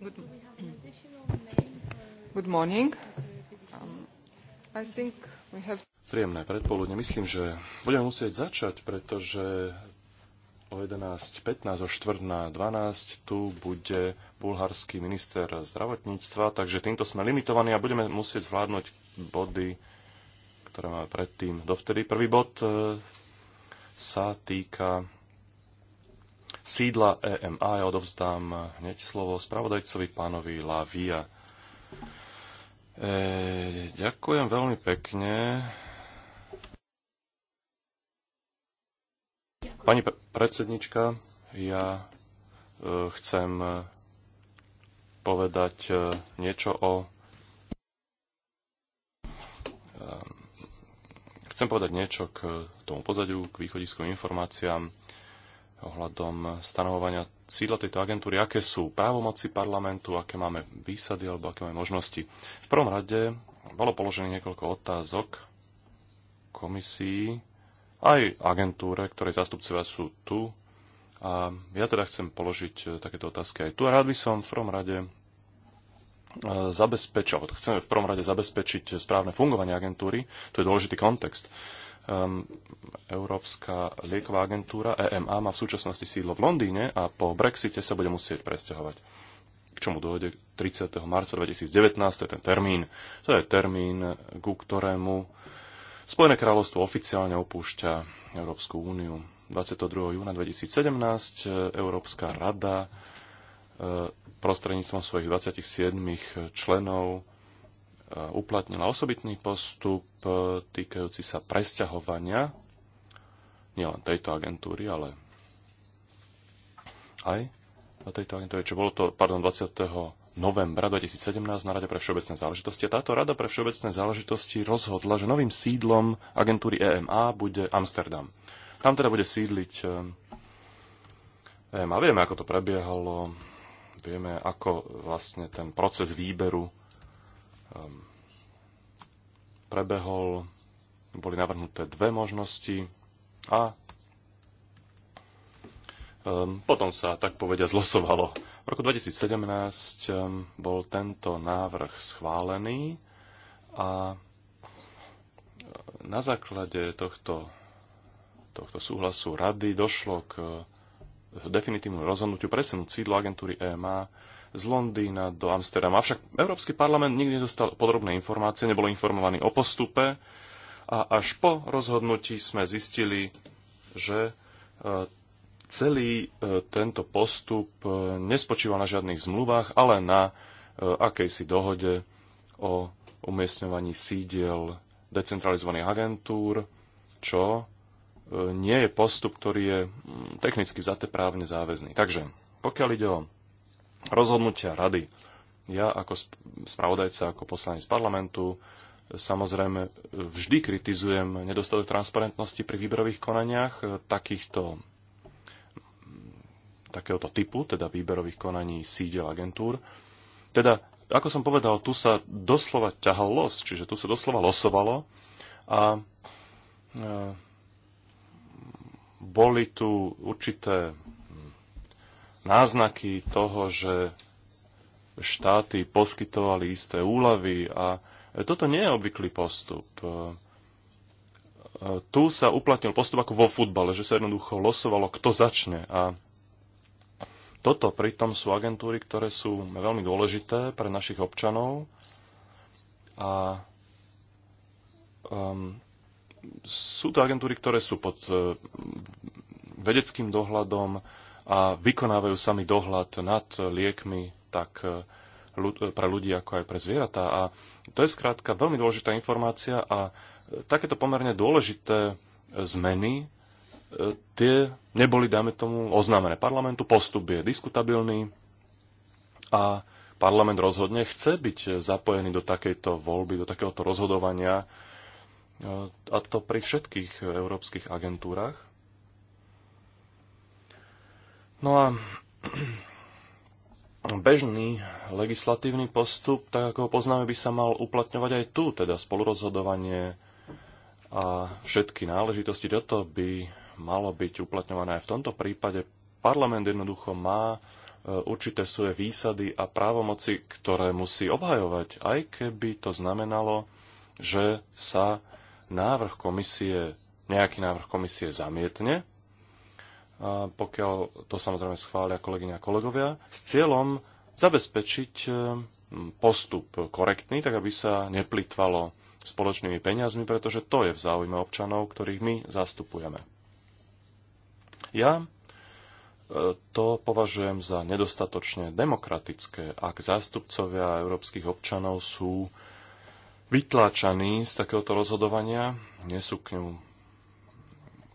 Mm. Um, Príjemné predpoludne. Myslím, že budeme musieť začať, pretože o 11.15, o štvrt 12 tu bude bulharský minister zdravotníctva, takže týmto sme limitovaní a budeme musieť zvládnuť body, ktoré máme predtým. Dovtedy prvý bod e, sa týka sídla EMA. Ja odovzdám hneď slovo spravodajcovi pánovi Lavia. E, ďakujem veľmi pekne. Pani predsednička, ja e, chcem povedať e, niečo o e, chcem povedať niečo k tomu pozadiu, k východiskovým informáciám ohľadom stanovovania sídla tejto agentúry, aké sú právomoci parlamentu, aké máme výsady alebo aké máme možnosti. V prvom rade bolo položených niekoľko otázok komisii, aj agentúre, ktorej zastupcovia sú tu. A ja teda chcem položiť takéto otázky aj tu. A rád by som v prvom rade E, zabezpečiť, alebo chceme v prvom rade zabezpečiť správne fungovanie agentúry, to je dôležitý kontext. Um, Európska lieková agentúra EMA má v súčasnosti sídlo v Londýne a po Brexite sa bude musieť presťahovať. K čomu dôjde 30. marca 2019, to je ten termín. To je termín, ku ktorému Spojené kráľovstvo oficiálne opúšťa Európsku úniu. 22. júna 2017 Európska rada prostredníctvom svojich 27 členov e, uplatnila osobitný postup e, týkajúci sa presťahovania nielen tejto agentúry, ale aj na tejto agentúre, čo bolo to, pardon, 20. novembra 2017 na Rade pre všeobecné záležitosti. A táto Rada pre všeobecné záležitosti rozhodla, že novým sídlom agentúry EMA bude Amsterdam. Tam teda bude sídliť EMA. E Vieme, ako to prebiehalo, vieme, ako vlastne ten proces výberu ehm, prebehol. Boli navrhnuté dve možnosti a ehm, potom sa, tak povedia, zlosovalo. V roku 2017 ehm, bol tento návrh schválený a e, na základe tohto, tohto súhlasu rady došlo k definitívnu rozhodnutiu presunúť sídlo agentúry EMA z Londýna do Amsterdama. Avšak Európsky parlament nikdy nedostal podrobné informácie, nebol informovaný o postupe a až po rozhodnutí sme zistili, že e, celý e, tento postup e, nespočíval na žiadnych zmluvách, ale na akejsi dohode o umiestňovaní sídiel decentralizovaných agentúr, čo nie je postup, ktorý je mm, technicky vzaté právne záväzný. Takže pokiaľ ide o rozhodnutia rady, ja ako spravodajca, ako poslanec parlamentu, samozrejme vždy kritizujem nedostatok transparentnosti pri výberových konaniach e, takýchto mm, takéhoto typu, teda výberových konaní sídel agentúr. Teda, ako som povedal, tu sa doslova ťahal los, čiže tu sa doslova losovalo a e, boli tu určité náznaky toho, že štáty poskytovali isté úlavy a toto nie je obvyklý postup. E, tu sa uplatnil postup ako vo futbale, že sa jednoducho losovalo, kto začne. A toto pritom sú agentúry, ktoré sú veľmi dôležité pre našich občanov a um, sú to agentúry, ktoré sú pod e, vedeckým dohľadom a vykonávajú sami dohľad nad liekmi tak e, e, pre ľudí, ako aj pre zvieratá. A to je skrátka veľmi dôležitá informácia a takéto pomerne dôležité zmeny tie neboli, dáme tomu, oznámené parlamentu. Postup je diskutabilný a parlament rozhodne chce byť zapojený do takejto voľby, do takéhoto rozhodovania a to pri všetkých európskych agentúrach. No a bežný legislatívny postup, tak ako ho poznáme, by sa mal uplatňovať aj tu, teda spolurozhodovanie a všetky náležitosti. Toto by malo byť uplatňované aj v tomto prípade. Parlament jednoducho má e, určité svoje výsady a právomoci, ktoré musí obhajovať, aj keby to znamenalo, že sa návrh komisie, nejaký návrh komisie zamietne, pokiaľ to samozrejme schvália kolegyňa a kolegovia, s cieľom zabezpečiť e, postup korektný, tak aby sa neplitvalo spoločnými peniazmi, pretože to je v záujme občanov, ktorých my zastupujeme. Ja e, to považujem za nedostatočne demokratické, ak zástupcovia európskych občanov sú vytláčaní z takéhoto rozhodovania, nie sú k ňu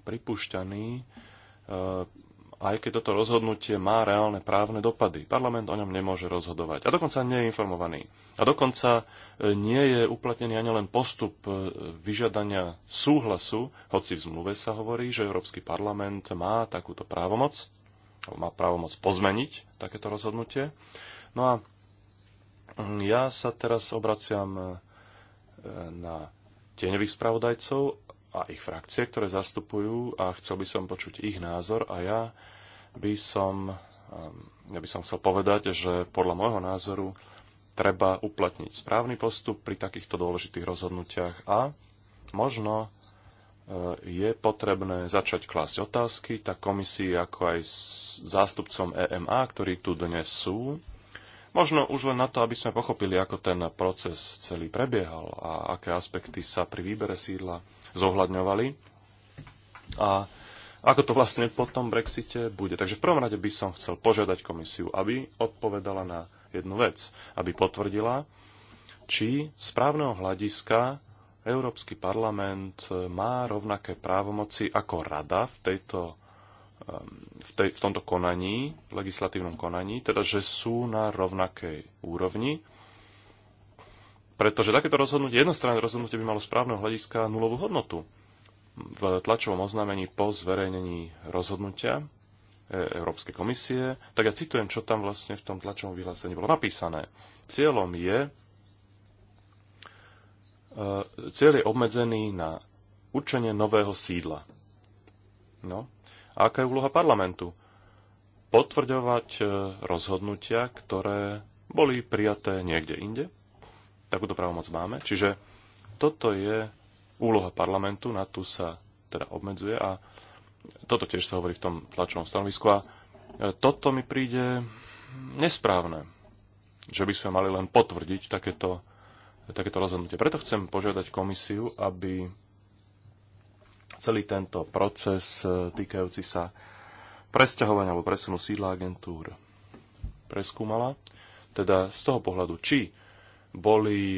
pripúšťaní, eh, aj keď toto rozhodnutie má reálne právne dopady. Parlament o ňom nemôže rozhodovať. A dokonca nie je informovaný. A dokonca eh, nie je uplatnený ani len postup eh, vyžadania súhlasu, hoci v zmluve sa hovorí, že Európsky parlament má takúto právomoc, má právomoc pozmeniť takéto rozhodnutie. No a hm, ja sa teraz obraciam na tieňových spravodajcov a ich frakcie, ktoré zastupujú a chcel by som počuť ich názor a ja by som, um, ja by som chcel povedať, že podľa môjho názoru treba uplatniť správny postup pri takýchto dôležitých rozhodnutiach a možno uh, je potrebné začať klásť otázky tak komisii, ako aj s zástupcom EMA, ktorí tu dnes sú, Možno už len na to, aby sme pochopili, ako ten proces celý prebiehal a aké aspekty sa pri výbere sídla zohľadňovali a ako to vlastne po tom Brexite bude. Takže v prvom rade by som chcel požiadať komisiu, aby odpovedala na jednu vec, aby potvrdila, či z právneho hľadiska Európsky parlament má rovnaké právomoci ako rada v tejto v, tej, v tomto konaní, legislatívnom konaní, teda že sú na rovnakej úrovni, pretože takéto rozhodnutie, jednostranné rozhodnutie by malo správneho hľadiska nulovú hodnotu. V tlačovom oznámení po zverejnení rozhodnutia e, Európskej komisie, tak ja citujem, čo tam vlastne v tom tlačovom vyhlásení bolo napísané. Cieľom je, e, cieľ je obmedzený na určenie nového sídla. No, aká je úloha parlamentu? Potvrďovať e, rozhodnutia, ktoré boli prijaté niekde inde. Takúto právomoc máme. Čiže toto je úloha parlamentu, na tu sa teda obmedzuje a toto tiež sa hovorí v tom tlačovom stanovisku a e, toto mi príde nesprávne, že by sme mali len potvrdiť takéto, takéto rozhodnutie. Preto chcem požiadať komisiu, aby celý tento proces e, týkajúci sa presťahovania alebo presunu sídla agentúr preskúmala. Teda z toho pohľadu, či boli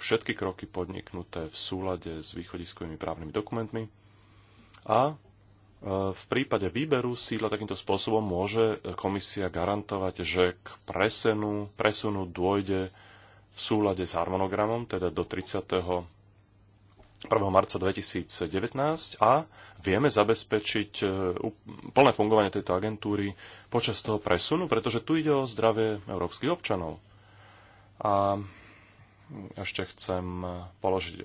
všetky kroky podniknuté v súlade s východiskovými právnymi dokumentmi a e, v prípade výberu sídla takýmto spôsobom môže komisia garantovať, že k presenu, presunu dôjde v súlade s harmonogramom, teda do 30. 1. marca 2019 a vieme zabezpečiť e, plné fungovanie tejto agentúry počas toho presunu, pretože tu ide o zdravie európskych občanov. A ešte chcem e, položiť e,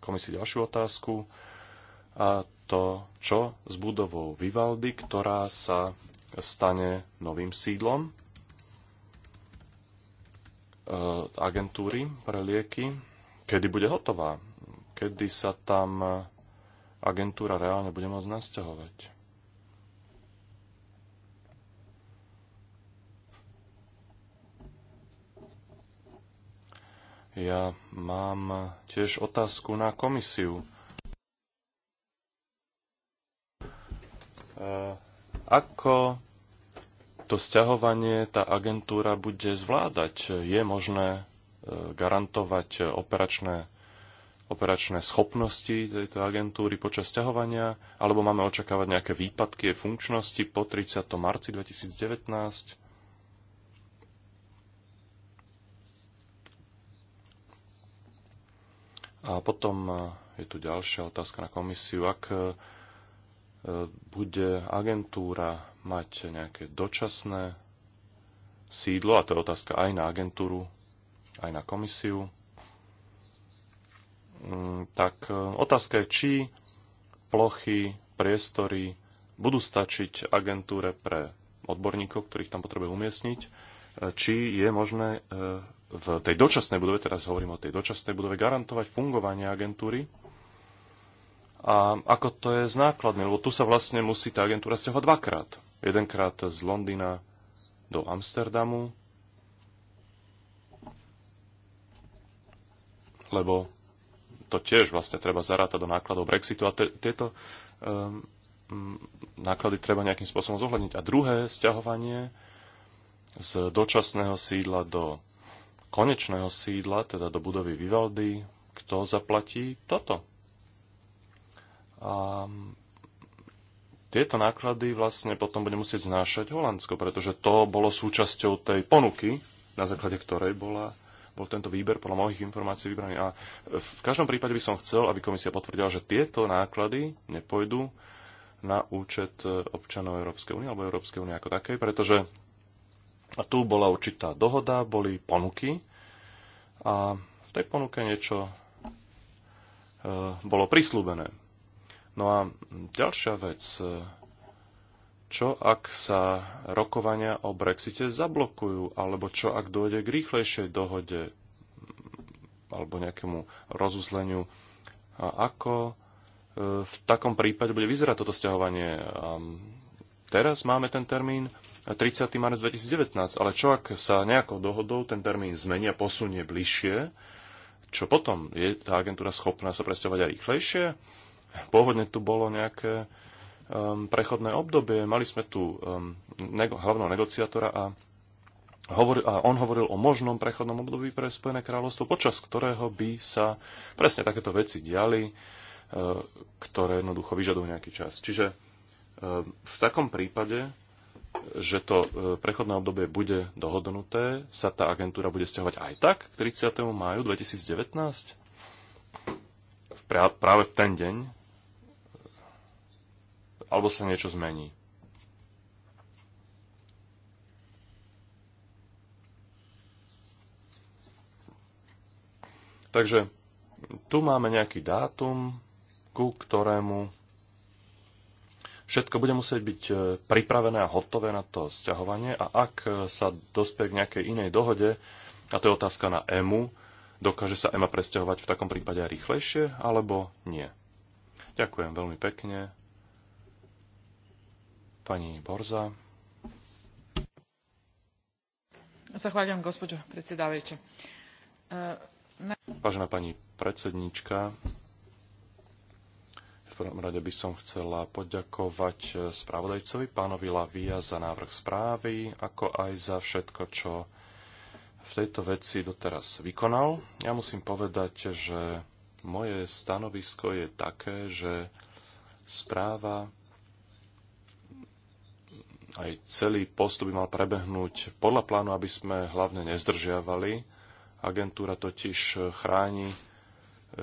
komisii ďalšiu otázku. A to, čo s budovou Vivaldy, ktorá sa stane novým sídlom agentúry pre lieky, kedy bude hotová kedy sa tam agentúra reálne bude môcť nasťahovať. Ja mám tiež otázku na komisiu. E, ako to sťahovanie tá agentúra bude zvládať? Je možné e, garantovať operačné operačné schopnosti tejto agentúry počas ťahovania, alebo máme očakávať nejaké výpadky jej funkčnosti po 30. marci 2019? A potom e, je tu ďalšia otázka na komisiu. Ak e, e, bude agentúra mať nejaké dočasné sídlo, a to je otázka aj na agentúru, aj na komisiu, Mm, tak e, otázka je, či plochy, priestory budú stačiť agentúre pre odborníkov, ktorých tam potrebuje umiestniť, e, či je možné e, v tej dočasnej budove, teraz hovorím o tej dočasnej budove, garantovať fungovanie agentúry a ako to je s nákladmi, lebo tu sa vlastne musí tá agentúra stiahovať dvakrát. Jedenkrát z Londýna do Amsterdamu, lebo to tiež vlastne treba zarátať do nákladov Brexitu a te, tieto um, náklady treba nejakým spôsobom zohľadniť. A druhé, sťahovanie z dočasného sídla do konečného sídla, teda do budovy Vivaldy, kto zaplatí toto. A tieto náklady vlastne potom bude musieť znášať Holandsko, pretože to bolo súčasťou tej ponuky, na základe ktorej bola bol tento výber podľa mojich informácií vybraný. A v každom prípade by som chcel, aby komisia potvrdila, že tieto náklady nepôjdu na účet občanov Európskej únie alebo Európskej únie ako takej, pretože tu bola určitá dohoda, boli ponuky a v tej ponuke niečo e, bolo prislúbené. No a ďalšia vec, e, čo ak sa rokovania o Brexite zablokujú, alebo čo ak dôjde k rýchlejšej dohode alebo nejakému rozuzleniu? A ako e, v takom prípade bude vyzerať toto stiahovanie? Teraz máme ten termín 30. E, marec 2019, ale čo ak sa nejakou dohodou ten termín zmenia, posunie bližšie? Čo potom? Je tá agentúra schopná sa presťahovať aj rýchlejšie? Pôvodne tu bolo nejaké Um, prechodné obdobie. Mali sme tu um, hlavného negociátora a hovoril, a on hovoril o možnom prechodnom období pre Spojené kráľovstvo, počas ktorého by sa presne takéto veci diali, uh, ktoré jednoducho vyžadujú nejaký čas. Čiže uh, v takom prípade, že to uh, prechodné obdobie bude dohodnuté, sa tá agentúra bude stiahovať aj tak k 30. máju 2019, práve v ten deň, alebo sa niečo zmení. Takže tu máme nejaký dátum, ku ktorému všetko bude musieť byť e, pripravené a hotové na to sťahovanie a ak e, sa dospie k nejakej inej dohode, a to je otázka na EMU, dokáže sa EMA presťahovať v takom prípade aj rýchlejšie, alebo nie? Ďakujem veľmi pekne Pani Borza. Zahvaľujem, gospođo e, Vážená pani predsedníčka, v prvom rade by som chcela poďakovať spravodajcovi pánovi Lavia za návrh správy, ako aj za všetko, čo v tejto veci doteraz vykonal. Ja musím povedať, že moje stanovisko je také, že správa aj celý postup by mal prebehnúť podľa plánu, aby sme hlavne nezdržiavali. Agentúra totiž chráni e,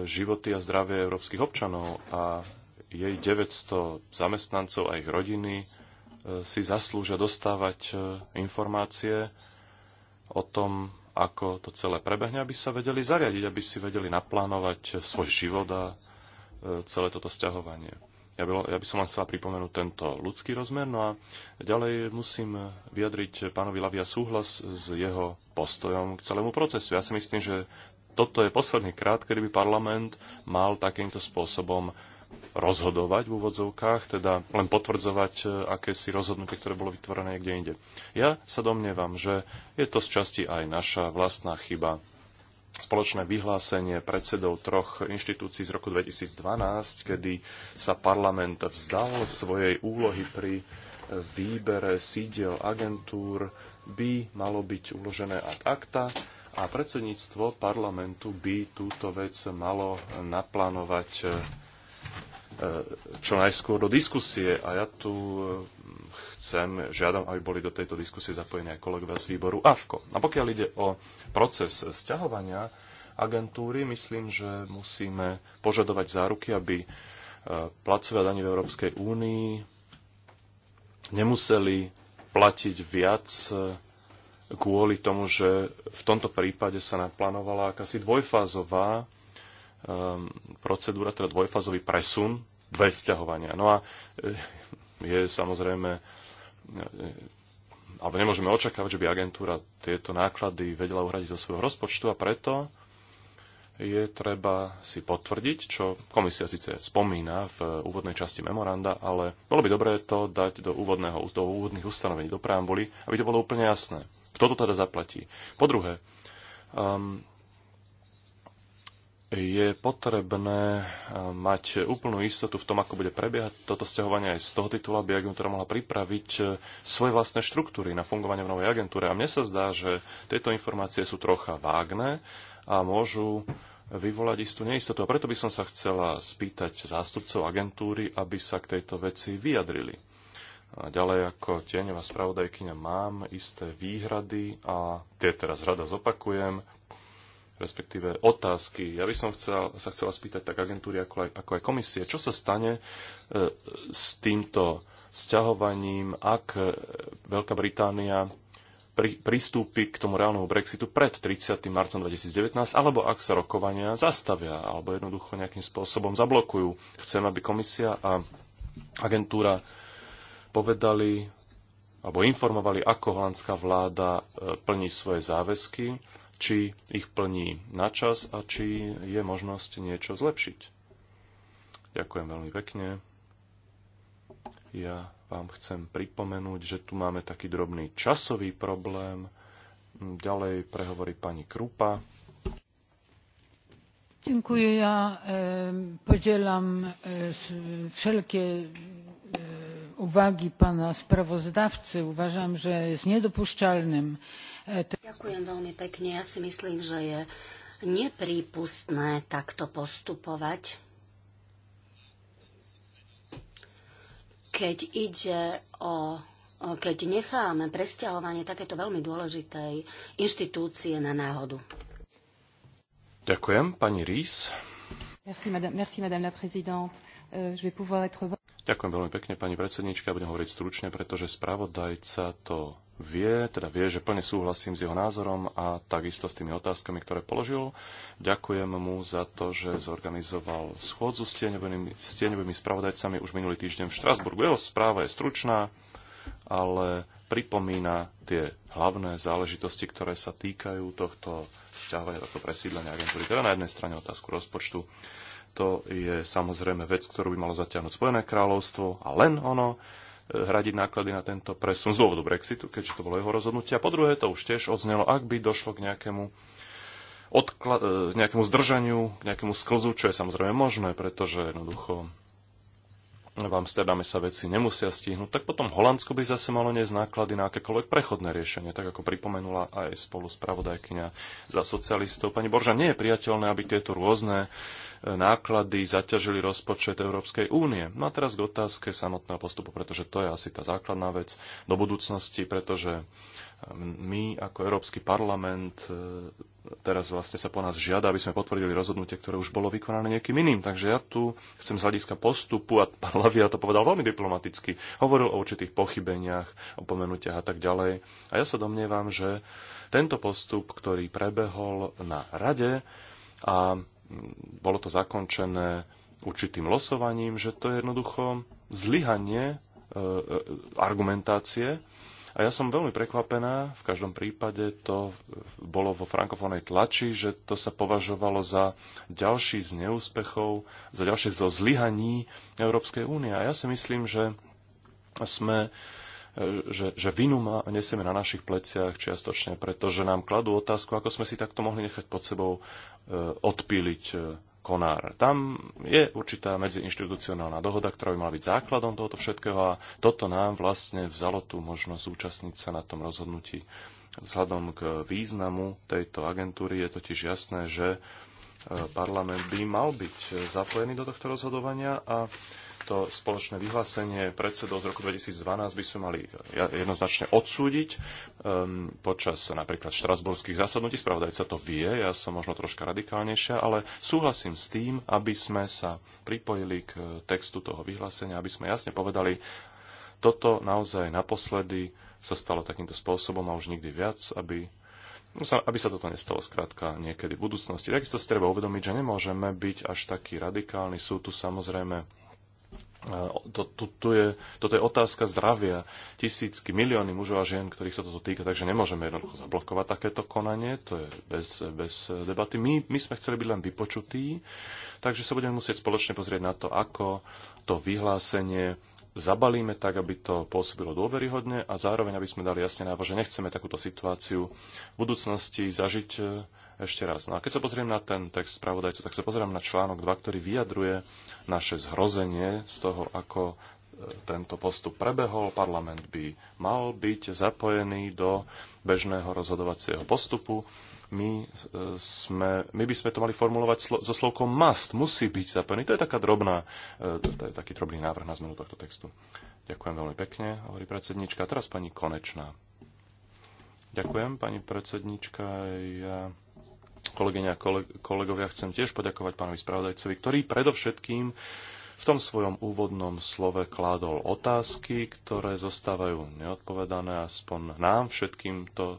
životy a zdravie európskych občanov a jej 900 zamestnancov a ich rodiny e, si zaslúžia dostávať e, informácie o tom, ako to celé prebehne, aby sa vedeli zariadiť, aby si vedeli naplánovať svoj život a celé toto sťahovanie. Ja by, ja by som vám chcela pripomenúť tento ľudský rozmer. No a ďalej musím vyjadriť pánovi Lavia súhlas s jeho postojom k celému procesu. Ja si myslím, že toto je posledný krát, kedy by parlament mal takýmto spôsobom rozhodovať v úvodzovkách, teda len potvrdzovať eh, akési rozhodnutie, ktoré bolo vytvorené niekde inde. Ja sa domnievam, že je to z časti aj naša vlastná chyba spoločné vyhlásenie predsedov troch inštitúcií z roku 2012, kedy sa parlament vzdal svojej úlohy pri výbere sídel agentúr, by malo byť uložené ad acta a predsedníctvo parlamentu by túto vec malo naplánovať eh, čo najskôr do diskusie. A ja tu chcem, žiadam, aby boli do tejto diskusie zapojení aj kolegovia z výboru AFKO. A pokiaľ ide o proces sťahovania agentúry, myslím, že musíme požadovať záruky, aby e, placové dani v Európskej únii nemuseli platiť viac e, kvôli tomu, že v tomto prípade sa naplánovala akási dvojfázová e, procedúra, teda dvojfázový presun, dve sťahovania. No a je samozrejme E, e, alebo nemôžeme očakávať, že by agentúra tieto náklady vedela uhradiť zo svojho rozpočtu a preto je treba si potvrdiť, čo komisia síce spomína v úvodnej časti memoranda, ale bolo by dobré to dať do, úvodného, do úvodných ustanovení, do preambuly, aby to bolo úplne jasné. Kto to teda zaplatí? Po druhé, um, je potrebné eh, mať úplnú istotu v tom, ako bude prebiehať toto sťahovanie aj z toho titulu, aby agentúra mohla pripraviť eh, svoje vlastné štruktúry na fungovanie v novej agentúre. A mne sa zdá, že tieto informácie sú trocha vágne a môžu vyvolať istú neistotu. A preto by som sa chcela spýtať zástupcov agentúry, aby sa k tejto veci vyjadrili. A ďalej ako tieňová spravodajkyňa mám isté výhrady a tie teraz rada zopakujem respektíve otázky. Ja by som chcel, sa chcela spýtať tak agentúry ako aj, ako aj komisie, čo sa stane e, s týmto sťahovaním, ak Veľká Británia pri, pristúpi k tomu reálnemu Brexitu pred 30. marcom 2019, alebo ak sa rokovania zastavia, alebo jednoducho nejakým spôsobom zablokujú. Chcem, aby komisia a agentúra povedali alebo informovali, ako holandská vláda e, plní svoje záväzky či ich plní na čas a či je možnosť niečo zlepšiť. Ďakujem veľmi pekne. Ja vám chcem pripomenúť, že tu máme taký drobný časový problém. Ďalej prehovorí pani Krupa. Ďakujem, Ja e, podzielam e, uwagi pana sprawozdawcy uważam że jest niedopuszczalnym e, Ďakujem veľmi pekne. Ja si myslím, že je neprípustné takto postupovať. Keď ide o keď necháme presťahovanie takéto veľmi dôležitej inštitúcie na náhodu. Ďakujem. Pani Rís. Merci, madame, merci, madame la présidente. Euh, je vais pouvoir être... Ďakujem veľmi pekne, pani predsednička. Budem hovoriť stručne, pretože spravodajca to vie, teda vie, že plne súhlasím s jeho názorom a takisto s tými otázkami, ktoré položil. Ďakujem mu za to, že zorganizoval schôdzu s tieňovými, s tieňovými spravodajcami už minulý týždeň v Štrasburgu. Jeho správa je stručná, ale pripomína tie hlavné záležitosti, ktoré sa týkajú tohto vzťahovania, tohto presídlenia agentúry. Teda na jednej strane otázku rozpočtu, to je samozrejme vec, ktorú by malo zatiahnuť Spojené kráľovstvo a len ono e, hradiť náklady na tento presun z dôvodu Brexitu, keďže to bolo jeho rozhodnutie. A po druhé, to už tiež odznelo, ak by došlo k nejakému, odkla- e, nejakému zdržaniu, k nejakému sklzu, čo je samozrejme možné, pretože jednoducho v Amsterdame sa veci nemusia stihnúť, tak potom Holandsko by zase malo niesť náklady na akékoľvek prechodné riešenie, tak ako pripomenula aj spolu spravodajkynia za socialistov. Pani Borža, nie je priateľné, aby tieto rôzne e, náklady zaťažili rozpočet Európskej únie. No a teraz k otázke samotného postupu, pretože to je asi tá základná vec do budúcnosti, pretože e, my ako Európsky parlament e, teraz vlastne sa po nás žiada, aby sme potvrdili rozhodnutie, ktoré už bolo vykonané niekým iným. Takže ja tu chcem z hľadiska postupu, a pán Lavia to povedal veľmi diplomaticky, hovoril o určitých pochybeniach, o pomenutiach a tak ďalej. A ja sa domnievam, že tento postup, ktorý prebehol na rade a bolo to zakončené určitým losovaním, že to je jednoducho zlyhanie e, e, argumentácie, a ja som veľmi prekvapená, v každom prípade to bolo vo frankofónej tlači, že to sa považovalo za ďalší z neúspechov, za ďalšie zo zlyhaní Európskej únie. A ja si myslím, že sme že, že vinu má, nesieme na našich pleciach čiastočne, pretože nám kladú otázku, ako sme si takto mohli nechať pod sebou e, odpíliť e, Konár. Tam je určitá medziinštitucionálna dohoda, ktorá by mala byť základom tohoto všetkého a toto nám vlastne vzalo tú možnosť zúčastniť sa na tom rozhodnutí. Vzhľadom k významu tejto agentúry je totiž jasné, že e, parlament by mal byť zapojený do tohto rozhodovania a to spoločné vyhlásenie predsedov z roku 2012 by sme mali jednoznačne odsúdiť um, počas napríklad štrasburských zasadnutí. Spravodajca to vie, ja som možno troška radikálnejšia, ale súhlasím s tým, aby sme sa pripojili k textu toho vyhlásenia, aby sme jasne povedali, toto naozaj naposledy sa stalo takýmto spôsobom a už nikdy viac, aby sa, aby sa toto nestalo skrátka niekedy v budúcnosti. Takisto si treba uvedomiť, že nemôžeme byť až takí radikálni. Sú tu samozrejme E, to, to, to je, toto je otázka zdravia. Tisícky, milióny mužov a žien, ktorých sa toto týka, takže nemôžeme jednoducho zablokovať takéto konanie, to je bez, bez debaty. My, my sme chceli byť len vypočutí, takže sa budeme musieť spoločne pozrieť na to, ako to vyhlásenie zabalíme tak, aby to pôsobilo dôveryhodne a zároveň, aby sme dali jasne návo, že nechceme takúto situáciu v budúcnosti zažiť e, ešte raz. No a keď sa pozriem na ten text spravodajcu, tak sa pozriem na článok 2, ktorý vyjadruje naše zhrozenie z toho, ako e, tento postup prebehol. Parlament by mal byť zapojený do bežného rozhodovacieho postupu. My, e, sme, my by sme to mali formulovať so slovkom must, musí byť zapojený. To je taká drobná, e, to je taký drobný návrh na zmenu tohto textu. Ďakujem veľmi pekne, hovorí predsednička. A teraz pani Konečná. Ďakujem, pani predsednička. Ja Kolegyňa a kolegovia, chcem tiež poďakovať pánovi spravodajcovi, ktorý predovšetkým v tom svojom úvodnom slove kládol otázky, ktoré zostávajú neodpovedané, aspoň nám všetkým to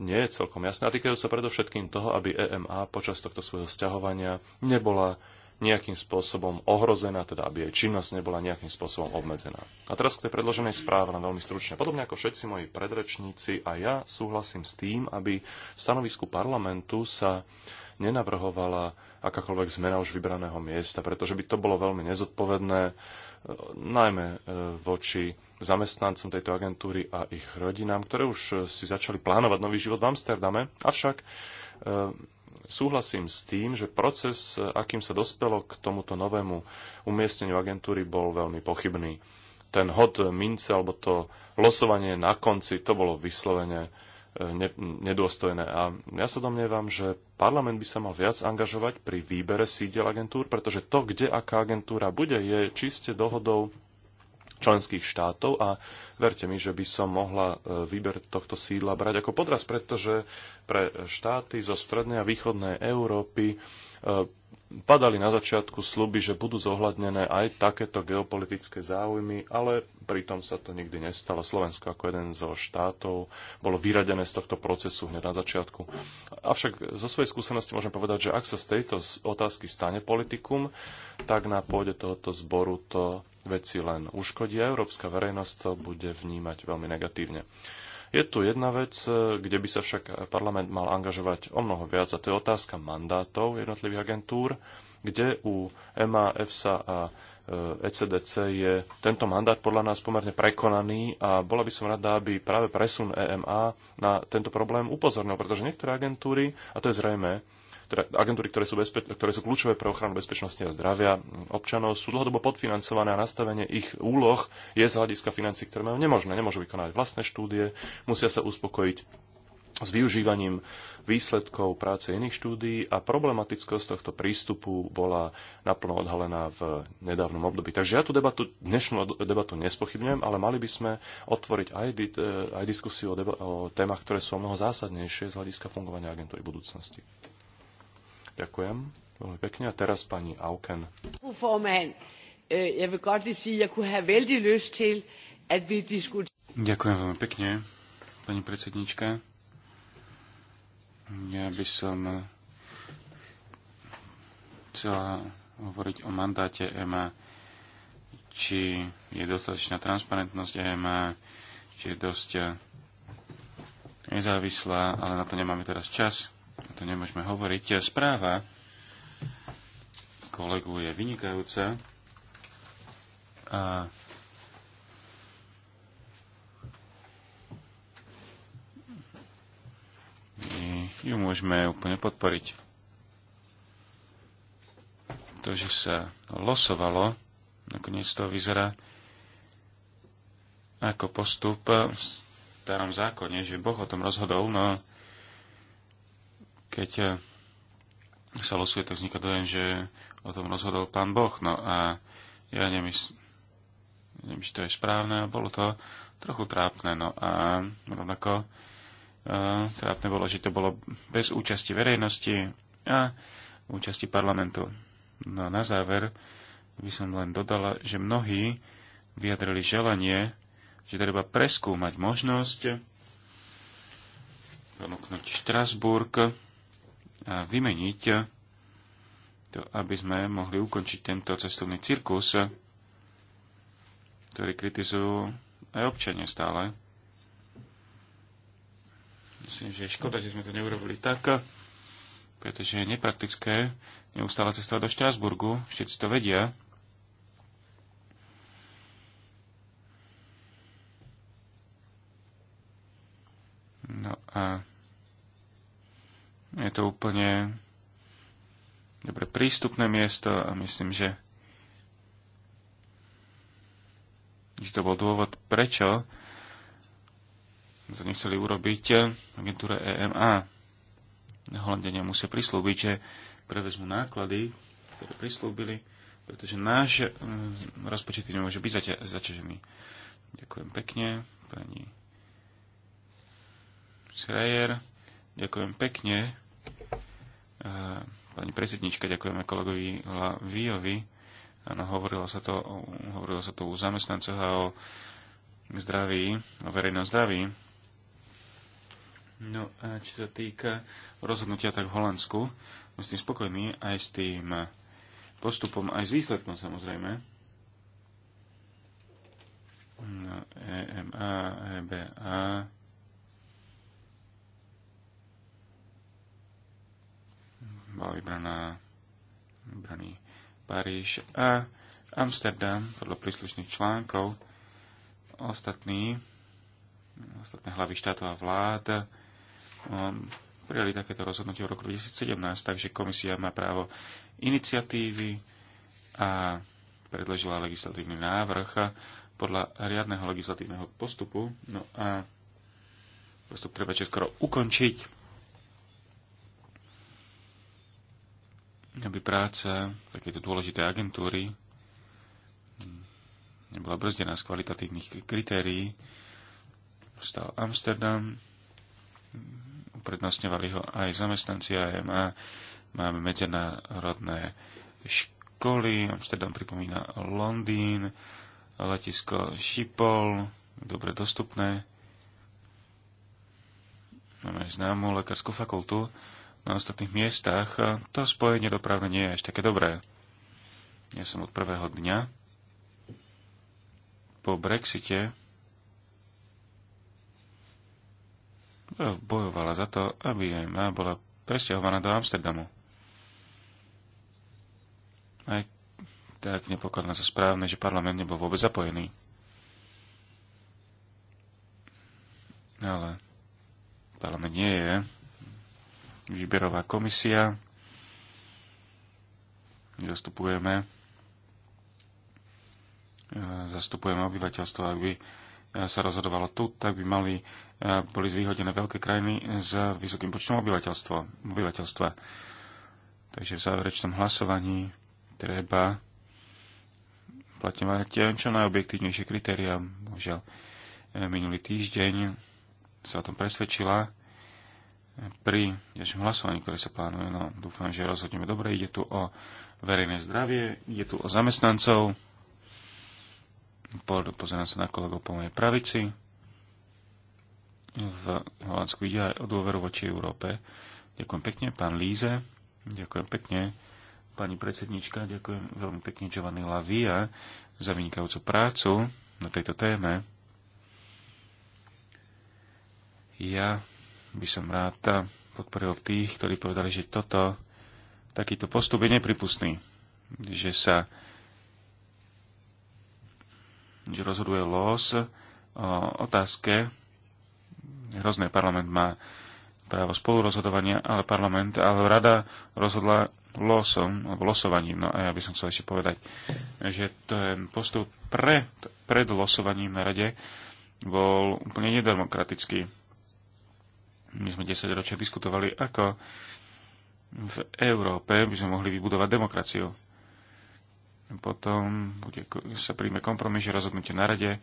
nie je celkom jasné a týkajú sa predovšetkým toho, aby EMA počas tohto svojho sťahovania nebola nejakým spôsobom ohrozená, teda aby jej činnosť nebola nejakým spôsobom obmedzená. A teraz k tej predloženej správe len veľmi stručne. Podobne ako všetci moji predrečníci a ja súhlasím s tým, aby v stanovisku parlamentu sa nenavrhovala akákoľvek zmena už vybraného miesta, pretože by to bolo veľmi nezodpovedné, e, najmä e, voči zamestnancom tejto agentúry a ich rodinám, ktoré už e, si začali plánovať nový život v Amsterdame. Avšak súhlasím s tým, že proces, e, akým sa dospelo k tomuto novému umiestneniu agentúry, bol veľmi pochybný. Ten hod mince, alebo to losovanie na konci, to bolo vyslovene e, ne, nedôstojné. A ja sa domnievam, že parlament by sa mal viac angažovať pri výbere sídel agentúr, pretože to, kde aká agentúra bude, je čiste dohodou členských štátov a verte mi, že by som mohla e, výber tohto sídla brať ako podraz, pretože pre štáty zo strednej a východnej Európy e, padali na začiatku sluby, že budú zohľadnené aj takéto geopolitické záujmy, ale pritom sa to nikdy nestalo. Slovensko ako jeden zo štátov bolo vyradené z tohto procesu hneď na začiatku. Avšak zo svojej skúsenosti môžem povedať, že ak sa z tejto otázky stane politikum, tak na pôde tohoto zboru to veci len uškodí a európska verejnosť to bude vnímať veľmi negatívne. Je tu jedna vec, e, kde by sa však parlament mal angažovať o mnoho viac, a to je otázka mandátov jednotlivých agentúr, kde u EMA, EFSA a ECDC e je tento mandát podľa nás pomerne prekonaný a bola by som rada, aby práve presun EMA na tento problém upozornil, pretože niektoré agentúry, a to je zrejme, ktoré, agentúry, ktoré sú, bezpe- ktoré sú kľúčové pre ochranu bezpečnosti a zdravia občanov, sú dlhodobo podfinancované a nastavenie ich úloh je z hľadiska financí, ktoré majú nemožné. Nemôžu vykonávať vlastné štúdie, musia sa uspokojiť s využívaním výsledkov práce iných štúdií a problematickosť tohto prístupu bola naplno odhalená v nedávnom období. Takže ja tú debatu, dnešnú debatu nespochybňujem, ale mali by sme otvoriť aj, aj diskusiu o, o témach, ktoré sú o mnoho zásadnejšie z hľadiska fungovania agentúry budúcnosti. Ďakujem veľmi pekne. A teraz pani Auken. Øh, Ďakujem veľmi pekne, pani predsednička. Ja by som e, chcela hovoriť o mandáte EMA, či je dostatečná transparentnosť EMA, či je dosť e, nezávislá, ale na to nemáme teraz čas to nemôžeme hovoriť. Správa kolegu je vynikajúca a ju môžeme úplne podporiť. To, že sa losovalo, nakoniec to vyzerá ako postup v starom zákone, že Boh o tom rozhodol, no keď eh, sa losuje, tak vzniká dojem, že o tom rozhodol pán Boh. No a ja nemysl- neviem, či to je správne, a bolo to trochu trápne. No a rovnako uh, trápne bolo, že to bolo bez účasti verejnosti a účasti parlamentu. No a na záver by som len dodala, že mnohí vyjadrili želanie, že treba preskúmať možnosť ponúknuť Štrasburg vymeniť, to, aby sme mohli ukončiť tento cestovný cirkus, ktorý kritizujú aj občania stále. Myslím, že je škoda, že sme to neurobili tak, pretože je nepraktické neustále cestovať do Štrásburgu, všetci to vedia. No a je to úplne dobre prístupné miesto a myslím, že že to bol dôvod, prečo to nechceli urobiť eh, agentúra EMA. Holandiania musia prislúbiť, že prevezmu náklady, ktoré prislúbili, pretože náš eh, rozpočet nemôže byť zaťa- zaťažený. Ďakujem pekne, pani Schreier. Ďakujem pekne. E, pani predsednička, ďakujeme kolegovi Víjovi. Áno, hovorilo sa to, hovorilo sa to u zamestnancov a o zdraví, o verejnom zdraví. No a čo sa týka rozhodnutia tak v Holandsku, sme tým spokojní aj s tým postupom, aj s výsledkom samozrejme. No, EMA, EBA, bola vybraná vybraný Paríž a Amsterdam podľa príslušných článkov. Ostatní, ostatné hlavy štátov a vlád um, prijali takéto rozhodnutie v roku 2017, takže komisia má právo iniciatívy a predložila legislatívny návrh podľa riadneho legislatívneho postupu. No a postup treba čoskoro ukončiť aby práca takéto dôležité agentúry nebola brzdená z kvalitatívnych kritérií. Vstal Amsterdam, uprednostňovali ho aj zamestnanci AMA, máme medzinárodné školy, Amsterdam pripomína Londýn, letisko Šipol, dobre dostupné. Máme známu lekárskú fakultu, na ostatných miestach, to spojenie dopravne nie je až také dobré. Ja som od prvého dňa po Brexite e, bojovala za to, aby aj má bola presťahovaná do Amsterdamu. Aj tak nepokladná sa správne, že parlament nebol vôbec zapojený. Ale parlament nie je výberová komisia. Zastupujeme, e, zastupujeme obyvateľstvo, ak by e, sa rozhodovalo tu, tak by mali, e, boli zvýhodené veľké krajiny s vysokým počtom obyvateľstva. obyvateľstva. Takže v záverečnom hlasovaní treba platňovať čo najobjektívnejšie kritéria. Bohužiaľ, minulý týždeň sa o tom presvedčila pri ďalšom hlasovaní, ktoré sa plánuje. No, dúfam, že rozhodneme dobre. Ide tu o verejné zdravie, ide tu o zamestnancov. Pozerám sa na kolegov po mojej pravici. V Holandsku ide aj o dôveru voči Európe. Ďakujem pekne, pán Líze. Ďakujem pekne, pani predsednička. Ďakujem veľmi pekne Giovanni Lavia za vynikajúcu prácu na tejto téme. Ja by som rád podporil tých, ktorí povedali, že toto, takýto postup je nepripustný. Že sa že rozhoduje los o otázke. Hrozné parlament má právo spolurozhodovania, ale parlament, ale rada rozhodla losom, alebo losovaním. No a ja by som chcel ešte povedať, že ten postup pre pred losovaním na rade bol úplne nedemokratický. My sme 10 ročia diskutovali, ako v Európe by sme mohli vybudovať demokraciu. Potom bude, sa príjme kompromis, že rozhodnutie na rade,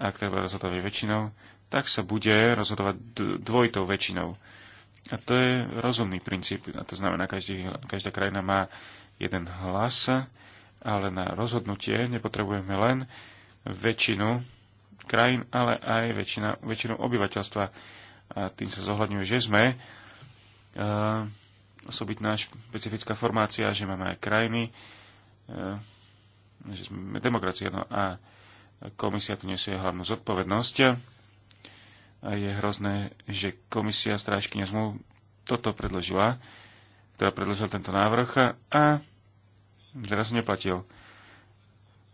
ak treba rozhodovať väčšinou, tak sa bude rozhodovať dvojitou väčšinou. A to je rozumný princíp. A to znamená, každý, každá krajina má jeden hlas, ale na rozhodnutie nepotrebujeme len väčšinu krajín, ale aj väčšina, väčšinu obyvateľstva a tým sa zohľadňuje, že sme e, osobitná špecifická formácia, že máme aj krajiny, e, že sme demokracia. No a komisia tu nesie hlavnú zodpovednosť. A je hrozné, že komisia strážky nezmluv toto predložila, ktorá teda predložila tento návrh a teraz neplatil.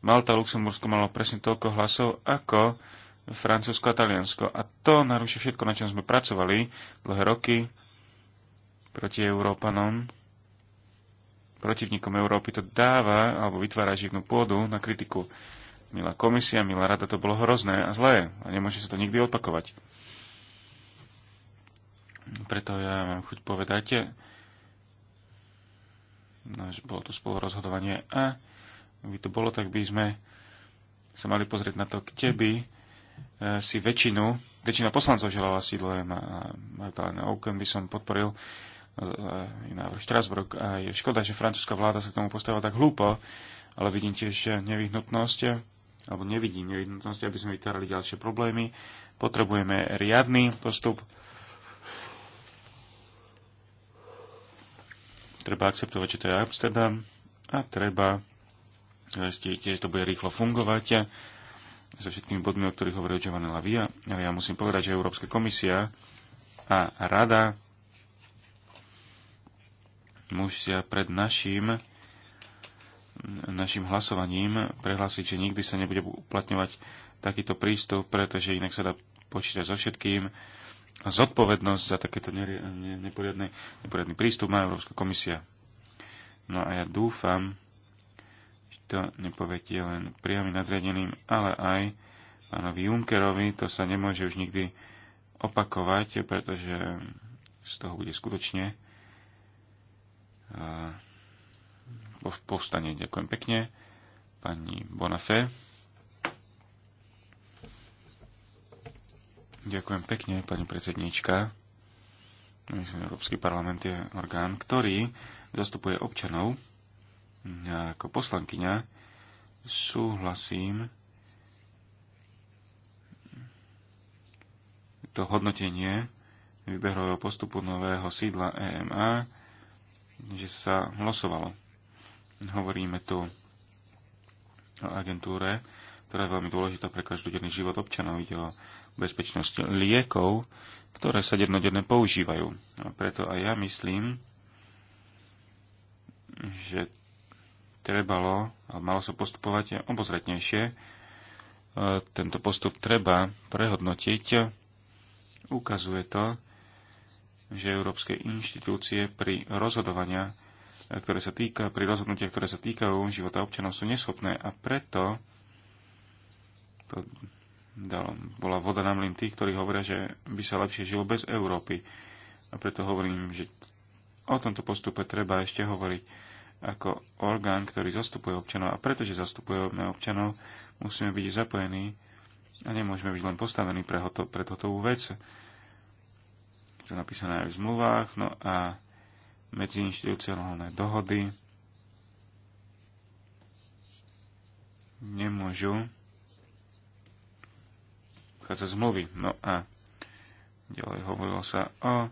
Malta a Luxembursko malo presne toľko hlasov, ako Francúzsko a Taliansko. A to naruší všetko, na čom sme pracovali dlhé roky proti Európanom, protivníkom Európy. To dáva alebo vytvára živnú pôdu na kritiku. Milá komisia, milá rada, to bolo hrozné a zlé a nemôže sa to nikdy opakovať. Preto ja mám chuť povedať, no, že bolo tu rozhodovanie a by to bolo, tak by sme sa mali pozrieť na to, kde by Eh, si väčšinu, väčšina poslancov želala sídlo Magdalena Oaken, by som podporil eh, návrh Štrasburg. A je škoda, že francúzska vláda sa k tomu postavila tak hlúpo, ale vidím tiež nevyhnutnosť, alebo nevidím nevyhnutnosť, aby sme vytvárali ďalšie problémy. Potrebujeme riadny postup. Treba akceptovať, že to je Amsterdam a treba zistiť, že to bude rýchlo fungovať so všetkými bodmi, o ktorých hovoril Giovanni Lavia, ale ja musím povedať, že Európska komisia a rada musia pred našim našim hlasovaním prehlásiť, že nikdy sa nebude uplatňovať takýto prístup, pretože inak sa dá počítať so všetkým. A zodpovednosť za takéto neporiadny, neporiadny prístup má Európska komisia. No a ja dúfam, to nepovedie len priami nadriadeným, ale aj pánovi Junkerovi. To sa nemôže už nikdy opakovať, pretože z toho bude skutočne eh, povstanie. Ďakujem pekne. Pani Bonafé. Ďakujem pekne, pani predsednička. Myslím, Európsky parlament je orgán, ktorý zastupuje občanov ja ako poslankyňa súhlasím to hodnotenie výberového postupu nového sídla EMA, že sa losovalo. Hovoríme tu o agentúre, ktorá je veľmi dôležitá pre každodenný život občanov. Ide o bezpečnosť liekov, ktoré sa dennodenne používajú. A preto aj ja myslím, že trebalo, ale malo sa postupovať obozretnejšie. E, tento postup treba prehodnotiť. Ukazuje to, že európske inštitúcie pri rozhodovania, e, ktoré sa týka, pri rozhodnutiach, ktoré sa týkajú života občanov, sú neschopné a preto to dalo, bola voda na mlin tých, ktorí hovoria, že by sa lepšie žilo bez Európy. A preto hovorím, že o tomto postupe treba ešte hovoriť ako orgán, ktorý zastupuje občanov a pretože zastupujeme občanov, musíme byť zapojení a nemôžeme byť len postavení pre, hoto, pre hotovú vec. Je napísané aj v zmluvách, no a medziinštitucionálne dohody nemôžu vchádzať zmluvy. No a ďalej hovorilo sa o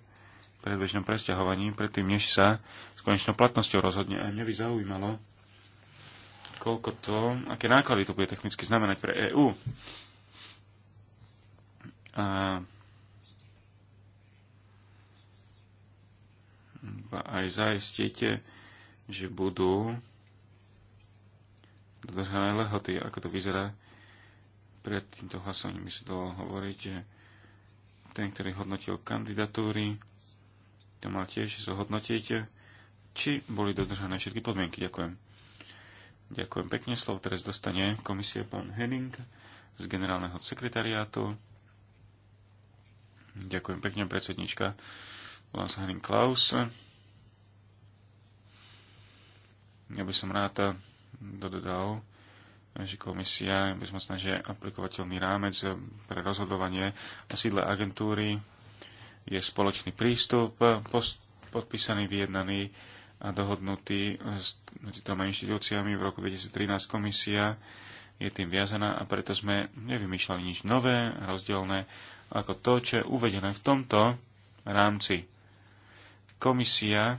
predbežnom presťahovaní, predtým než sa konečnou platnosťou rozhodne. A mňa by zaujímalo, koľko to, aké náklady to bude technicky znamenať pre EÚ. A aj zaistíte, že budú dodržané lehoty, ako to vyzerá pred týmto hlasovaním. By sa dalo hovoriť, že ten, ktorý hodnotil kandidatúry, to mal tiež zhodnotiť či boli dodržané všetky podmienky. Ďakujem. Ďakujem pekne. Slovo teraz dostane komisie pán Henning z generálneho sekretariátu. Ďakujem pekne, predsednička. Volám sa Henning Klaus. Ja by som rád dodal, že komisia by sme snažili aplikovateľný rámec pre rozhodovanie na sídle agentúry je spoločný prístup podpísaný, vyjednaný dohodnutý e, medzi troma inštitúciami v roku 2013 komisia je tým viazaná a preto sme nevymýšľali nič nové, rozdielne ako to, čo je uvedené v tomto rámci. Komisia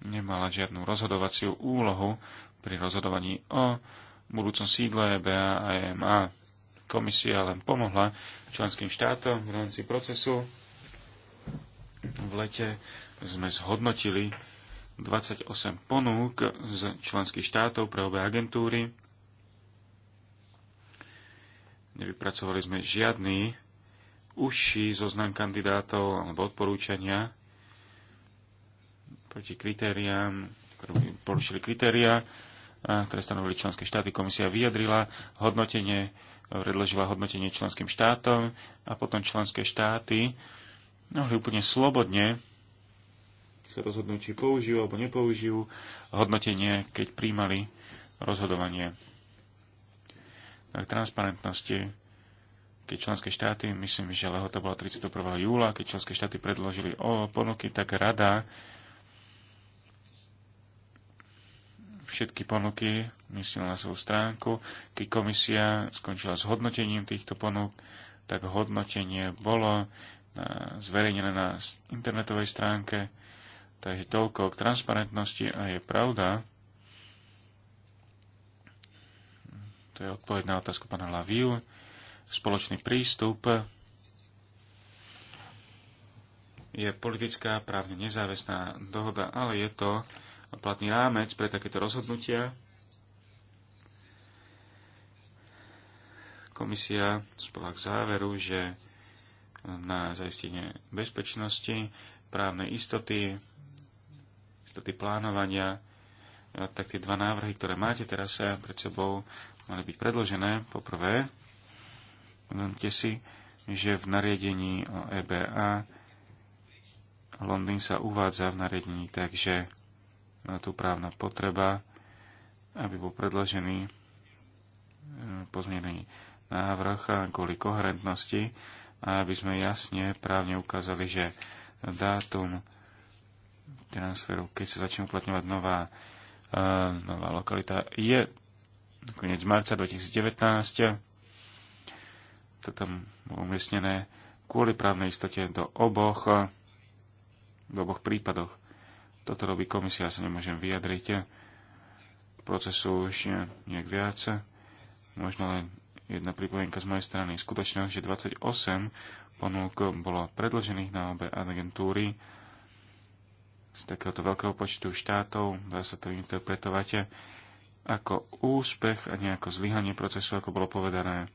nemala žiadnu rozhodovaciu úlohu pri rozhodovaní o budúcom sídle EBA a EMA. Komisia len pomohla členským štátom v rámci procesu v lete sme zhodnotili 28 ponúk z členských štátov pre obe agentúry. Nevypracovali sme žiadny užší zoznam kandidátov alebo odporúčania proti kritériám, porušili kritériá ktoré stanovili členské štáty. Komisia vyjadrila hodnotenie, predložila hodnotenie členským štátom a potom členské štáty mohli úplne slobodne sa rozhodnú, či použijú alebo nepoužijú hodnotenie, keď príjmali rozhodovanie transparentnosti, keď členské štáty, myslím, že lehota bola 31. júla, keď členské štáty predložili o ponuky, tak rada všetky ponuky myslila na svoju stránku. Keď komisia skončila s hodnotením týchto ponúk, tak hodnotenie bolo zverejnené na internetovej stránke Takže toľko k transparentnosti a je pravda, to je odpoveď na otázku pana Laviu, spoločný prístup je politická, právne nezávislá dohoda, ale je to platný rámec pre takéto rozhodnutia. Komisia spolak záveru, že na zaistenie bezpečnosti, právnej istoty, istoty plánovania, tak tie dva návrhy, ktoré máte teraz pred sebou, mali byť predložené. Poprvé, uvedomte si, že v nariadení o EBA Londýn sa uvádza v nariadení, takže tu právna potreba, aby bol predložený e, pozmienený návrh kvôli koherentnosti a aby sme jasne právne ukázali, že dátum transferu, keď sa začne uplatňovať nová, uh, nová lokalita, je koniec marca 2019. To tam bolo umiestnené kvôli právnej istote do oboch, v oboch prípadoch. Toto robí komisia, sa nemôžem vyjadriť. Procesu už nejak viac. Možno len jedna pripomienka z mojej strany. Skutočnosť, že 28 ponúk bolo predložených na obe agentúry, z takéhoto veľkého počtu štátov, dá sa to interpretovať ako úspech a nejako zlyhanie procesu, ako bolo povedané.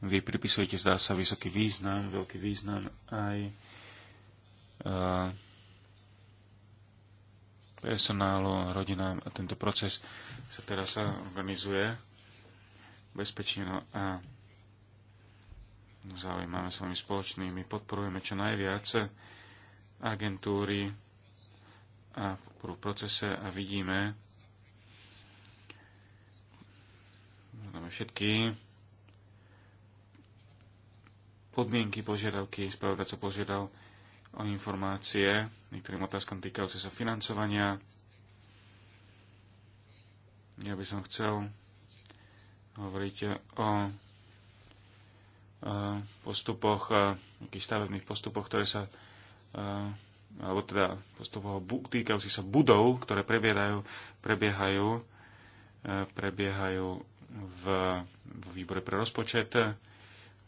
Vy pripisujete, zdá sa, vysoký význam, veľký význam aj uh, personálu, rodinám a tento proces sa teraz organizuje bezpečne no a zaujímame svojimi spoločnými, podporujeme čo najviac agentúry a v procese a vidíme, všetky podmienky, požiadavky, spravodajca požiadal o informácie niektorým otázkam týkajúce sa financovania. Ja by som chcel hovoriť o postupoch, nejakých stavebných postupoch, ktoré sa alebo teda postupoch týkajúcich sa budov, ktoré prebiehajú, prebiehajú, prebiehajú v, v výbore pre rozpočet.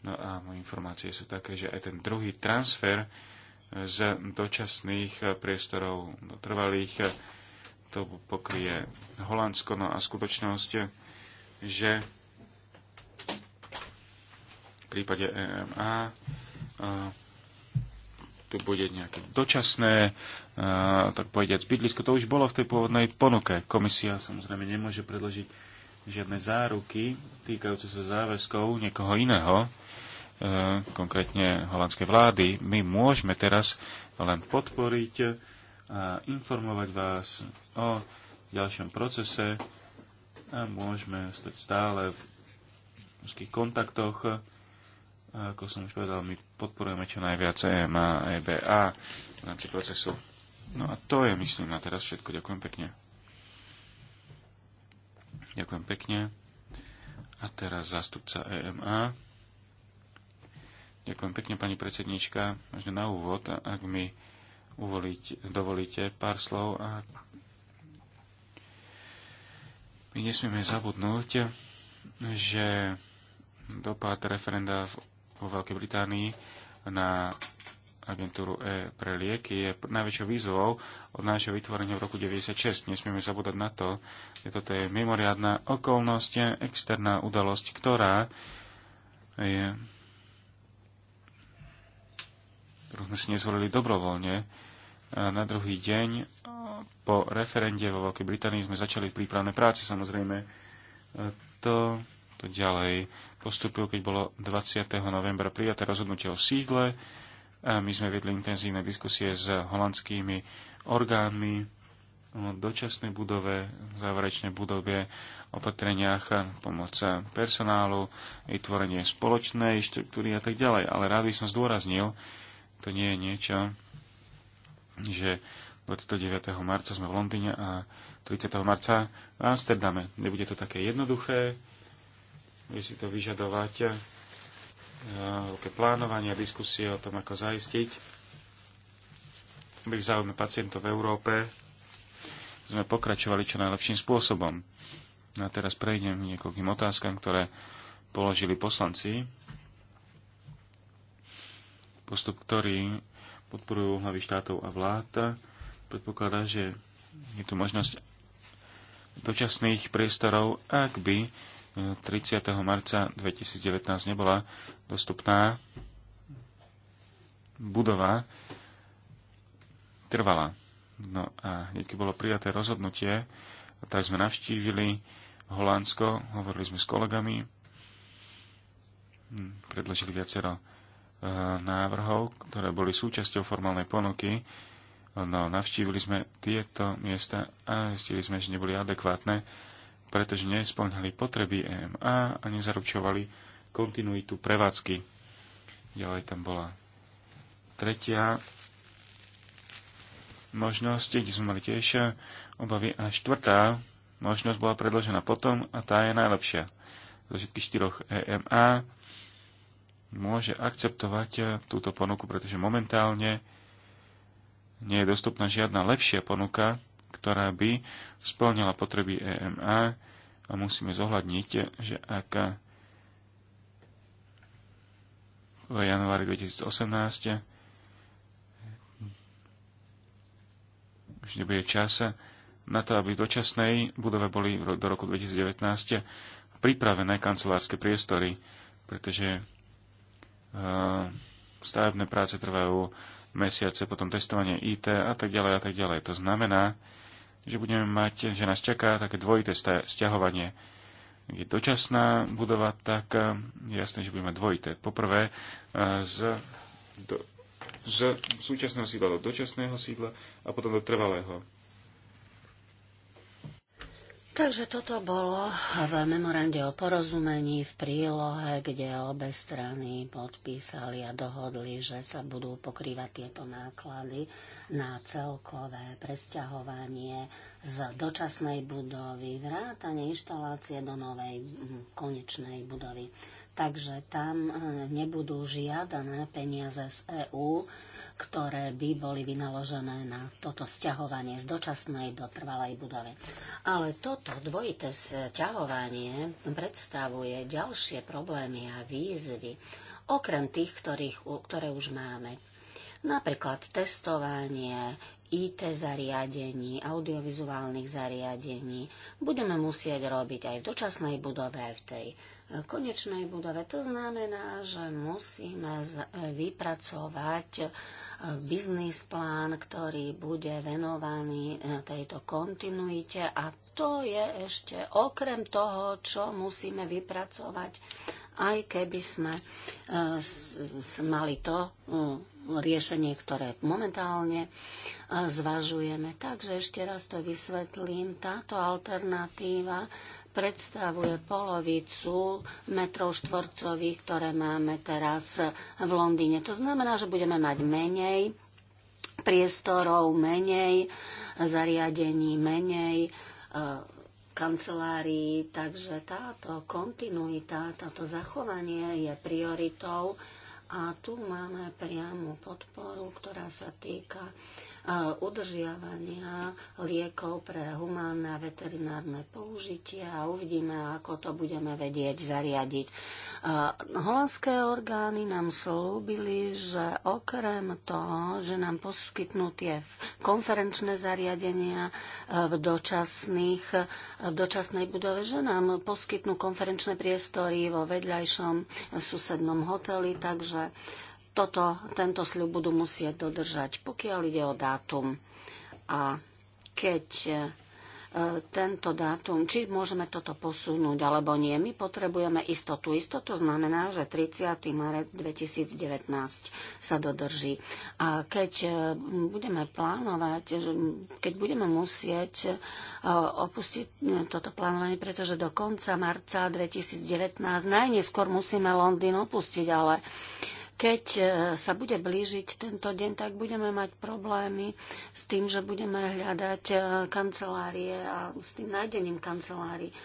No a moje informácie sú také, že aj ten druhý transfer z dočasných priestorov do trvalých to pokrie Holandsko. No a skutočnosť, že prípade EMA tu bude nejaké dočasné, tak povediať, bydlisko. To už bolo v tej pôvodnej ponuke. Komisia samozrejme nemôže predložiť žiadne záruky týkajúce sa záväzkov niekoho iného, e, konkrétne holandskej vlády. My môžeme teraz len podporiť a informovať vás o ďalšom procese a môžeme stať stále v úzkých kontaktoch a ako som už povedal, my podporujeme čo najviac EMA a EBA v rámci procesu. No a to je, myslím, na teraz všetko. Ďakujem pekne. Ďakujem pekne. A teraz zástupca EMA. Ďakujem pekne, pani predsednička. Možno na úvod, ak mi uvoliť, dovolíte pár slov a my nesmieme zabudnúť, že dopad referenda v vo Veľkej Británii na agentúru E pre lieky je najväčšou výzvou od nášho vytvorenia v roku 1996. Nesmieme zabúdať na to, že toto je mimoriadná okolnosť, externá udalosť, ktorá je ktorú sme si nezvolili dobrovoľne. A na druhý deň po referende vo Veľkej Británii sme začali prípravné práce. Samozrejme, to to ďalej postupil, keď bolo 20. novembra prijaté rozhodnutie o sídle. A my sme vedli intenzívne diskusie s holandskými orgánmi o dočasnej budove, záverečnej budove, opatreniach pomoc personálu, vytvorenie spoločnej štruktúry a tak ďalej. Ale rád by som zdôraznil, to nie je niečo, že 29. marca sme v Londýne a 30. marca v Amsterdame. Nebude to také jednoduché, bude si to vyžadovať eh, veľké plánovanie a diskusie o tom, ako zaistiť, Bych záujme pacientov v Európe sme pokračovali čo najlepším spôsobom. No a teraz prejdem k niekoľkým otázkam, ktoré položili poslanci. Postup, ktorý podporujú hlavy štátov a vlád, predpokladá, že je tu možnosť dočasných priestorov, ak by 30. marca 2019 nebola dostupná budova trvala. No a hneď keď bolo prijaté rozhodnutie, tak sme navštívili Holandsko, hovorili sme s kolegami, hm, predložili viacero eh, návrhov, ktoré boli súčasťou formálnej ponuky. No, navštívili sme tieto miesta a zistili sme, že neboli adekvátne pretože nesplňali potreby EMA a nezaručovali kontinuitu prevádzky. Ďalej tam bola tretia možnosť, kde sme mali tiež obavy. A štvrtá možnosť bola predložená potom a tá je najlepšia. Zo všetkých štyroch EMA môže akceptovať túto ponuku, pretože momentálne nie je dostupná žiadna lepšia ponuka ktorá by splnila potreby EMA a musíme zohľadniť, že ak v januári 2018 už nebude čas na to, aby v dočasnej budove boli do roku 2019 pripravené kancelárske priestory, pretože eh, stavebné práce trvajú mesiace, potom testovanie IT a tak ďalej a tak ďalej. To znamená, že budeme mať, že nás čaká také dvojité stiahovanie. Je dočasná budova, tak e, jasné, že budeme dvojité. Poprvé e, z, do, z súčasného sídla do dočasného sídla a potom do trvalého Takže toto bolo v memorande o porozumení v prílohe, kde obe strany podpísali a dohodli, že sa budú pokrývať tieto náklady na celkové presťahovanie z dočasnej budovy, vrátanie inštalácie do novej hm, konečnej budovy takže tam e, nebudú žiadané peniaze z EÚ, ktoré by boli vynaložené na toto sťahovanie z dočasnej do trvalej budovy. Ale toto dvojité sťahovanie predstavuje ďalšie problémy a výzvy, okrem tých, ktorých, ktoré už máme. Napríklad testovanie, IT zariadení, audiovizuálnych zariadení budeme musieť robiť aj v dočasnej budove, aj v tej konečnej budove. To znamená, že musíme vypracovať eh, biznis plán, ktorý bude venovaný eh, tejto kontinuite a to je ešte okrem toho, čo musíme vypracovať, aj keby sme eh, mali to mm, riešenie, ktoré momentálne zvažujeme. Takže ešte raz to vysvetlím. Táto alternatíva predstavuje polovicu metrov štvorcových, ktoré máme teraz v Londýne. To znamená, že budeme mať menej priestorov, menej zariadení, menej e, kancelárií, takže táto kontinuita, táto zachovanie je prioritou a tu máme priamu podporu, ktorá sa týka udržiavania liekov pre humánne a veterinárne použitie a uvidíme, ako to budeme vedieť zariadiť. Holandské orgány nám slúbili, že okrem toho, že nám poskytnú tie konferenčné zariadenia v, dočasných, v dočasnej budove, že nám poskytnú konferenčné priestory vo vedľajšom susednom hoteli, takže toto, tento sľub budú musieť dodržať, pokiaľ ide o dátum. A keď e, tento dátum, či môžeme toto posunúť alebo nie. My potrebujeme istotu. Istotu znamená, že 30. marec 2019 sa dodrží. A keď e, budeme plánovať, keď budeme musieť e, opustiť toto plánovanie, pretože do konca marca 2019 najneskôr musíme Londýn opustiť, ale keď e, sa bude blížiť tento deň, tak budeme mať problémy s tým, že budeme hľadať e, kancelárie a s tým nájdením kancelárií. E,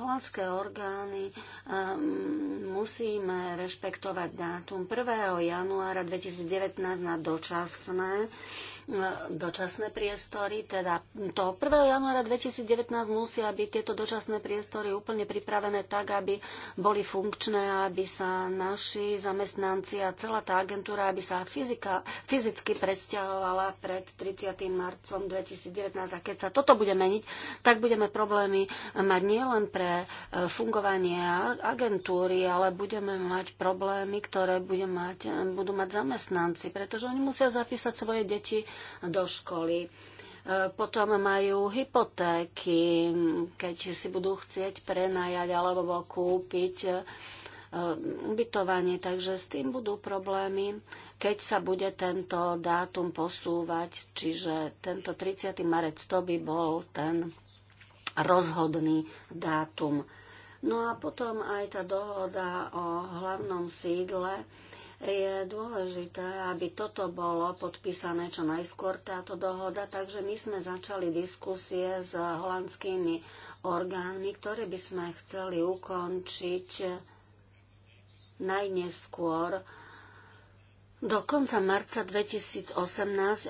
holandské orgány musíme rešpektovať dátum 1. januára 2019 na dočasné dočasné priestory, teda to 1. januára 2019 musia byť tieto dočasné priestory úplne pripravené tak, aby boli funkčné, aby sa naši zamestnanci a celá tá agentúra, aby sa fyzika, fyzicky presťahovala pred 30. marcom 2019. A keď sa toto bude meniť, tak budeme problémy mať nielen pre e, fungovanie agentúry, ale budeme mať problémy, ktoré bude mať, e, budú mať zamestnanci, pretože oni musia zapísať svoje deti do školy. E, potom majú hypotéky, keď si budú chcieť prenajať alebo kúpiť e, ubytovanie, takže s tým budú problémy, keď sa bude tento dátum posúvať, čiže tento 30. marec to by bol ten rozhodný dátum. No a potom aj tá dohoda o hlavnom sídle je dôležité, aby toto bolo podpísané čo najskôr táto dohoda, takže my sme začali diskusie s holandskými orgánmi, ktoré by sme chceli ukončiť najneskôr do konca marca 2018,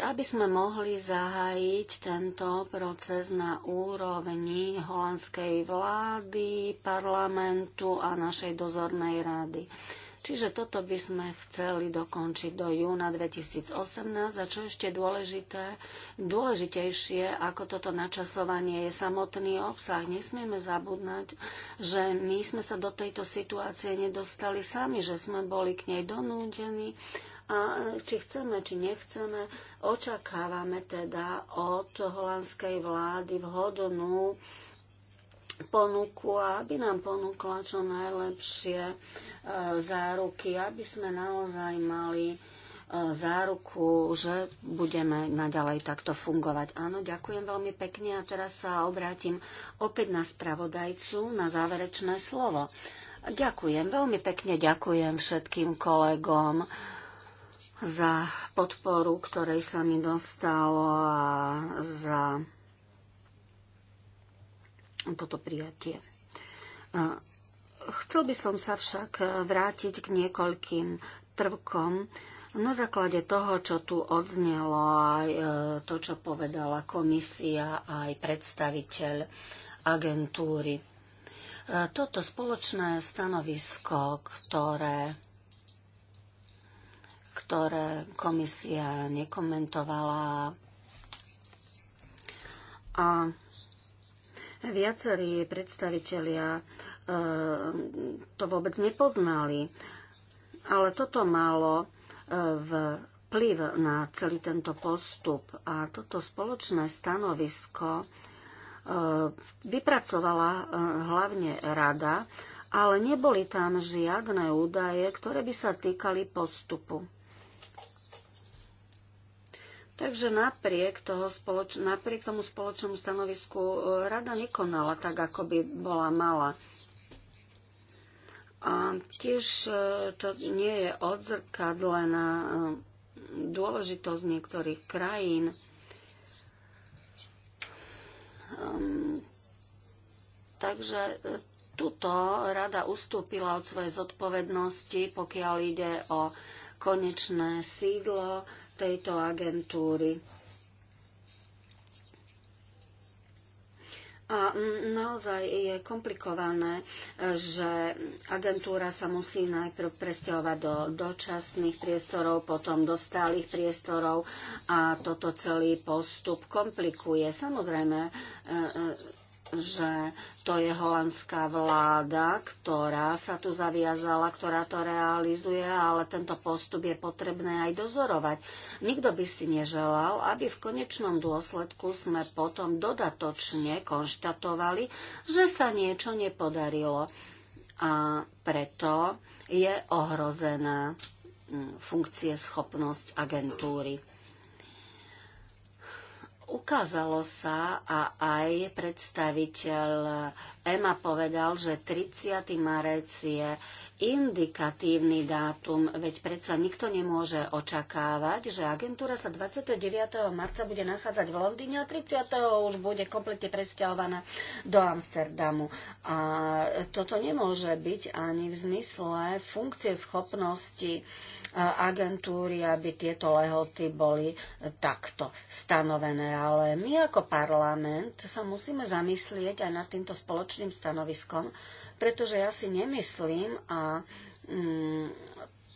aby sme mohli zahájiť tento proces na úrovni holandskej vlády, parlamentu a našej dozornej rady. Čiže toto by sme chceli dokončiť do júna 2018. A čo ešte dôležité, dôležitejšie ako toto načasovanie je samotný obsah. Nesmieme zabudnať, že my sme sa do tejto situácie nedostali sami, že sme boli k nej donúdení a či chceme, či nechceme, očakávame teda od holandskej vlády vhodnú ponuku a aby nám ponúkla čo najlepšie e, záruky, aby sme naozaj mali e, záruku, že budeme naďalej takto fungovať. Áno, ďakujem veľmi pekne a teraz sa obrátim opäť na spravodajcu na záverečné slovo. Ďakujem, veľmi pekne ďakujem všetkým kolegom za podporu, ktorej sa mi dostalo a za toto prijatie. Chcel by som sa však vrátiť k niekoľkým prvkom na základe toho, čo tu odznelo, aj e, to, čo povedala komisia, aj predstaviteľ agentúry. E, toto spoločné stanovisko, ktoré ktoré komisia nekomentovala. A Viacerí predstavitelia eh, to vôbec nepoznali, ale toto malo eh, vplyv na celý tento postup a toto spoločné stanovisko eh, vypracovala hlavne rada, ale neboli tam žiadne údaje, ktoré by sa týkali postupu. Takže napriek, toho spoloč- napriek tomu spoločnému stanovisku e, rada nekonala tak, ako by bola mala. A tiež e, to nie je odzrkadlená e, dôležitosť niektorých krajín. Ehm, takže tuto rada ustúpila od svojej zodpovednosti, pokiaľ ide o konečné sídlo tejto agentúry. A naozaj je komplikované, že agentúra sa musí najprv presťahovať do dočasných priestorov, potom do stálych priestorov a toto celý postup komplikuje. Samozrejme, e, e, že to je holandská vláda, ktorá sa tu zaviazala, ktorá to realizuje, ale tento postup je potrebné aj dozorovať. Nikto by si neželal, aby v konečnom dôsledku sme potom dodatočne konštatovali, že sa niečo nepodarilo. A preto je ohrozená mm, funkcie schopnosť agentúry ukázalo sa a aj predstaviteľ EMA povedal, že 30. marec je indikatívny dátum, veď predsa nikto nemôže očakávať, že agentúra sa 29. marca bude nachádzať v Londýne a 30. už bude kompletne presťahovaná do Amsterdamu. A toto nemôže byť ani v zmysle funkcie schopnosti e, agentúry, aby tieto lehoty boli takto stanovené. Ale my ako parlament sa musíme zamyslieť aj nad týmto spoločným opačným stanoviskom, pretože ja si nemyslím a mm,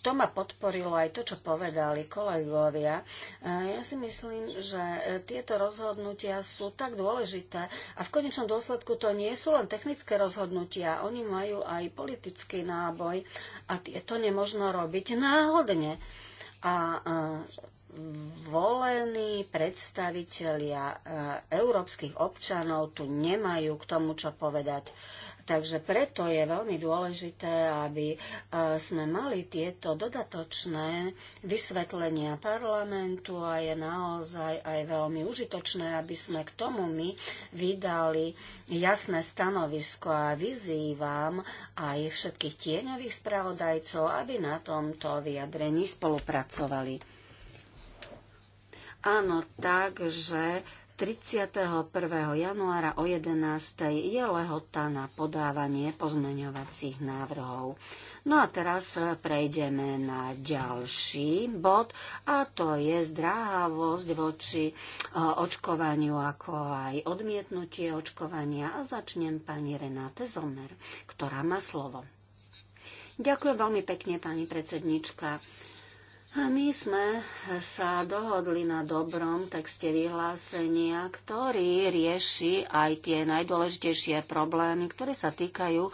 to ma podporilo aj to, čo povedali kolegovia. E, ja si myslím, že e, tieto rozhodnutia sú tak dôležité a v konečnom dôsledku to nie sú len technické rozhodnutia, oni majú aj politický náboj a to nemožno robiť náhodne. A e, volení predstavitelia e, európskych občanov tu nemajú k tomu, čo povedať. Takže preto je veľmi dôležité, aby e, sme mali tieto dodatočné vysvetlenia parlamentu a je naozaj aj veľmi užitočné, aby sme k tomu my vydali jasné stanovisko a vyzývam aj všetkých tieňových spravodajcov, aby na tomto vyjadrení spolupracovali. Áno, takže 31. januára o 11. je lehota na podávanie pozmeňovacích návrhov. No a teraz prejdeme na ďalší bod a to je zdráhavosť voči e, očkovaniu ako aj odmietnutie očkovania a začnem pani Renáte Zomer, ktorá má slovo. Ďakujem veľmi pekne, pani predsednička. A my sme sa dohodli na dobrom texte vyhlásenia, ktorý rieši aj tie najdôležitejšie problémy, ktoré sa týkajú e,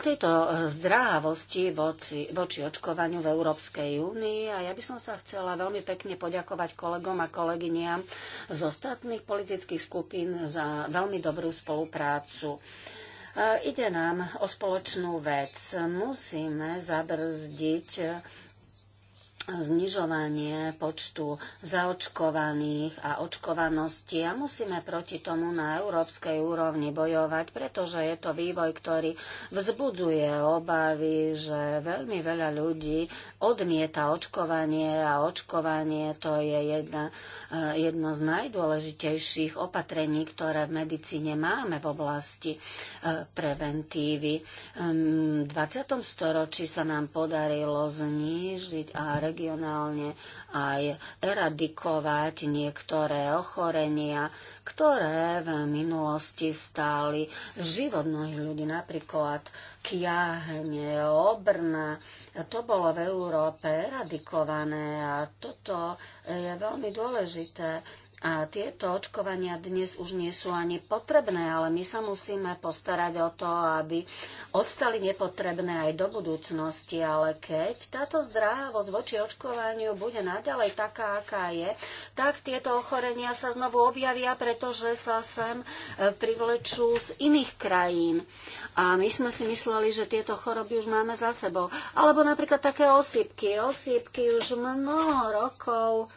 tejto e, zdráhavosti voči, voči očkovaniu v Európskej únii. A ja by som sa chcela veľmi pekne poďakovať kolegom a kolegyniam z ostatných politických skupín za veľmi dobrú spoluprácu. E, ide nám o spoločnú vec. Musíme zabrzdiť znižovanie počtu zaočkovaných a očkovanosti a musíme proti tomu na európskej úrovni bojovať, pretože je to vývoj, ktorý vzbudzuje obavy, že veľmi veľa ľudí odmieta očkovanie a očkovanie to je jedna, eh, jedno z najdôležitejších opatrení, ktoré v medicíne máme v oblasti eh, preventívy. Ehm, v 20. storočí sa nám podarilo znížiť a regionálne aj eradikovať niektoré ochorenia, ktoré v minulosti stáli život mnohých ľudí, napríklad kiahne, obrna. To bolo v Európe eradikované a toto je veľmi dôležité a tieto očkovania dnes už nie sú ani potrebné, ale my sa musíme postarať o to, aby ostali nepotrebné aj do budúcnosti. Ale keď táto zdravosť voči očkovaniu bude naďalej taká, aká je, tak tieto ochorenia sa znovu objavia, pretože sa sem e, privlečú z iných krajín. A my sme si mysleli, že tieto choroby už máme za sebou. Alebo napríklad také osýpky. Osýpky už mnoho rokov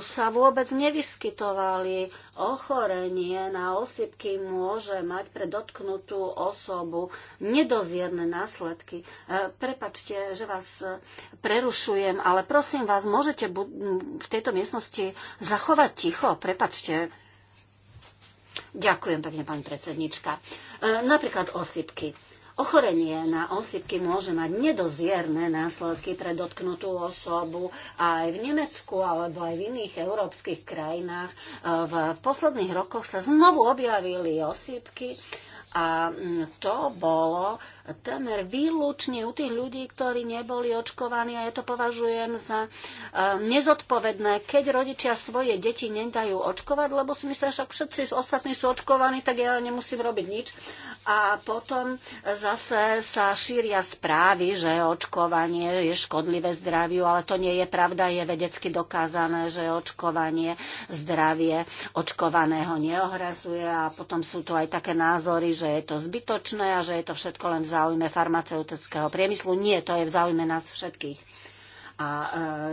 sa vôbec nevyskytovali. Ochorenie na osypky môže mať pre dotknutú osobu nedozierne následky. E, prepačte, že vás e, prerušujem, ale prosím vás, môžete v tejto miestnosti zachovať ticho? Prepačte. Ďakujem pekne, pani predsednička. E, napríklad osypky Ochorenie na osypky môže mať nedozierne následky pre dotknutú osobu aj v Nemecku alebo aj v iných európskych krajinách. E, v posledných rokoch sa znovu objavili osypky a mm, to bolo temer výlučne u tých ľudí, ktorí neboli očkovaní a ja to považujem za e, nezodpovedné, keď rodičia svoje deti nedajú očkovať, lebo si myslia, že všetci ostatní sú očkovaní, tak ja nemusím robiť nič. A potom zase sa šíria správy, že očkovanie je škodlivé zdraviu, ale to nie je pravda, je vedecky dokázané, že očkovanie zdravie očkovaného neohrazuje a potom sú tu aj také názory, že je to zbytočné a že je to všetko len v záujme farmaceutického priemyslu. Nie, to je v záujme nás všetkých. A e,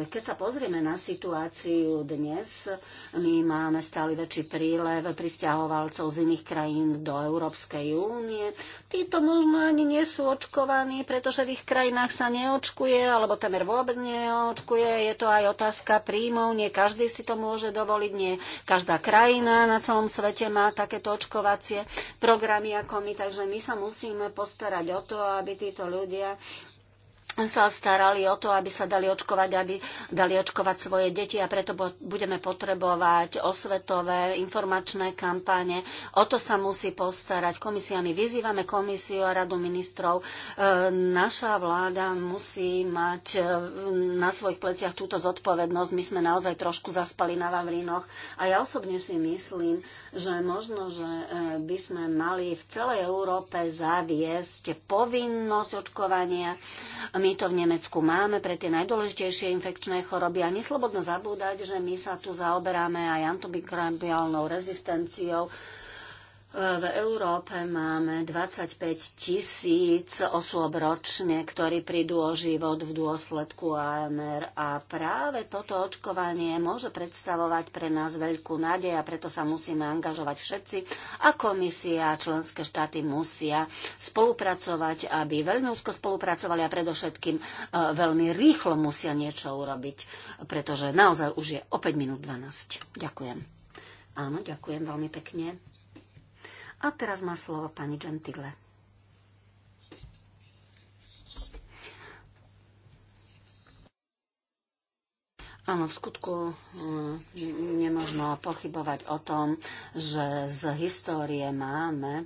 keď sa pozrieme na situáciu dnes, my máme stále väčší prílev pristahovalcov z iných krajín do Európskej únie. Títo možno ani nie sú očkovaní, pretože v ich krajinách sa neočkuje, alebo tamer vôbec neočkuje. Je to aj otázka príjmov. Nie každý si to môže dovoliť, nie každá krajina na celom svete má takéto očkovacie programy ako my. Takže my sa musíme postarať o to, aby títo ľudia sa starali o to, aby sa dali očkovať, aby dali očkovať svoje deti a preto budeme potrebovať osvetové informačné kampáne. O to sa musí postarať komisia. My vyzývame komisiu a radu ministrov. E, naša vláda musí mať e, na svojich pleciach túto zodpovednosť. My sme naozaj trošku zaspali na Vavrinoch a ja osobne si myslím, že možno, že e, by sme mali v celej Európe zaviesť povinnosť očkovania. My my to v Nemecku máme pre tie najdôležitejšie infekčné choroby a neslobodno zabúdať, že my sa tu zaoberáme aj antimikrobiálnou rezistenciou, v Európe máme 25 tisíc osôb ročne, ktorí prídu o život v dôsledku AMR a práve toto očkovanie môže predstavovať pre nás veľkú nádej a preto sa musíme angažovať všetci a komisia a členské štáty musia spolupracovať, aby veľmi úzko spolupracovali a predovšetkým e, veľmi rýchlo musia niečo urobiť, pretože naozaj už je o 5 minút 12. Ďakujem. Áno, ďakujem veľmi pekne. A teraz má slovo pani Gentile. Áno, v skutku hm, nemožno pochybovať o tom, že z histórie máme e,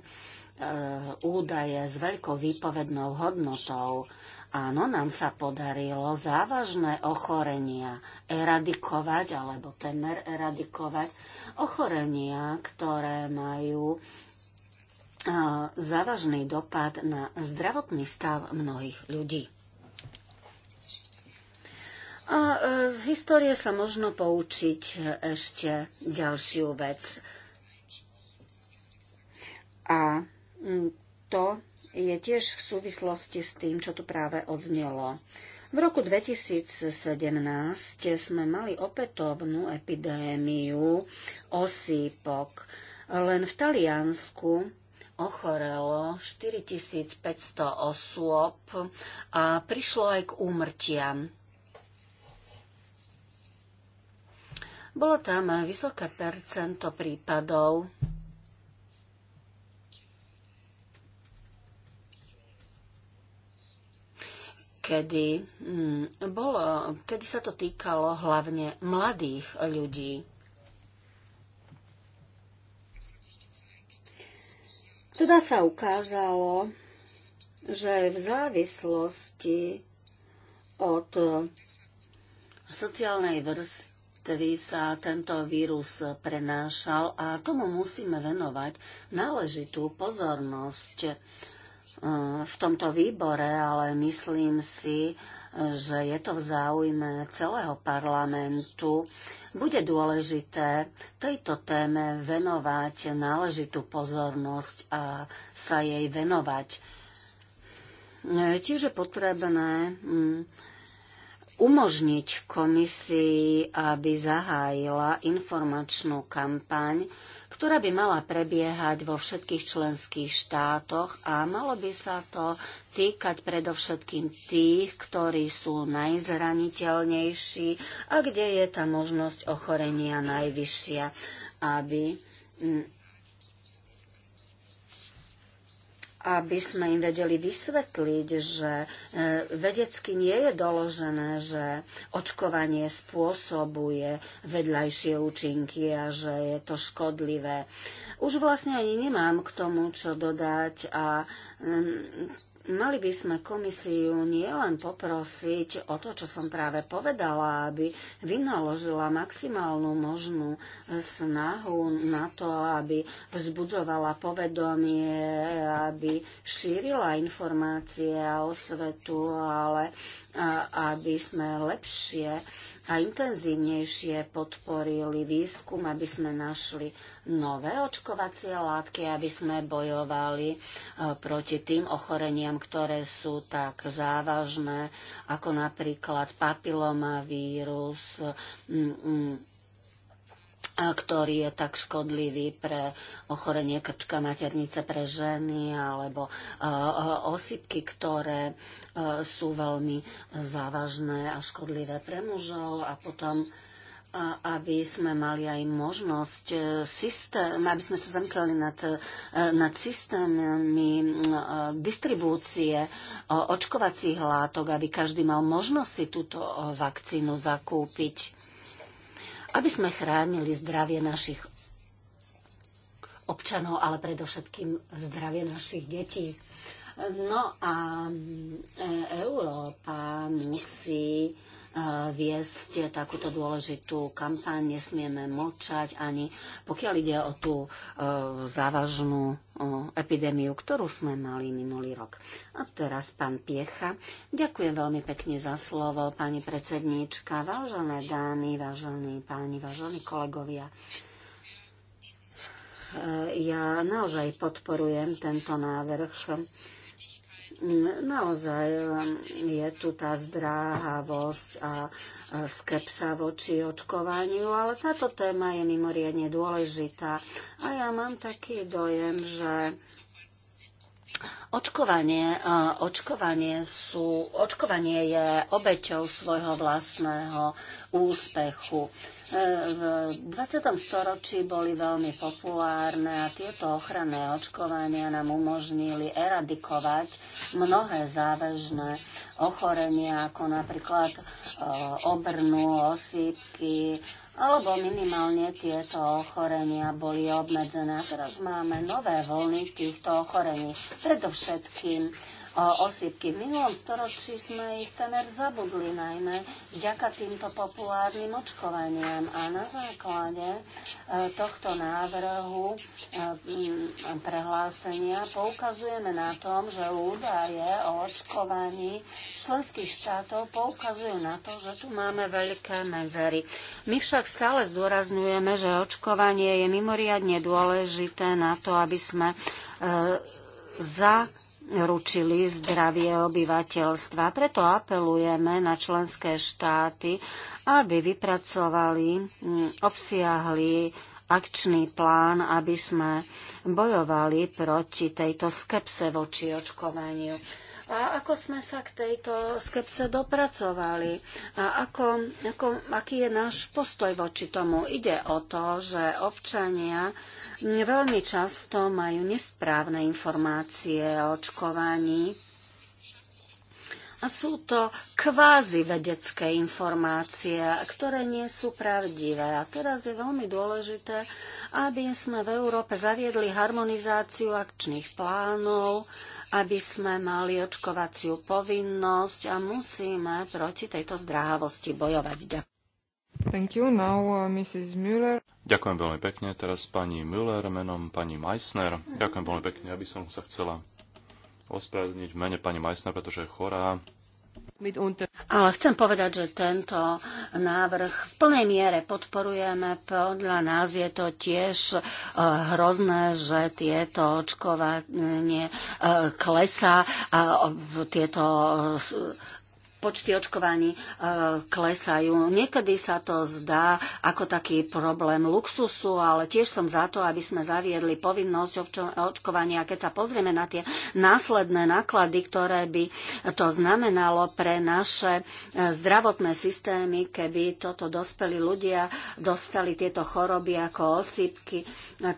údaje s veľkou výpovednou hodnotou. Áno, nám sa podarilo závažné ochorenia eradikovať alebo temer eradikovať. Ochorenia, ktoré majú závažný dopad na zdravotný stav mnohých ľudí. A e, z histórie sa možno poučiť ešte ďalšiu vec. A to je tiež v súvislosti s tým, čo tu práve odznelo. V roku 2017 sme mali opätovnú epidémiu osýpok. Len v Taliansku ochorelo 4500 osôb a prišlo aj k úmrtiam. Bolo tam vysoké percento prípadov, kedy, mm, bolo, kedy sa to týkalo hlavne mladých ľudí. Teda sa ukázalo, že v závislosti od sociálnej vrstvy sa tento vírus prenášal a tomu musíme venovať náležitú pozornosť eh, v tomto výbore, ale myslím si, že je to v záujme celého parlamentu, bude dôležité tejto téme venovať náležitú pozornosť a sa jej venovať. Tiež je potrebné mm, umožniť komisii, aby zahájila informačnú kampaň, ktorá by mala prebiehať vo všetkých členských štátoch a malo by sa to týkať predovšetkým tých, ktorí sú najzraniteľnejší a kde je tá možnosť ochorenia najvyššia, aby mm, aby sme im vedeli vysvetliť, že e, vedecky nie je doložené, že očkovanie spôsobuje vedľajšie účinky a že je to škodlivé. Už vlastne ani nemám k tomu, čo dodať a Mali by sme komisiu nielen poprosiť o to, čo som práve povedala, aby vynaložila maximálnu možnú snahu na to, aby vzbudzovala povedomie, aby šírila informácie a osvetu, ale aby sme lepšie a intenzívnejšie podporili výskum, aby sme našli nové očkovacie látky, aby sme bojovali e, proti tým ochoreniam, ktoré sú tak závažné, ako napríklad papilomavírus, mm, mm, ktorý je tak škodlivý pre ochorenie krčka maternice pre ženy alebo e, e, osypky, ktoré sú veľmi závažné a škodlivé pre mužov a potom aby sme mali aj možnosť e, systém, aby sme sa zamysleli nad, e, nad systémami e, distribúcie očkovacích látok, aby každý mal možnosť si túto vakcínu zakúpiť, aby sme chránili zdravie našich občanov, ale predovšetkým zdravie našich detí. No a Európa musí viesť takúto dôležitú kampaň. Nesmieme močať ani pokiaľ ide o tú e, závažnú epidémiu, ktorú sme mali minulý rok. A teraz pán Piecha. Ďakujem veľmi pekne za slovo, pani predsedníčka, vážené dámy, vážení páni, vážení kolegovia. E, ja naozaj podporujem tento návrh Naozaj um, je tu tá zdráhavosť a skepsa voči očkovaniu, ale táto téma je mimoriadne dôležitá. A ja mám taký dojem, že Očkovanie, e, očkovanie, sú, očkovanie je obeťou svojho vlastného úspechu. E, v 20. storočí boli veľmi populárne a tieto ochranné očkovania nám umožnili eradikovať mnohé závažné ochorenia, ako napríklad e, obrnu, osýpky, alebo minimálne tieto ochorenia boli obmedzené. teraz máme nové vlny týchto ochorení. Predovšetkým predovšetkým osýpky. V minulom storočí sme ich tener zabudli najmä vďaka týmto populárnym očkovaniam a na základe e, tohto návrhu e, prehlásenia poukazujeme na tom, že údaje o očkovaní členských štátov poukazujú na to, že tu máme veľké medzery. My však stále zdôrazňujeme, že očkovanie je mimoriadne dôležité na to, aby sme e, zaručili zdravie obyvateľstva. Preto apelujeme na členské štáty, aby vypracovali, mm, obsiahli akčný plán, aby sme bojovali proti tejto skepse voči očkovaniu. A ako sme sa k tejto skepse dopracovali? A ako, ako, aký je náš postoj voči tomu? Ide o to, že občania veľmi často majú nesprávne informácie o očkovaní a sú to kvázi vedecké informácie, ktoré nie sú pravdivé. A teraz je veľmi dôležité, aby sme v Európe zaviedli harmonizáciu akčných plánov, aby sme mali očkovaciu povinnosť a musíme proti tejto zdráhavosti bojovať. Ďakujem. Thank you. Now, uh, Mrs. Müller. Ďakujem veľmi pekne. Teraz pani Müller menom pani Meissner. Ďakujem veľmi pekne. Ja by som sa chcela ospravedlniť v mene pani Majsna, pretože je chorá. Ale chcem povedať, že tento návrh v plnej miere podporujeme. Podľa nás je to tiež eh, hrozné, že tieto očkovanie eh, klesá a tieto eh, počty očkovaní e, klesajú. Niekedy sa to zdá ako taký problém luxusu, ale tiež som za to, aby sme zaviedli povinnosť očkovania. Keď sa pozrieme na tie následné náklady, ktoré by to znamenalo pre naše e, zdravotné systémy, keby toto dospelí ľudia dostali tieto choroby ako osýpky,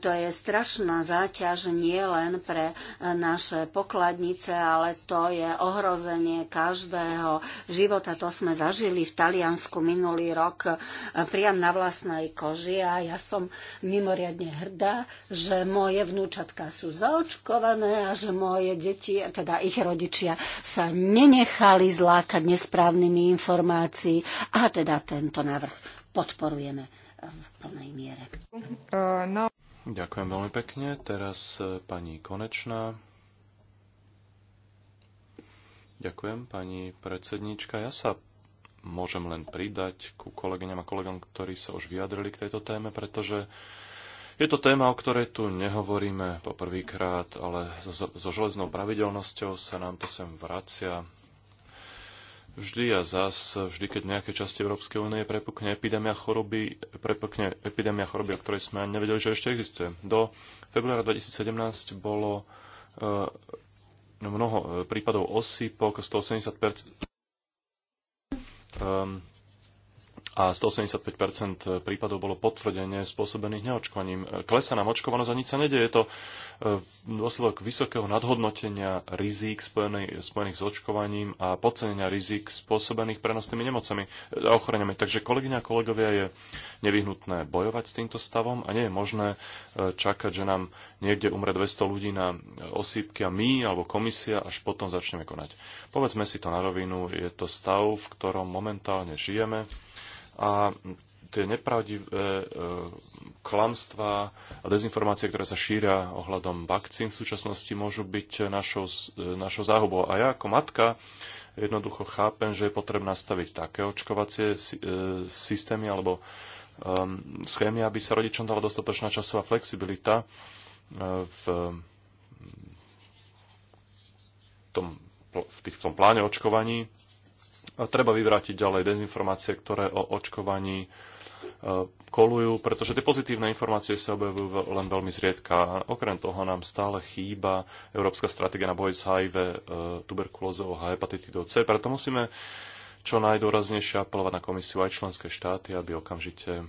to je strašná záťaž nie len pre e, naše pokladnice, ale to je ohrozenie každého života. To sme zažili v Taliansku minulý rok e, priam na vlastnej koži a ja som mimoriadne hrdá, že moje vnúčatka sú zaočkované a že moje deti, teda ich rodičia, sa nenechali zlákať nesprávnymi informácií a teda tento návrh podporujeme v plnej miere. E, no. Ďakujem veľmi pekne. Teraz e, pani Konečná. Ďakujem, pani predsedníčka. Ja sa môžem len pridať ku kolegyňam a kolegom, ktorí sa už vyjadrili k tejto téme, pretože je to téma, o ktorej tu nehovoríme poprvýkrát, ale so, so železnou pravidelnosťou sa nám to sem vracia. Vždy a zas, vždy, keď v nejakej časti Európskej únie prepukne epidémia choroby, prepukne epidémia choroby, o ktorej sme ani nevedeli, že ešte existuje. Do februára 2017 bolo mnoho e, prípadov osýpok, 180 um, a 185 prípadov bolo potvrdenie spôsobených neočkovaním. Klesa nám očkovanosť a nič sa nedie. Je to e, dôsledok vysokého nadhodnotenia rizík spojených, spojených s očkovaním a podcenenia rizik spôsobených prenosnými nemocami a e, ochoreniami. Takže kolegyňa a kolegovia je nevyhnutné bojovať s týmto stavom a nie je možné e, čakať, že nám niekde umre 200 ľudí na osýpky a my alebo komisia až potom začneme konať. Povedzme si to na rovinu, je to stav, v ktorom momentálne žijeme a tie nepravdivé e, klamstvá a dezinformácie, ktoré sa šíria ohľadom vakcín v súčasnosti, môžu byť našou, e, našou záhubou. A ja ako matka jednoducho chápem, že je potrebné nastaviť také očkovacie e, systémy alebo um, schémy, aby sa rodičom dala dostatočná časová flexibilita v tom, v, tých, v tom pláne očkovaní treba vyvrátiť ďalej dezinformácie, ktoré o očkovaní e, kolujú, pretože tie pozitívne informácie sa objavujú len veľmi zriedka. Okrem toho nám stále chýba európska stratégia na boj s HIV, e, tuberkulózou a hepatitidou C, preto musíme čo najdôraznejšie apelovať na komisiu aj členské štáty, aby okamžite e,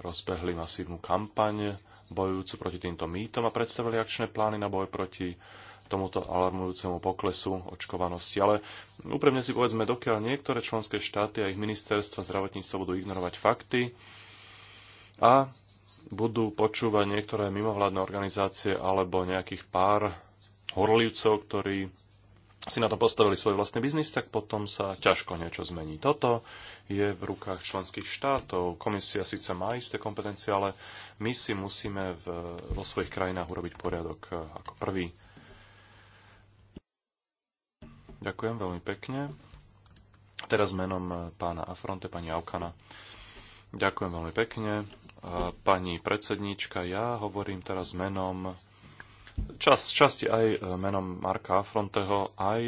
rozbehli masívnu kampaň bojujúcu proti týmto mýtom a predstavili akčné plány na boj proti tomuto alarmujúcemu poklesu očkovanosti. Ale úprimne si povedzme, dokiaľ niektoré členské štáty a ich ministerstva zdravotníctva budú ignorovať fakty a budú počúvať niektoré mimovládne organizácie alebo nejakých pár horlivcov, ktorí si na to postavili svoj vlastný biznis, tak potom sa ťažko niečo zmení. Toto je v rukách členských štátov. Komisia síce má isté kompetencie, ale my si musíme v, vo svojich krajinách urobiť poriadok eh, ako prvý. Ďakujem veľmi pekne. Teraz menom pána Afronte, pani Aukana. Ďakujem veľmi pekne. Pani predsedníčka, ja hovorím teraz menom, čas, časti aj e, menom Marka Afronteho, aj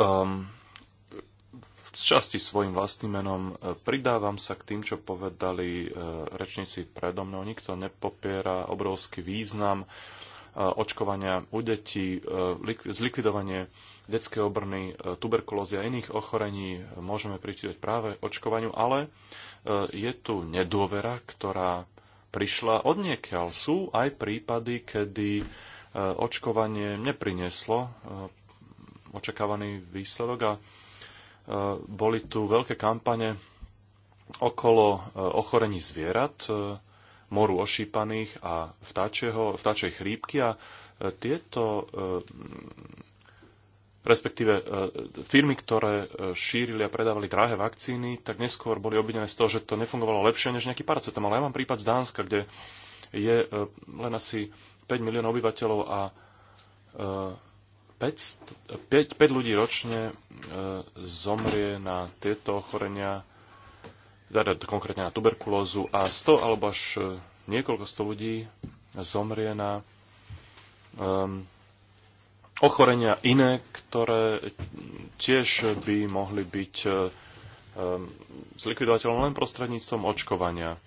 um, z časti svojim vlastným menom e, pridávam sa k tým, čo povedali e, rečníci predo mnou. Nikto nepopiera obrovský význam očkovania u detí, e, zlikvidovanie detskej obrny, e, tuberkulózy a iných ochorení môžeme pričítať práve očkovaniu, ale e, je tu nedôvera, ktorá prišla od niekiaľ. Sú aj prípady, kedy očkovanie neprinieslo očakávaný výsledok a boli tu veľké kampane okolo ochorení zvierat, moru ošípaných a vtáčeho, vtáčej chrípky a e, tieto e, respektíve e, firmy, ktoré šírili a predávali drahé vakcíny, tak neskôr boli obvinené z toho, že to nefungovalo lepšie než nejaký paracetamol. Ja mám prípad z Dánska, kde je len asi 5 miliónov obyvateľov a 5, 5, 5 ľudí ročne zomrie na tieto ochorenia teda konkrétne na tuberkulózu a 100 alebo až e, niekoľko sto ľudí zomrie na um, ochorenia iné, ktoré tiež by mohli byť um, zlikvidovateľné len prostredníctvom očkovania.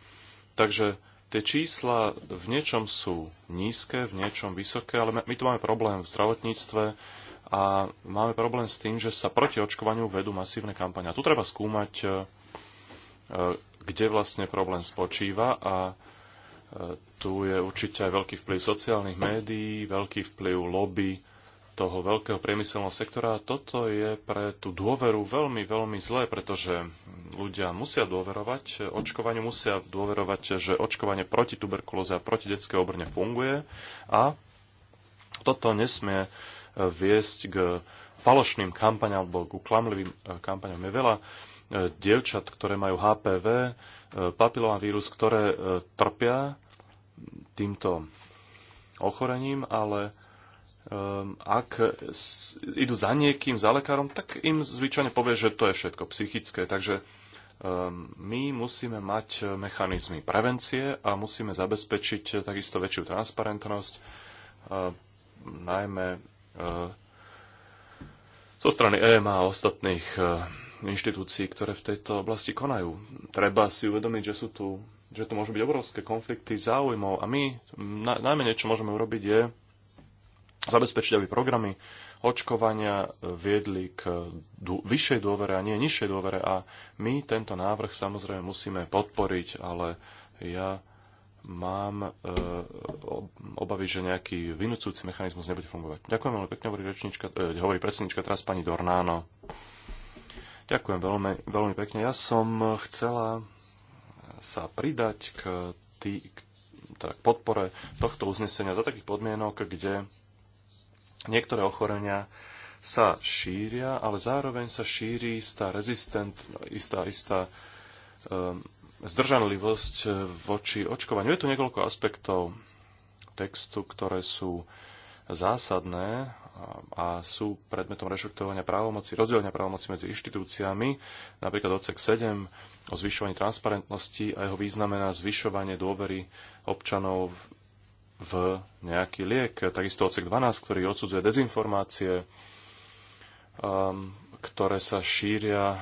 Takže tie čísla v niečom sú nízke, v niečom vysoké, ale my tu máme problém v zdravotníctve a máme problém s tým, že sa proti očkovaniu vedú masívne kampania. Tu treba skúmať e, E, kde vlastne problém spočíva a e, tu je určite aj veľký vplyv sociálnych médií, veľký vplyv lobby toho veľkého priemyselného sektora. Toto je pre tú dôveru veľmi, veľmi zlé, pretože ľudia musia dôverovať očkovaniu, musia dôverovať, že očkovanie proti tuberkulóze a proti detskej obrne funguje a toto nesmie e, viesť k falošným kampaniám alebo ku klamlivým kampaniám Je veľa dievčat, ktoré majú HPV, e, vírus, ktoré e, trpia týmto ochorením, ale e, ak idú za niekým, za lekárom, tak im zvyčajne povie, že to je všetko psychické. Takže my musíme mať mechanizmy prevencie a musíme zabezpečiť takisto väčšiu transparentnosť, najmä zo strany EMA a ostatných e, inštitúcií, ktoré v tejto oblasti konajú. Treba si uvedomiť, že sú tu že tu môžu byť obrovské konflikty záujmov a my na, najmenej, čo môžeme urobiť, je zabezpečiť, aby programy očkovania viedli k dô, vyššej dôvere a nie nižšej dôvere. A my tento návrh samozrejme musíme podporiť, ale ja mám e, obavy, že nejaký vynúcujúci mechanizmus nebude fungovať. Ďakujem veľmi pekne, hovorí, rečnička, e, hovorí predsednička, teraz pani Dornáno. Ďakujem veľmi, veľmi pekne. Ja som chcela sa pridať k, tý, k, teda k podpore tohto uznesenia za takých podmienok, kde niektoré ochorenia sa šíria, ale zároveň sa šíri istá rezistent, istá, istá um, zdržanlivosť eh, voči očkovaniu. Je tu niekoľko aspektov textu, ktoré sú zásadné a sú predmetom rešpektovania právomoci, rozdelenia právomoci medzi inštitúciami, napríklad odsek 7 o zvyšovaní transparentnosti a jeho význame na zvyšovanie dôvery občanov v nejaký liek. Takisto odsek 12, ktorý odsudzuje dezinformácie, ehm, ktoré sa šíria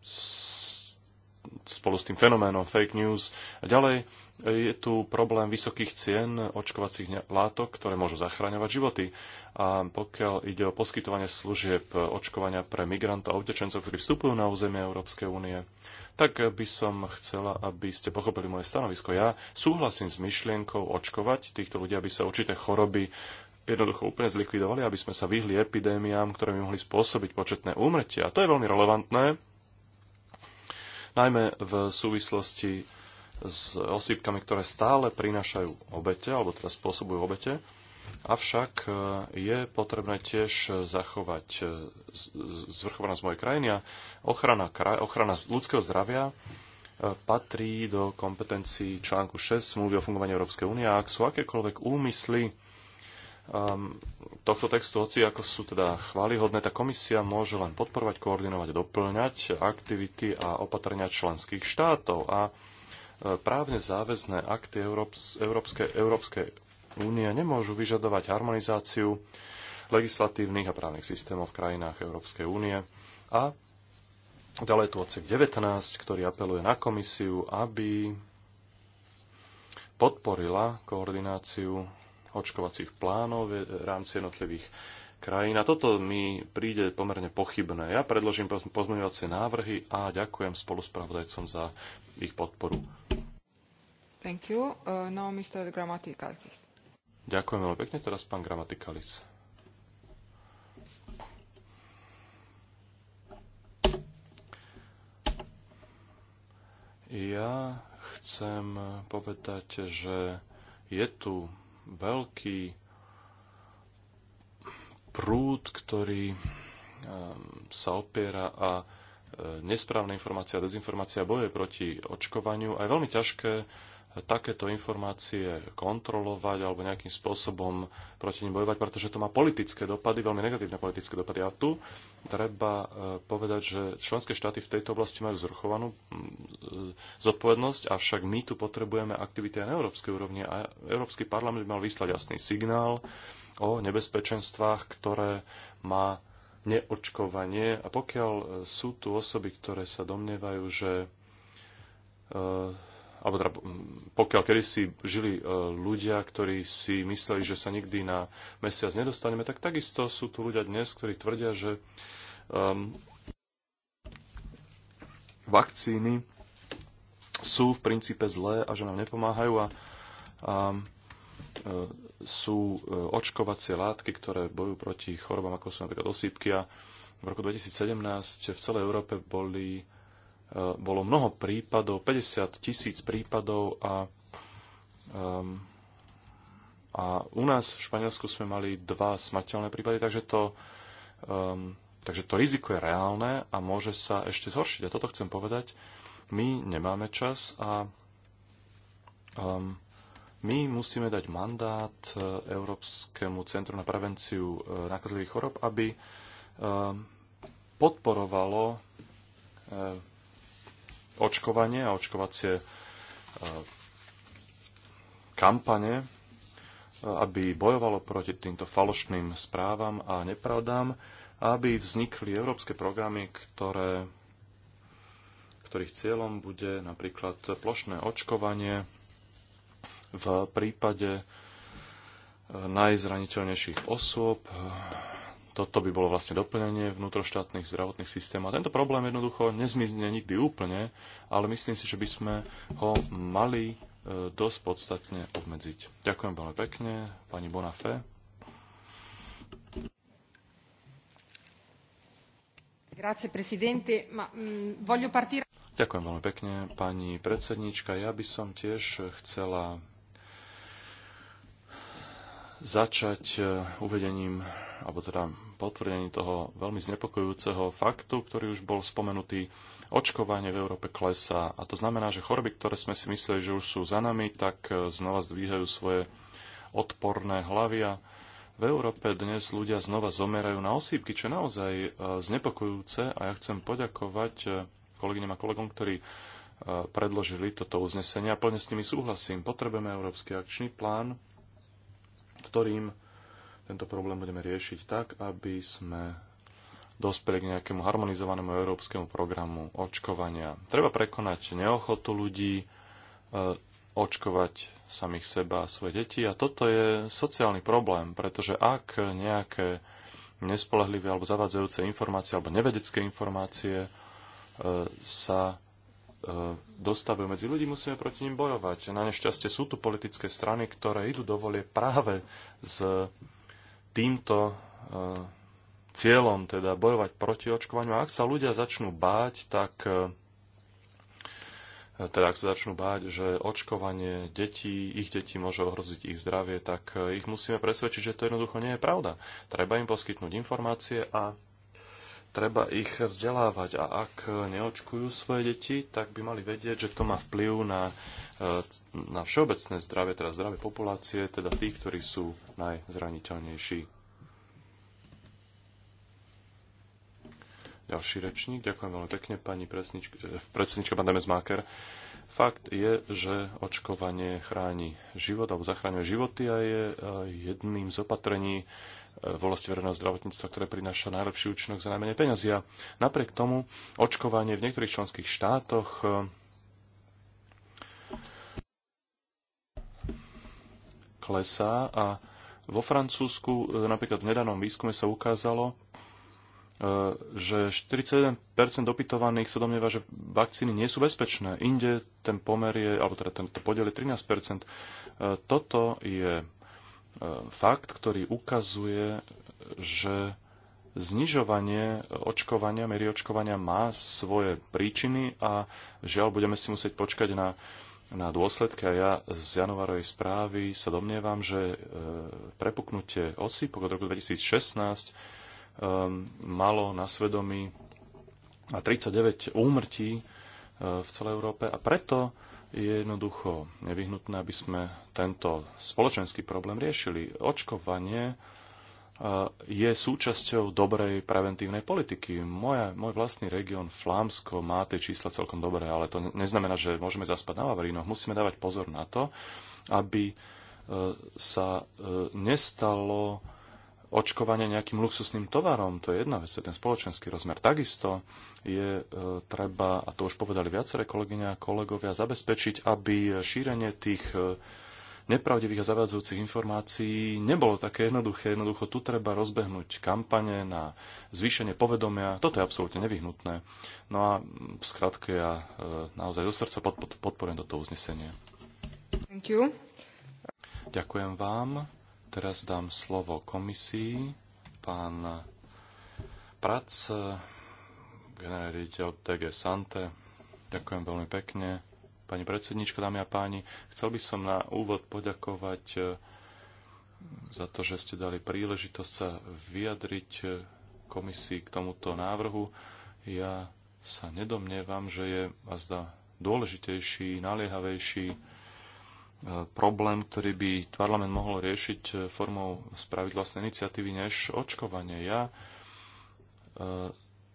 s ehm, spolu s tým fenoménom fake news. A ďalej e, je tu problém vysokých cien očkovacích látok, ktoré môžu zachraňovať životy. A pokiaľ ide o poskytovanie služieb e, očkovania pre migrantov a utečencov, ktorí vstupujú na územie Európskej únie, tak by som chcela, aby ste pochopili moje stanovisko. Ja súhlasím s myšlienkou očkovať týchto ľudí, aby sa určité choroby jednoducho úplne zlikvidovali, aby sme sa vyhli epidémiám, ktoré by mohli spôsobiť početné úmrtia. A to je veľmi relevantné, najmä v súvislosti s osýpkami, ktoré stále prinášajú obete, alebo teda spôsobujú obete. Avšak e, je potrebné tiež zachovať e, zvrchovanosť mojej krajiny a ochrana, kraj, ochrana ľudského zdravia e, patrí do kompetencií článku 6 smluvy o fungovaní Európskej únie a ak sú akékoľvek úmysly um, tohto textu, hoci ako sú teda chválihodné, tá komisia môže len podporovať, koordinovať a doplňať aktivity a opatrenia členských štátov a e, právne záväzné akty Európskej, Európskej únie nemôžu vyžadovať harmonizáciu legislatívnych a právnych systémov v krajinách Európskej únie a ďalej tu odsek 19, ktorý apeluje na komisiu, aby podporila koordináciu očkovacích plánov v rámci jednotlivých krajín. A toto mi príde pomerne pochybné. Ja predložím pozmeňovacie návrhy a ďakujem spoluspravodajcom za ich podporu. Thank you. Uh, now Mr. Grammatikalis. Ďakujem veľmi pekne. Teraz pán gramatikalis. Ja chcem povedať, že je tu veľký prúd, ktorý um, sa opiera a e, nesprávna informácia a dezinformácia boje proti očkovaniu a je veľmi ťažké takéto informácie kontrolovať alebo nejakým spôsobom proti nim bojovať, pretože to má politické dopady, veľmi negatívne politické dopady. A tu treba e, povedať, že členské štáty v tejto oblasti majú zrchovanú e, zodpovednosť, avšak my tu potrebujeme aktivity aj na európskej úrovni a Európsky parlament by mal vyslať jasný signál o nebezpečenstvách, ktoré má neočkovanie. A pokiaľ e, sú tu osoby, ktoré sa domnievajú, že alebo teda pokiaľ kedysi žili e, ľudia, ktorí si mysleli, že sa nikdy na mesiac nedostaneme, tak takisto sú tu ľudia dnes, ktorí tvrdia, že um, vakcíny sú v princípe zlé a že nám nepomáhajú a, a e, sú e, očkovacie látky, ktoré bojujú proti chorobám, ako sú napríklad osýpky a v roku 2017 v celej Európe boli Eh, bolo mnoho prípadov, 50 tisíc prípadov a, um, a u nás v Španielsku sme mali dva smrteľné prípady, takže to, um, takže to riziko je reálne a môže sa ešte zhoršiť. A toto chcem povedať, my nemáme čas a um, my musíme dať mandát eh, Európskemu centru na prevenciu eh, nákazlivých chorob, aby um, podporovalo um, očkovanie a očkovacie e, kampane, e, aby bojovalo proti týmto falošným správam a nepravdám, aby vznikli európske programy, ktoré, ktorých cieľom bude napríklad plošné očkovanie v prípade e, najzraniteľnejších osôb, toto by bolo vlastne doplnenie vnútroštátnych zdravotných systémov. A tento problém jednoducho nezmizne nikdy úplne, ale myslím si, že by sme ho mali e, dosť podstatne obmedziť. Ďakujem veľmi pekne, pani Bonafé. Grazie, presidente. Ma, mm, voglio partire... Ďakujem veľmi pekne, pani predsednička. Ja by som tiež chcela začať e, uvedením, alebo teda potvrdením toho veľmi znepokojujúceho faktu, ktorý už bol spomenutý. Očkovanie v Európe klesa. a to znamená, že choroby, ktoré sme si mysleli, že už sú za nami, tak e, znova zdvíhajú svoje odporné hlavy a v Európe dnes ľudia znova zomerajú na osýpky, čo je naozaj e, znepokojúce a ja chcem poďakovať kolegyňom a kolegom, ktorí predložili toto uznesenie a plne s nimi súhlasím. Potrebujeme Európsky akčný plán ktorým tento problém budeme riešiť tak, aby sme dospeli k nejakému harmonizovanému európskemu programu očkovania. Treba prekonať neochotu ľudí, e, očkovať samých seba a svoje deti. A toto je sociálny problém, pretože ak nejaké nespolehlivé alebo zavadzajúce informácie alebo nevedecké informácie e, sa E, dostavujú medzi ľudí, musíme proti ním bojovať. Na nešťastie sú tu politické strany, ktoré idú do volie práve s týmto e, cieľom, teda bojovať proti očkovaniu. A ak sa ľudia začnú báť, tak e, teda ak sa začnú báť, že očkovanie detí, ich detí môže ohroziť ich zdravie, tak ich musíme presvedčiť, že to jednoducho nie je pravda. Treba im poskytnúť informácie a treba ich vzdelávať a ak neočkujú svoje deti, tak by mali vedieť, že to má vplyv na, e, na všeobecné zdravie, teda zdravie populácie, teda tých, ktorí sú najzraniteľnejší. Ďalší rečník, ďakujem veľmi pekne, pani e, predsednička Bandame Máker. Fakt je, že očkovanie chráni život alebo zachráňuje životy a je e, jedným z opatrení, v verejného zdravotníctva, ktoré prináša najlepší účinok za najmenej peniazy. A napriek tomu očkovanie v niektorých členských štátoch eh, klesá a vo Francúzsku eh, napríklad v nedanom výskume sa ukázalo, eh, že 41% dopytovaných sa domnieva, že vakcíny nie sú bezpečné. Inde ten pomer je, alebo teda tento podiel je 13%. Toto je fakt, ktorý ukazuje, že znižovanie očkovania, miery očkovania má svoje príčiny a žiaľ, budeme si musieť počkať na, na dôsledky. A ja z januárovej správy sa domnievam, že e, prepuknutie osýpok od roku 2016 um, e, malo na svedomí 39 úmrtí e, v celej Európe a preto je jednoducho nevyhnutné, aby sme tento spoločenský problém riešili. Očkovanie e, je súčasťou dobrej preventívnej politiky. Moja, môj vlastný región Flámsko má tie čísla celkom dobré, ale to neznamená, že môžeme zaspať na Vavrínoch. Musíme dávať pozor na to, aby e, sa e, nestalo očkovanie nejakým luxusným tovarom. To je jedna vec, je ten spoločenský rozmer. Takisto je e, treba, a to už povedali viaceré kolegyne a kolegovia, zabezpečiť, aby šírenie tých e, nepravdivých a zavádzajúcich informácií nebolo také jednoduché. Jednoducho tu treba rozbehnúť kampane na zvýšenie povedomia. Toto je absolútne nevyhnutné. No a v skratke ja e, naozaj zo srdca podporujem toto uznesenie. Thank you. Ďakujem vám. Teraz dám slovo komisii. Pán Prac, generálny riaditeľ Sante. Ďakujem veľmi pekne. Pani predsednička, dámy a páni, chcel by som na úvod poďakovať eh, za to, že ste dali príležitosť sa vyjadriť eh, komisii k tomuto návrhu. Ja sa nedomnievam, že je azda dôležitejší, naliehavejší E, problém, ktorý by parlament mohol riešiť e, formou spraviť vlastnej iniciatívy než očkovanie. Ja, e,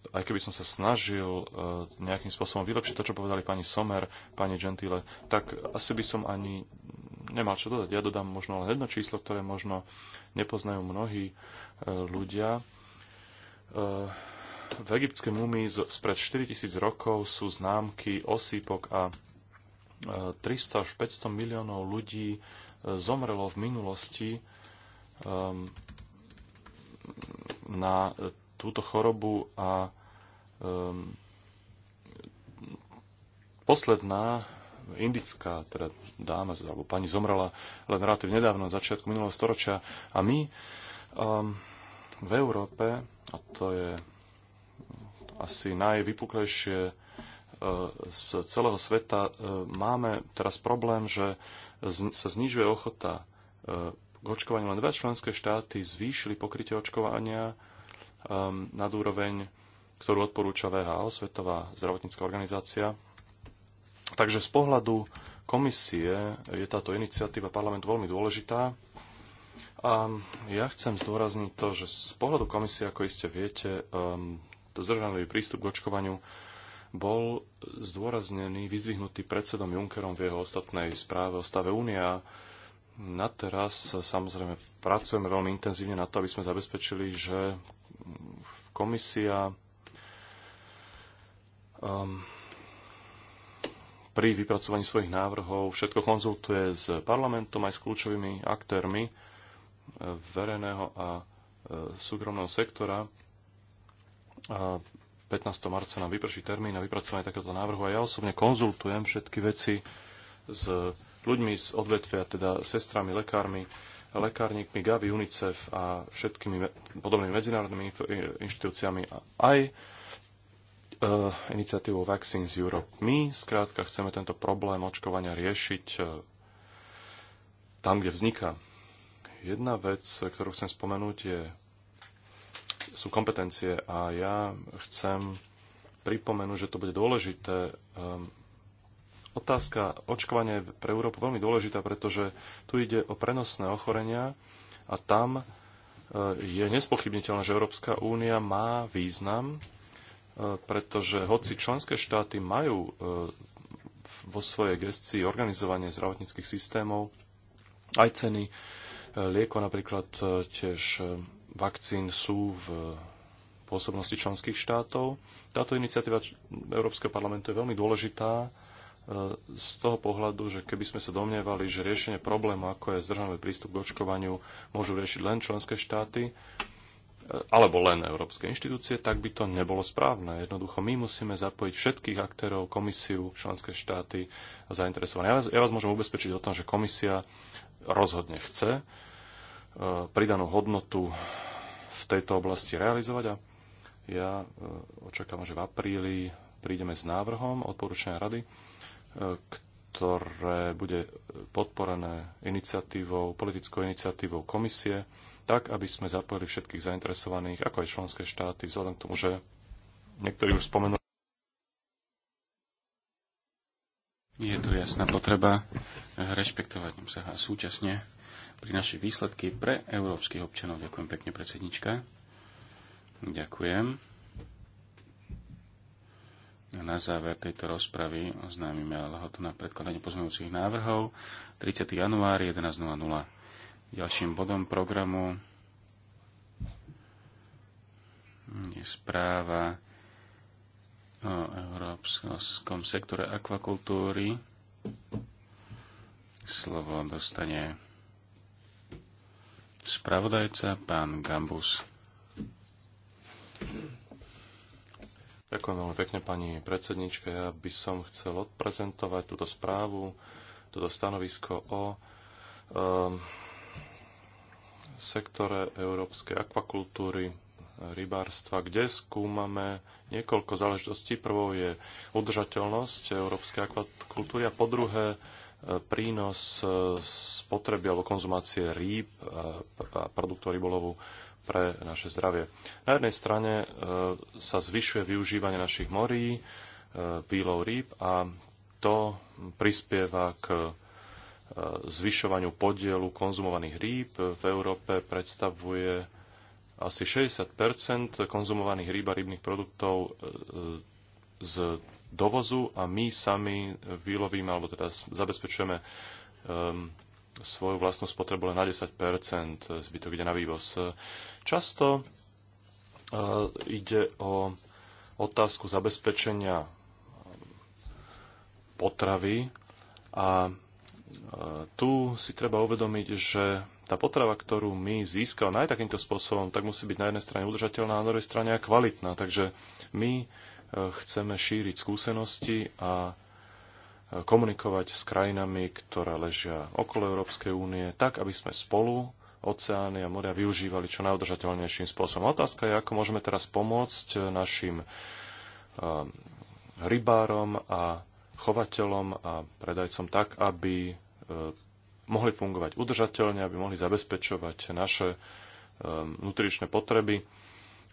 aj keby som sa snažil nejakým spôsobom vylepšiť to, čo povedali pani Somer, pani Gentile, tak asi by som ani nemal čo dodať. Ja dodám možno len jedno číslo, ktoré možno nepoznajú mnohí ľudia. V egyptskej mumii spred 4000 rokov sú známky osýpok a 300 až 500 miliónov ľudí e, zomrelo v minulosti ehm, na túto chorobu a ehm, posledná indická teda dáma alebo pani zomrela len relatívne nedávno, na začiatku minulého storočia. A my um, v Európe, a to je asi najvypuklejšie E, z celého sveta e, máme teraz problém, že sa znižuje ochota e, k očkovaniu. Len dva členské štáty zvýšili pokrytie očkovania nad úroveň, ktorú odporúča VHO, Svetová zdravotnícká organizácia. Takže z pohľadu komisie je táto iniciatíva parlament veľmi dôležitá. A ja chcem zdôrazniť to, že z pohľadu komisie, ako iste viete, um, prístup k očkovaniu bol zdôraznený, vyzvihnutý predsedom Junckerom v jeho ostatnej správe o stave únia. Na teraz samozrejme pracujeme veľmi intenzívne na to, aby sme zabezpečili, že komisia um, pri vypracovaní svojich návrhov všetko konzultuje s parlamentom aj s kľúčovými aktérmi eh, verejného a eh, súkromného sektora. A 15. marca nám vyprší termín na vypracovanie takéhoto návrhu a ja osobne konzultujem všetky veci s ľuďmi z odvetvia, teda sestrami, lekármi, lekárnikmi Gavi, UNICEF a všetkými podobnými medzinárodnými inštitúciami a aj e, iniciatívou Vaccines Europe. My skrátka chceme tento problém očkovania riešiť e, tam, kde vzniká. Jedna vec, ktorú chcem spomenúť, je sú kompetencie a ja chcem pripomenúť, že to bude dôležité. Ehm, otázka očkovania je pre Európu veľmi dôležitá, pretože tu ide o prenosné ochorenia a tam e, je nespochybniteľné, že Európska únia má význam, e, pretože hoci členské štáty majú e, vo svojej gestii organizovanie zdravotníckých systémov, aj ceny lieko napríklad tiež vakcín sú v pôsobnosti členských štátov. Táto iniciatíva Európskeho parlamentu je veľmi dôležitá e, z toho pohľadu, že keby sme sa domnievali, že riešenie problému, ako je zdržaný prístup k očkovaniu, môžu riešiť len členské štáty e, alebo len európske inštitúcie, tak by to nebolo správne. Jednoducho my musíme zapojiť všetkých aktérov, komisiu, členské štáty a zainteresované. Ja vás, ja vás môžem ubezpečiť o tom, že komisia rozhodne chce Eh, pridanú hodnotu v tejto oblasti realizovať a ja eh, očakávam, že v apríli prídeme s návrhom odporúčania rady, eh, ktoré bude podporené iniciatívou, politickou iniciatívou komisie, tak, aby sme zapojili všetkých zainteresovaných, ako aj členské štáty, vzhľadom k tomu, že niektorí už spomenuli. Je tu jasná potreba rešpektovať sa a súčasne pri našich výsledky pre európskych občanov. Ďakujem pekne, predsednička. Ďakujem. Na záver tejto rozpravy oznámime lehotu na predkladanie pozmeňujúcich návrhov 30. január 11.00. Ďalším bodom programu je správa o európskom sektore akvakultúry. Slovo dostane Spravodajca, pán Gambus. Ďakujem veľmi pekne, pani predsednička. Ja by som chcel odprezentovať túto správu, toto stanovisko o um, sektore európskej akvakultúry, rybárstva, kde skúmame niekoľko záležitostí. Prvou je udržateľnosť európskej akvakultúry a po druhé prínos e, spotreby alebo konzumácie rýb e, a produktov rybolovu pre naše zdravie. Na jednej strane e, sa zvyšuje využívanie našich morí, výlov rýb a to prispieva k zvyšovaniu podielu konzumovaných rýb. V Európe predstavuje asi 60 konzumovaných rýb a rybných produktov z dovozu a my sami vylovíme, alebo teda zabezpečujeme um, svoju vlastnú spotrebu len na 10 eh, zbytok ide na vývoz. Často uh, ide o otázku zabezpečenia ehm, potravy a eh, tu si treba uvedomiť, že tá potrava, ktorú my získame no aj takýmto spôsobom, tak musí byť na jednej strane udržateľná, a na druhej strane aj kvalitná. Takže my chceme šíriť skúsenosti a komunikovať s krajinami, ktoré ležia okolo Európskej únie, tak, aby sme spolu oceány a moria využívali čo najodržateľnejším spôsobom. Otázka je, ako môžeme teraz pomôcť našim um, rybárom a chovateľom a predajcom tak, aby uh, mohli fungovať udržateľne, aby mohli zabezpečovať naše um, nutričné potreby.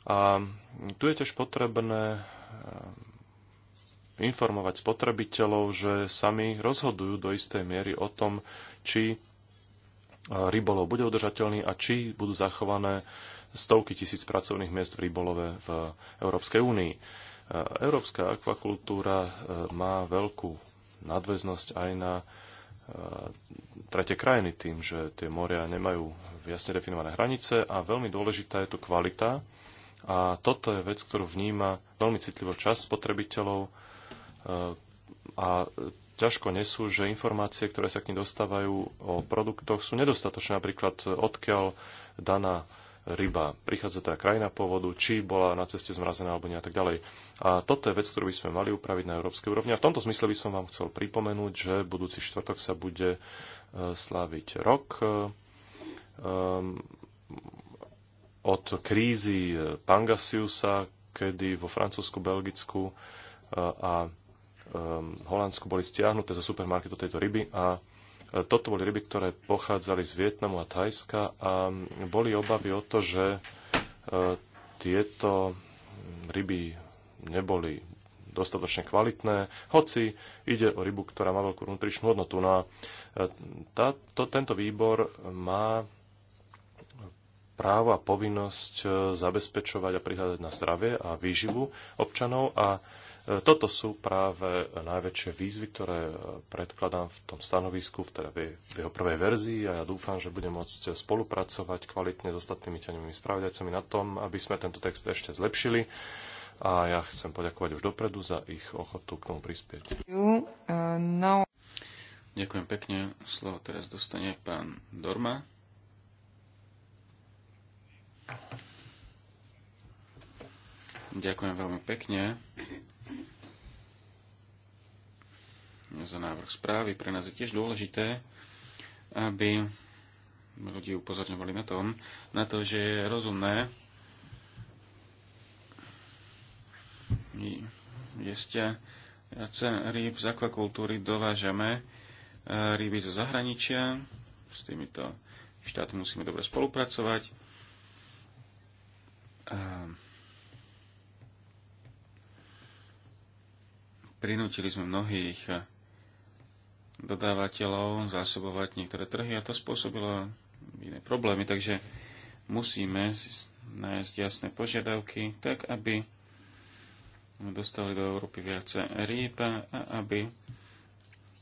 A tu je tiež potrebné Eh, informovať spotrebiteľov, že sami rozhodujú do istej miery o tom, či eh, rybolov bude udržateľný a či budú zachované stovky tisíc pracovných miest v rybolove v Európskej únii. Eh, európska akvakultúra má veľkú nadväznosť aj na tretie krajiny tým, že tie moria nemajú jasne definované hranice a veľmi dôležitá je tu kvalita a toto je vec, ktorú vníma veľmi citlivo čas spotrebiteľov e, a ťažko nesú, že informácie, ktoré sa k nim dostávajú o produktoch, sú nedostatočné. Napríklad, e, odkiaľ daná ryba prichádza teda krajina pôvodu, či bola na ceste zmrazená alebo nie a tak ďalej. A toto je vec, ktorú by sme mali upraviť na európskej úrovni. A v tomto zmysle by som vám chcel pripomenúť, že budúci štvrtok sa bude e, sláviť rok od krízy eh, Pangasiusa, kedy vo Francúzsku, Belgicku eh, a ehm, Holandsku boli stiahnuté zo supermarketu tejto ryby a eh, toto boli ryby, ktoré pochádzali z Vietnamu a Thajska a mm, boli obavy o to, že tieto mm, ryby neboli dostatočne kvalitné, hoci ide o rybu, ktorá má veľkú nutričnú hodnotu. No a tá, to, tento výbor má právo a povinnosť e, zabezpečovať a prihľadať na zdravie a výživu občanov a e, toto sú práve najväčšie výzvy, ktoré e, predkladám v tom stanovisku, v, teda v jeho prvej verzii a ja dúfam, že budem môcť spolupracovať kvalitne s ostatnými ťaňovými spravodajcami na tom, aby sme tento text ešte zlepšili a ja chcem poďakovať už dopredu za ich ochotu k tomu prispieť. You, uh, no. Ďakujem pekne. Slovo teraz dostane pán Dorma. Ďakujem veľmi pekne za návrh správy. Pre nás je tiež dôležité, aby ľudí upozorňovali na, tom, na to, že je rozumné jace rýb z akvakultúry dovážame e, ryby zo zahraničia. S týmito štátmi musíme dobre spolupracovať. Ehm, prinútili sme mnohých eh, dodávateľov zásobovať niektoré trhy a to spôsobilo iné problémy, takže musíme nájsť jasné požiadavky, tak aby dostali do Európy viac rýb a aby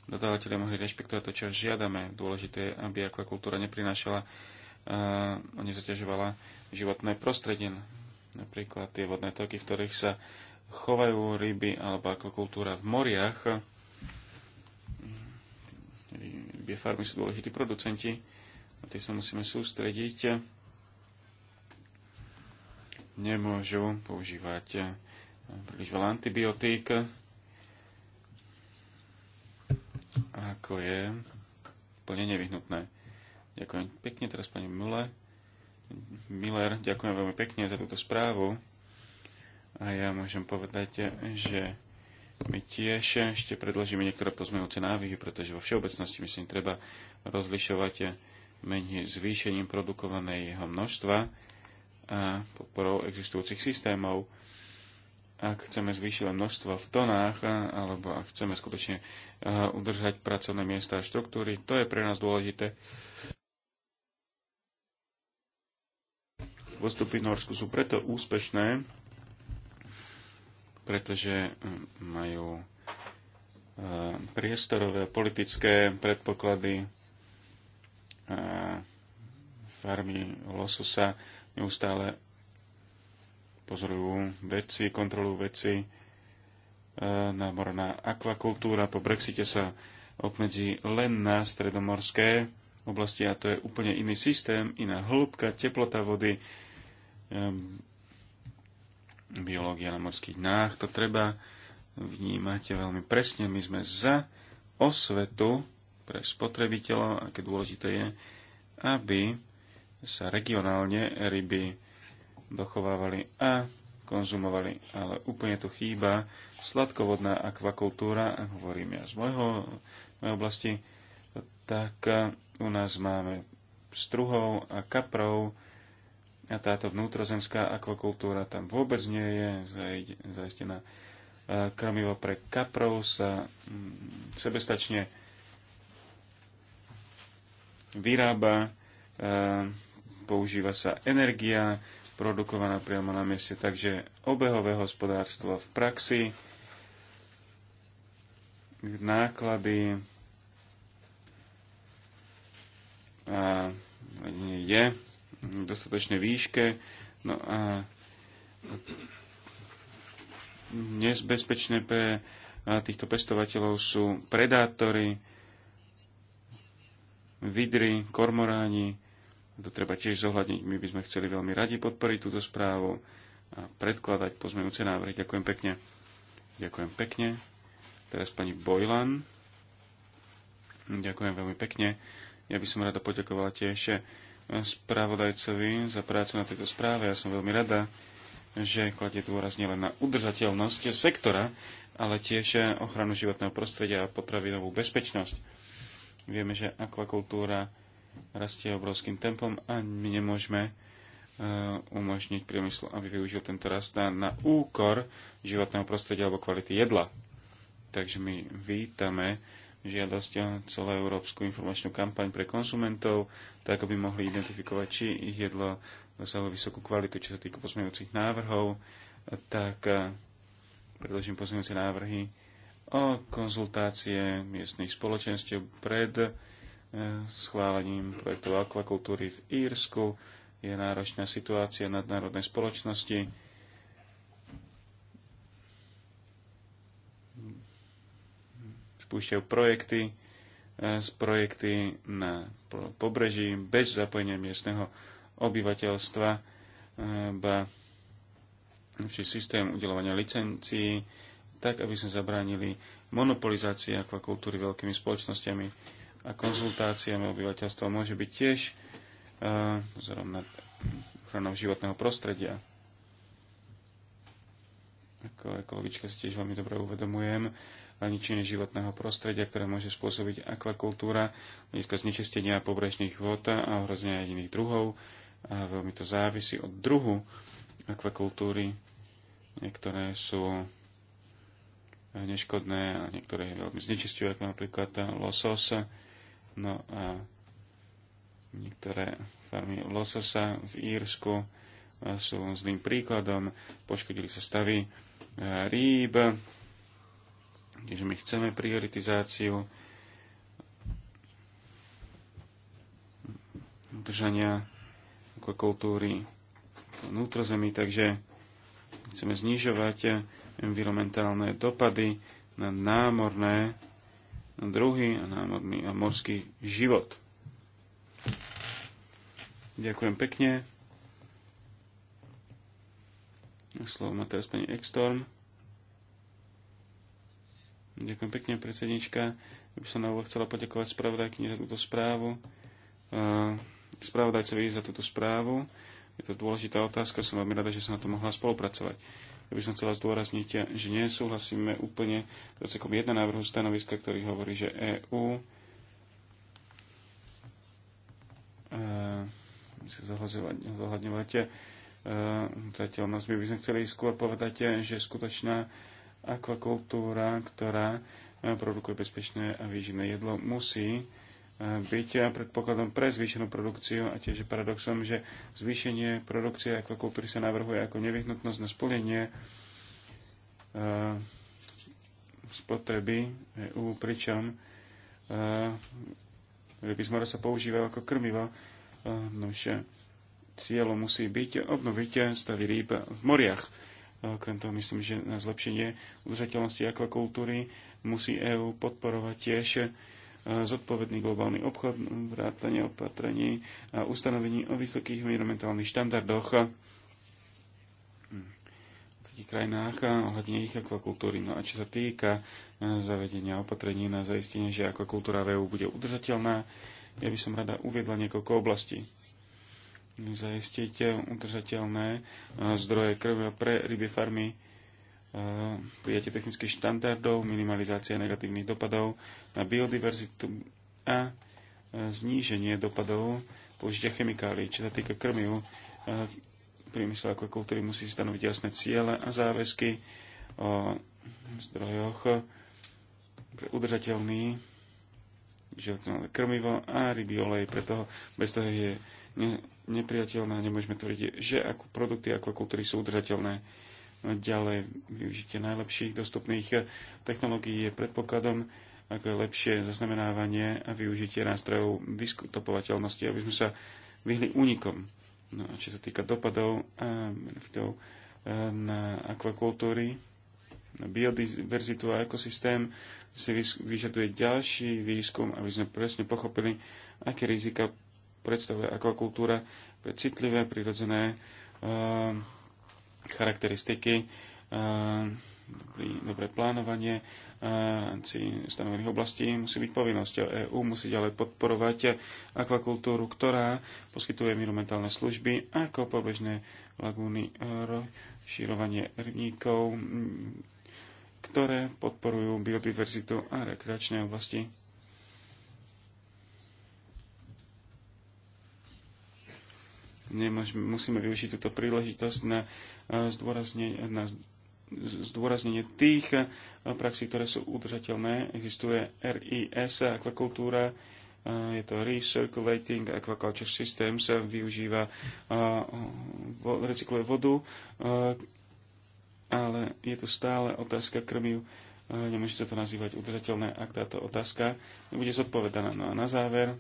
dodávateľe mohli rešpektovať to, čo žiadame. Dôležité je, aby akvakultúra neprinášala a eh, nezaťažovala životné prostredie, napríklad tie vodné toky, v ktorých sa chovajú ryby alebo akvakultúra v moriach. Rybie farmy sú dôležití producenti, na tie sa musíme sústrediť. Nemôžu používať eh, príliš veľa antibiotík, ako je úplne nevyhnutné. Ďakujem pekne teraz pani Mule. Miller, ďakujem veľmi pekne za túto správu. A ja môžem povedať, že my tiež ešte predložíme niektoré pozmeňujúce návyhy, pretože vo všeobecnosti myslím, treba rozlišovať menej zvýšením produkovaného množstva a podporou existujúcich systémov. Ak chceme zvýšiť množstvo v tonách, alebo ak chceme skutočne udržať pracovné miesta a štruktúry, to je pre nás dôležité. postupy v Norsku sú preto úspešné, pretože hm, majú hm, priestorové politické predpoklady hm, farmy lososa neustále pozorujú vedci, kontrolujú vedci námorná akvakultúra. Po Brexite sa obmedzí len na stredomorské oblasti a to je úplne iný systém, iná hĺbka, teplota vody, biológia na morských dnách. To treba vnímať veľmi presne. My sme za osvetu pre spotrebiteľov, aké dôležité je, aby sa regionálne ryby dochovávali a konzumovali. Ale úplne tu chýba sladkovodná akvakultúra, a hovorím ja z mojho, mojej oblasti, tak u nás máme struhov a kaprov, a táto vnútrozemská akvakultúra tam vôbec nie je zaistená. Krmivo pre kaprov sa mm, sebestačne vyrába, používa sa energia produkovaná priamo na mieste, takže obehové hospodárstvo v praxi, náklady a je dostatočnej výške. No a nezbezpečné pre týchto pestovateľov sú predátory, vidry, kormoráni. To treba tiež zohľadniť. My by sme chceli veľmi radi podporiť túto správu a predkladať pozmejúce návrhy. Ďakujem pekne. Ďakujem pekne. Teraz pani Bojlan. Ďakujem veľmi pekne. Ja by som rada poďakovala tiež spravodajcovi za prácu na tejto správe. Ja som veľmi rada, že kladie dôraz nielen na udržateľnosť sektora, ale tiež ochranu životného prostredia a potravinovú bezpečnosť. Vieme, že akvakultúra rastie obrovským tempom a my nemôžeme e, umožniť priemyslu, aby využil tento rast na, na úkor životného prostredia alebo kvality jedla. Takže my vítame žiadosť o celú európsku informačnú kampaň pre konsumentov, tak aby mohli identifikovať, či ich jedlo dosahuje vysokú kvalitu, čo sa týka pozmeňujúcich návrhov, tak eh, predložím pozmeňujúce návrhy o konzultácie miestnych spoločenstiev pred eh, schválením projektov akvakultúry v Írsku. Je náročná situácia nadnárodnej spoločnosti spúšťajú projekty, e, z projekty na pobreží bez zapojenia miestneho obyvateľstva, e, ba či systém udelovania licencií, tak aby sme zabránili monopolizácii akvakultúry veľkými spoločnosťami a konzultáciami obyvateľstva môže byť tiež e, vzorom nad ochranou životného prostredia. Ako ekologička si tiež veľmi dobre uvedomujem, Ničenie životného prostredia, ktoré môže spôsobiť akvakultúra, hľadiska znečistenia pobrežných vôd a ohrozenia jediných druhov. A veľmi to závisí od druhu akvakultúry. Niektoré sú neškodné a niektoré veľmi znečistujú, ako napríklad losos. No a niektoré farmy lososa v Írsku sú zlým príkladom. Poškodili sa stavy rýb, že my chceme prioritizáciu udržania kultúry vnútrozemí, takže chceme znižovať environmentálne dopady na námorné druhy a námorný a morský život. Ďakujem pekne. Slovo má teraz pani Ekstorm. Ďakujem pekne, predsednička. Ja by som na úvod chcela poďakovať spravodajkyni za túto správu, spravodajcovi za túto správu. Je to dôležitá otázka, som veľmi rada, že som na to mohla spolupracovať. Ja by som chcela zdôrazniť, že nesúhlasíme úplne s odsekom 1 návrhu stanoviska, ktorý hovorí, že EÚ musí e, zohľadňovať zdateľnosť. E, My by sme chceli skôr povedať, že skutočná akvakultúra, ktorá eh, produkuje bezpečné a výživné jedlo, musí eh, byť eh, predpokladom pre zvýšenú produkciu a tiež paradoxom, že zvýšenie produkcie akvakultúry sa navrhuje ako nevyhnutnosť na splnenie spotreby EU, pričom rybizmora mora sa používa ako krmivo. Nože cieľom musí byť obnoviť stavy rýb v moriach Okrem toho myslím, že na zlepšenie udržateľnosti akvakultúry musí EÚ podporovať tiež e, zodpovedný globálny obchod, vrátanie opatrení a ustanovení o vysokých environmentálnych štandardoch v takých krajinách ohľadne ich akvakultúry. No a čo sa týka e, zavedenia opatrení na zaistenie, že akvakultúra v EÚ bude udržateľná, ja by som rada uviedla niekoľko oblastí zajistiť udržateľné e, zdroje krve pre rybie farmy, e, prijatie technických štandardov, minimalizácia negatívnych dopadov na biodiverzitu a e, zníženie dopadov použitia chemikálií. Čo sa týka krmiu, priemysel ako kultúry musí stanoviť jasné ciele a záväzky o zdrojoch pre udržateľný životné krmivo a rybí olej. Preto bez toho je nepriateľné a nemôžeme tvrdiť, že ako produkty ako kultúry sú udržateľné. Ďalej využitie najlepších dostupných technológií je predpokladom, ako je lepšie zaznamenávanie a využitie nástrojov vyskutopovateľnosti, aby sme sa vyhli únikom. No a čo sa týka dopadov a benefitov e, na akvakultúry, na biodiverzitu a ekosystém, si vyžaduje ďalší výskum, aby sme presne pochopili, aké rizika predstavuje akvakultúra pre citlivé prirodzené e, charakteristiky, uh, dobré plánovanie e, stanovených oblastí musí byť povinnosť. EÚ musí ďalej podporovať akvakultúru, ktorá poskytuje environmentálne služby ako pobežné lagúny, rozširovanie rybníkov, mm, ktoré podporujú biodiverzitu a rekreačné oblasti. Nemôžeme, musíme využiť túto príležitosť na e, zdôraznenie, na zdôraznenie tých e, praxí, ktoré sú udržateľné. Existuje RIS, akvakultúra, e, je to Recirculating Aquaculture Systems, využíva, recykluje vodu, ale je tu stále otázka krmiu. Nemôže sa to nazývať udržateľné, ak táto otázka nebude zodpovedaná. No a na záver,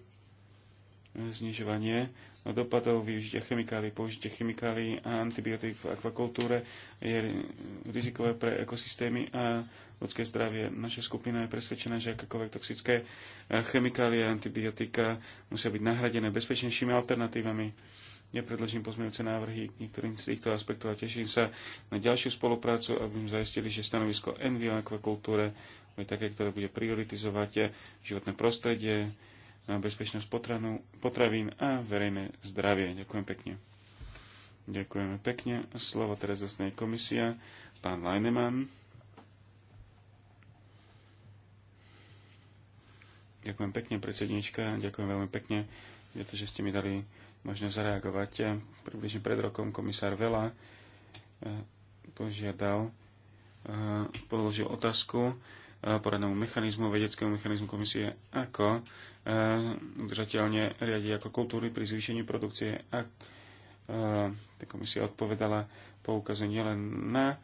znižovanie dopadov využitia chemikálií, použitie chemikálií a antibiotík v akvakultúre je rizikové pre ekosystémy a ľudské zdravie. Naša skupina je presvedčená, že akékoľvek toxické e, chemikálie a antibiotika musia byť nahradené bezpečnejšími alternatívami. Ja predložím pozmeňujúce návrhy k niektorým z týchto aspektov a teším sa na ďalšiu spoluprácu, aby sme zaistili, že stanovisko Envy akvakultúre bude také, ktoré bude prioritizovať životné prostredie, bezpečnosť potranu, potravín a verejné zdravie. Ďakujem pekne. Ďakujeme pekne. Slovo teraz dostane komisia. Pán Leinemann. Ďakujem pekne, predsednička. Ďakujem veľmi pekne za to, že ste mi dali možnosť zareagovať. Približne pred rokom komisár Vela eh, požiadal, eh, položil otázku poradnému mechanizmu, vedeckému mechanizmu komisie, ako e, udržateľne riadi ako kultúry pri zvýšení produkcie. A e, tá komisia odpovedala poukazuje nielen na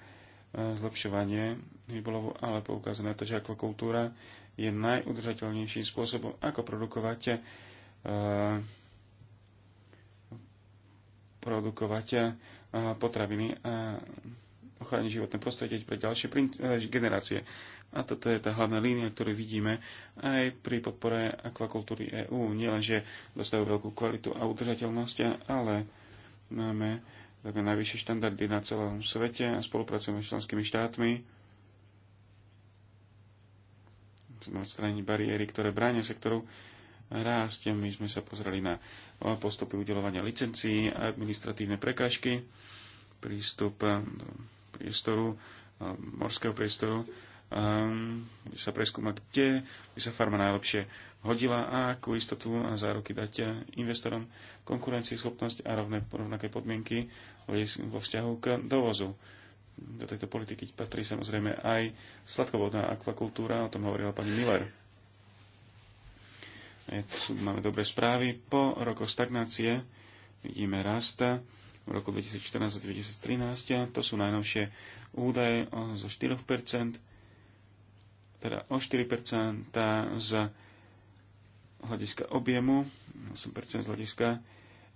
e, zlepšovanie rybolovu, ale poukazuje na to, že akvakultúra je najudržateľnejším spôsobom, ako produkovať produkovať potraviny a ochrániť životné prostredie pre ďalšie generácie. A toto je tá hlavná línia, ktorú vidíme aj pri podpore akvakultúry EÚ. Nielenže dostajú veľkú kvalitu a udržateľnosť, ale máme také najvyššie štandardy na celom svete a spolupracujeme s členskými štátmi. Chceme odstrániť bariéry, ktoré bránia sektoru rásť. My sme sa pozreli na postupy udelovania licencií a administratívne prekážky, prístup do priestoru, morského priestoru um, sa preskúma, kde by sa farma najlepšie hodila a akú istotu a záruky dať investorom konkurencieschopnosť a rovné, rovnaké podmienky vo vzťahu k dovozu. Do tejto politiky patrí samozrejme aj sladkovodná akvakultúra, o tom hovorila pani Miller. Tu Máme dobré správy. Po rokoch stagnácie vidíme rasta v roku 2014 a 2013. To sú najnovšie údaje zo 4 teda o 4% z hľadiska objemu, 8% z hľadiska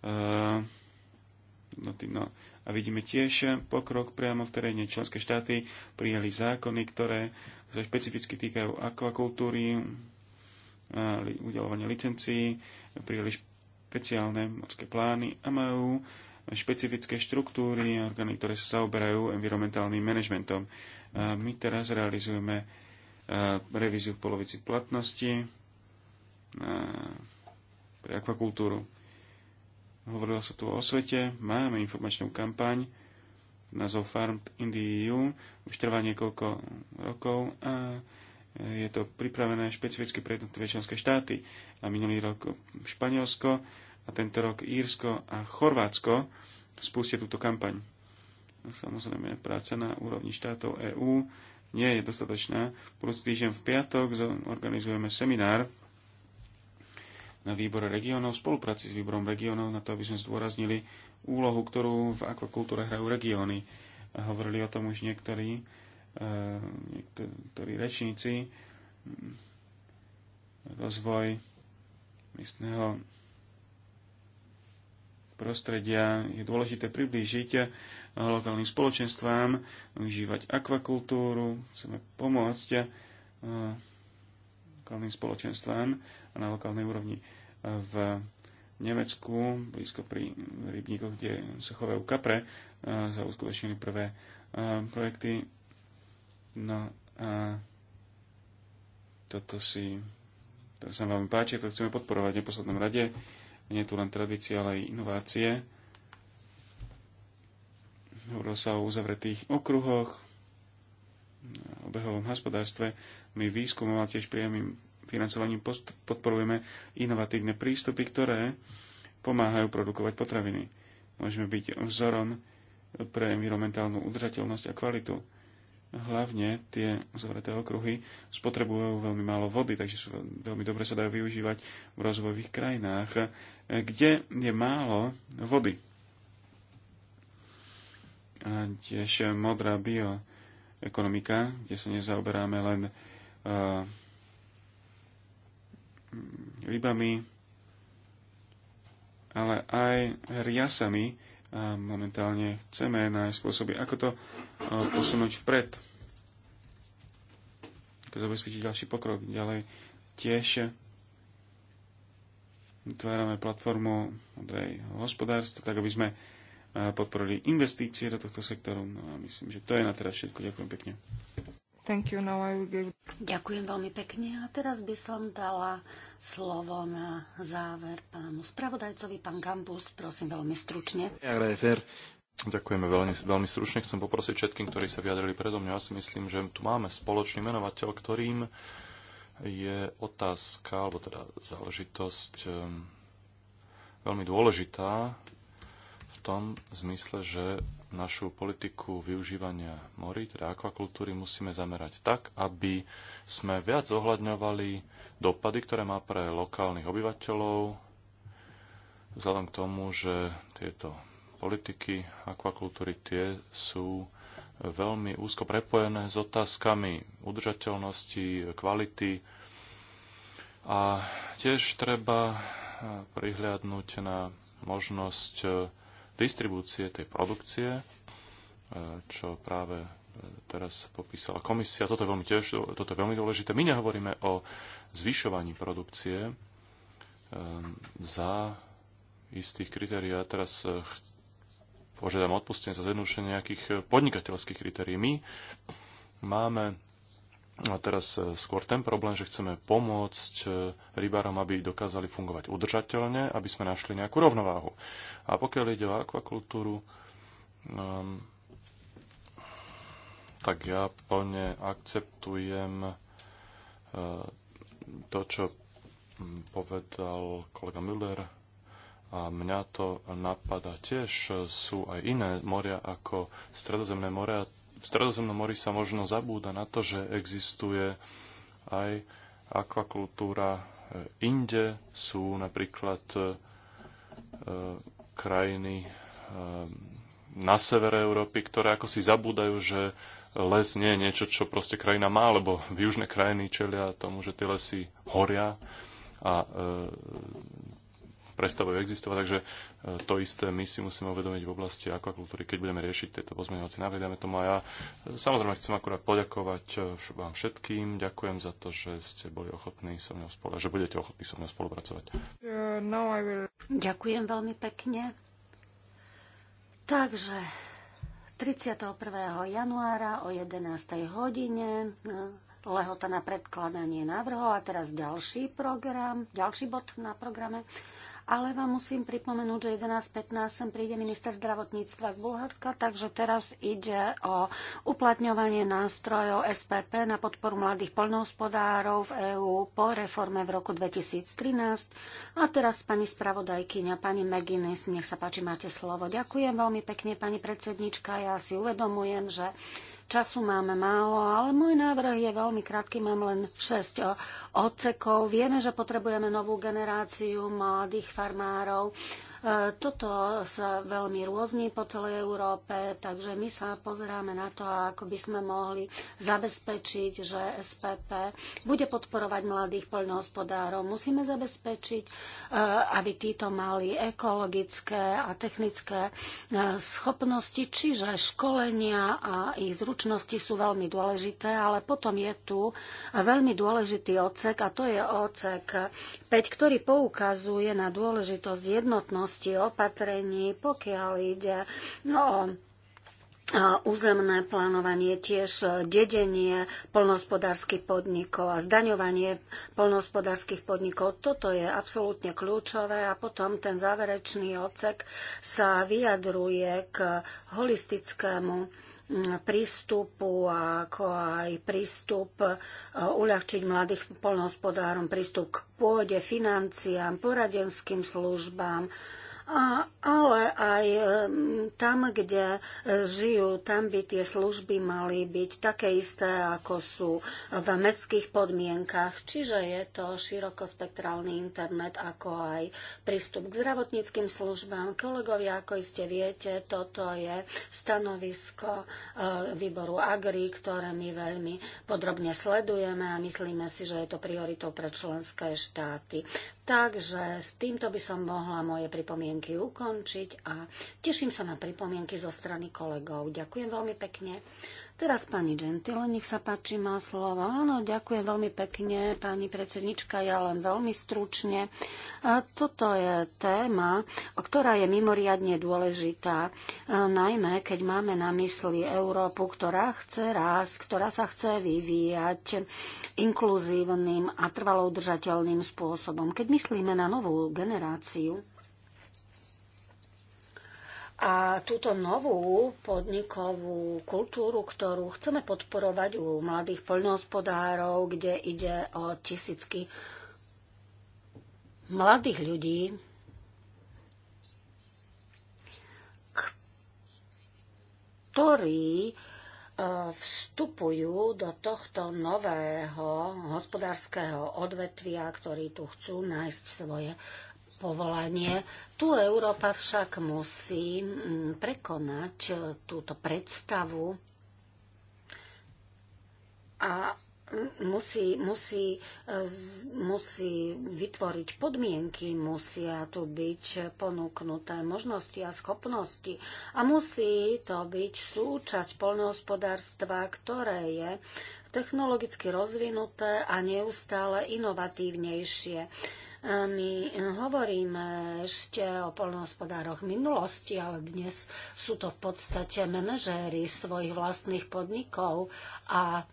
eh, no, no. A vidíme tiež pokrok priamo v teréne. Členské štáty prijali zákony, ktoré sa špecificky týkajú akvakultúry, eh, udelovania licencií, prijali špeciálne morské plány a majú špecifické štruktúry a orgány, ktoré sa zaoberajú environmentálnym manažmentom. Eh, my teraz realizujeme E, revíziu v polovici platnosti e, pre akvakultúru. Hovorilo sa tu o svete, máme informačnú kampaň názov Farm in the EU, už trvá niekoľko rokov a je to pripravené špecificky pre jednotlivé členské štáty. A minulý rok Španielsko a tento rok Írsko a Chorvátsko spustia túto kampaň. Samozrejme, práca na úrovni štátov EÚ nie je dostatočná. Budúci týždeň v piatok organizujeme seminár na výbore v spolupráci s výborom regionov, na to, aby sme zdôraznili úlohu, ktorú v akvakultúre hrajú regióny. A hovorili o tom už niektorí, eh, niektorí rečníci. Rozvoj miestneho prostredia je dôležité priblížiť eh, lokálnym spoločenstvám, užívať akvakultúru, chceme pomôcť eh, lokálnym spoločenstvám a na lokálnej úrovni v Nemecku, blízko pri rybníkoch, kde sa chovajú kapre, eh, sa uskutočnili prvé projekty. No a toto si, to sa vám veľmi páči, to chceme podporovať v neposlednom rade nie je tu len tradícia, ale aj inovácie. Hovorilo sa o uzavretých okruhoch, obehovom hospodárstve. My výskumom a tiež priamým financovaním podporujeme inovatívne prístupy, ktoré pomáhajú produkovať potraviny. Môžeme byť vzorom pre environmentálnu udržateľnosť a kvalitu hlavne tie zavreté okruhy spotrebujú veľmi málo vody, takže sú veľmi dobre sa dajú využívať v rozvojových krajinách, kde je málo vody. A tiež modrá bioekonomika, kde sa nezaoberáme len uh, rybami, ale aj riasami, a momentálne chceme nájsť spôsoby, ako to posunúť vpred. Ako zabezpečiť ďalší pokrok. Ďalej tiež vytvárame platformu modrej hospodárstva, tak aby sme podporili investície do tohto sektoru. No a myslím, že to je na teraz všetko. Ďakujem pekne. Thank you, now I will give... Ďakujem veľmi pekne a teraz by som dala slovo na záver pánu spravodajcovi, pán Gambus, prosím veľmi stručne. Ďakujeme veľmi, veľmi stručne. Chcem poprosiť všetkým, ktorí sa vyjadrili predo mňa. Ja si myslím, že tu máme spoločný menovateľ, ktorým je otázka, alebo teda záležitosť ehm, veľmi dôležitá v tom zmysle, že našu politiku využívania morí, teda akvakultúry, musíme zamerať tak, aby sme viac zohľadňovali dopady, ktoré má pre lokálnych obyvateľov, vzhľadom k tomu, že tieto politiky akvakultúry tie sú veľmi úzko prepojené s otázkami udržateľnosti, kvality a tiež treba prihliadnúť na možnosť distribúcie, tej produkcie, e, čo práve e, teraz popísala komisia. Toto je veľmi, tiež, toto je veľmi dôležité. My nehovoríme o zvyšovaní produkcie e, za istých kritérií. Ja teraz požiadam odpustenie za zjednodušenie nejakých podnikateľských kritérií. My máme a teraz e, skôr ten problém, že chceme pomôcť e, rybárom, aby dokázali fungovať udržateľne, aby sme našli nejakú rovnováhu. A pokiaľ ide o akvakultúru, um, tak ja plne akceptujem e, to, čo povedal kolega Müller. A mňa to napadá tiež. Sú aj iné moria ako Stredozemné moria, v Stredozemnom mori sa možno zabúda na to, že existuje aj akvakultúra e, inde. Sú napríklad e, e, krajiny e, na severe Európy, ktoré ako si zabúdajú, že les nie je niečo, čo proste krajina má, lebo v južné krajiny čelia tomu, že tie lesy horia a e, prestávajú existovať. Takže e, to isté my si musíme uvedomiť v oblasti akvakultúry, keď budeme riešiť tieto pozmeňovacie návrhy. Dáme tomu aj ja. E, samozrejme chcem akurát poďakovať e, vám všetkým. Ďakujem za to, že ste boli ochotní so mnou spolu, že budete ochotní so mnou spolupracovať. Ďakujem veľmi pekne. Takže 31. januára o 11. hodine lehota na predkladanie návrhov a teraz ďalší program, ďalší bod na programe ale vám musím pripomenúť, že 11.15 sem príde minister zdravotníctva z Bulharska, takže teraz ide o uplatňovanie nástrojov SPP na podporu mladých poľnohospodárov v EÚ po reforme v roku 2013. A teraz pani spravodajkyňa, pani McGuinness, nech sa páči, máte slovo. Ďakujem veľmi pekne, pani predsednička. Ja si uvedomujem, že Času máme málo, ale môj návrh je veľmi krátky, mám len 6 odsekov. Vieme, že potrebujeme novú generáciu mladých farmárov, E, toto sa veľmi rôzni po celej Európe, takže my sa pozeráme na to, ako by sme mohli zabezpečiť, že SPP bude podporovať mladých poľnohospodárov. Musíme zabezpečiť, e, aby títo mali ekologické a technické e, schopnosti, čiže školenia a ich zručnosti sú veľmi dôležité, ale potom je tu veľmi dôležitý odsek a to je odsek 5, ktorý poukazuje na dôležitosť jednotnosti možnosti opatrení, pokiaľ ide no, územné plánovanie, tiež e, dedenie polnospodárskych podnikov a zdaňovanie polnospodárskych podnikov. Toto je absolútne kľúčové a potom ten záverečný odsek sa vyjadruje k holistickému prístupu, ako aj prístup e, uľahčiť mladých polnohospodárom prístup k pôde, financiám, poradenským službám, a, ale aj tam, kde eh, žijú, tam by tie služby mali byť také isté, ako sú v mestských podmienkach. Čiže je to širokospektrálny internet, ako aj prístup k zdravotníckým službám. Kolegovia, ako iste viete, toto je stanovisko eh, výboru AGRI, ktoré my veľmi podrobne sledujeme a myslíme si, že je to prioritou pre členské štáty. Takže s týmto by som mohla moje pripomienky ukončiť a teším sa na pripomienky zo strany kolegov. Ďakujem veľmi pekne. Teraz pani Gentile, nech sa páči, má slovo. Áno, ďakujem veľmi pekne, pani predsednička, ja len veľmi stručne. Toto je téma, ktorá je mimoriadne dôležitá, e, najmä keď máme na mysli Európu, ktorá chce rásť, ktorá sa chce vyvíjať inkluzívnym a trvalo udržateľným spôsobom. Keď myslíme na novú generáciu, a túto novú podnikovú kultúru, ktorú chceme podporovať u mladých poľnohospodárov, kde ide o tisícky mladých ľudí, ktorí e, vstupujú do tohto nového hospodárskeho odvetvia, ktorí tu chcú nájsť svoje povolanie. Tu Európa však musí mm, prekonať e, túto predstavu a mm, musí, musí, e, musí vytvoriť podmienky, musia tu byť ponúknuté možnosti a schopnosti a musí to byť súčasť poľnohospodárstva, ktoré je technologicky rozvinuté a neustále inovatívnejšie. My e, hovoríme ešte o polnohospodároch minulosti, ale dnes sú to v podstate manažéri svojich vlastných podnikov a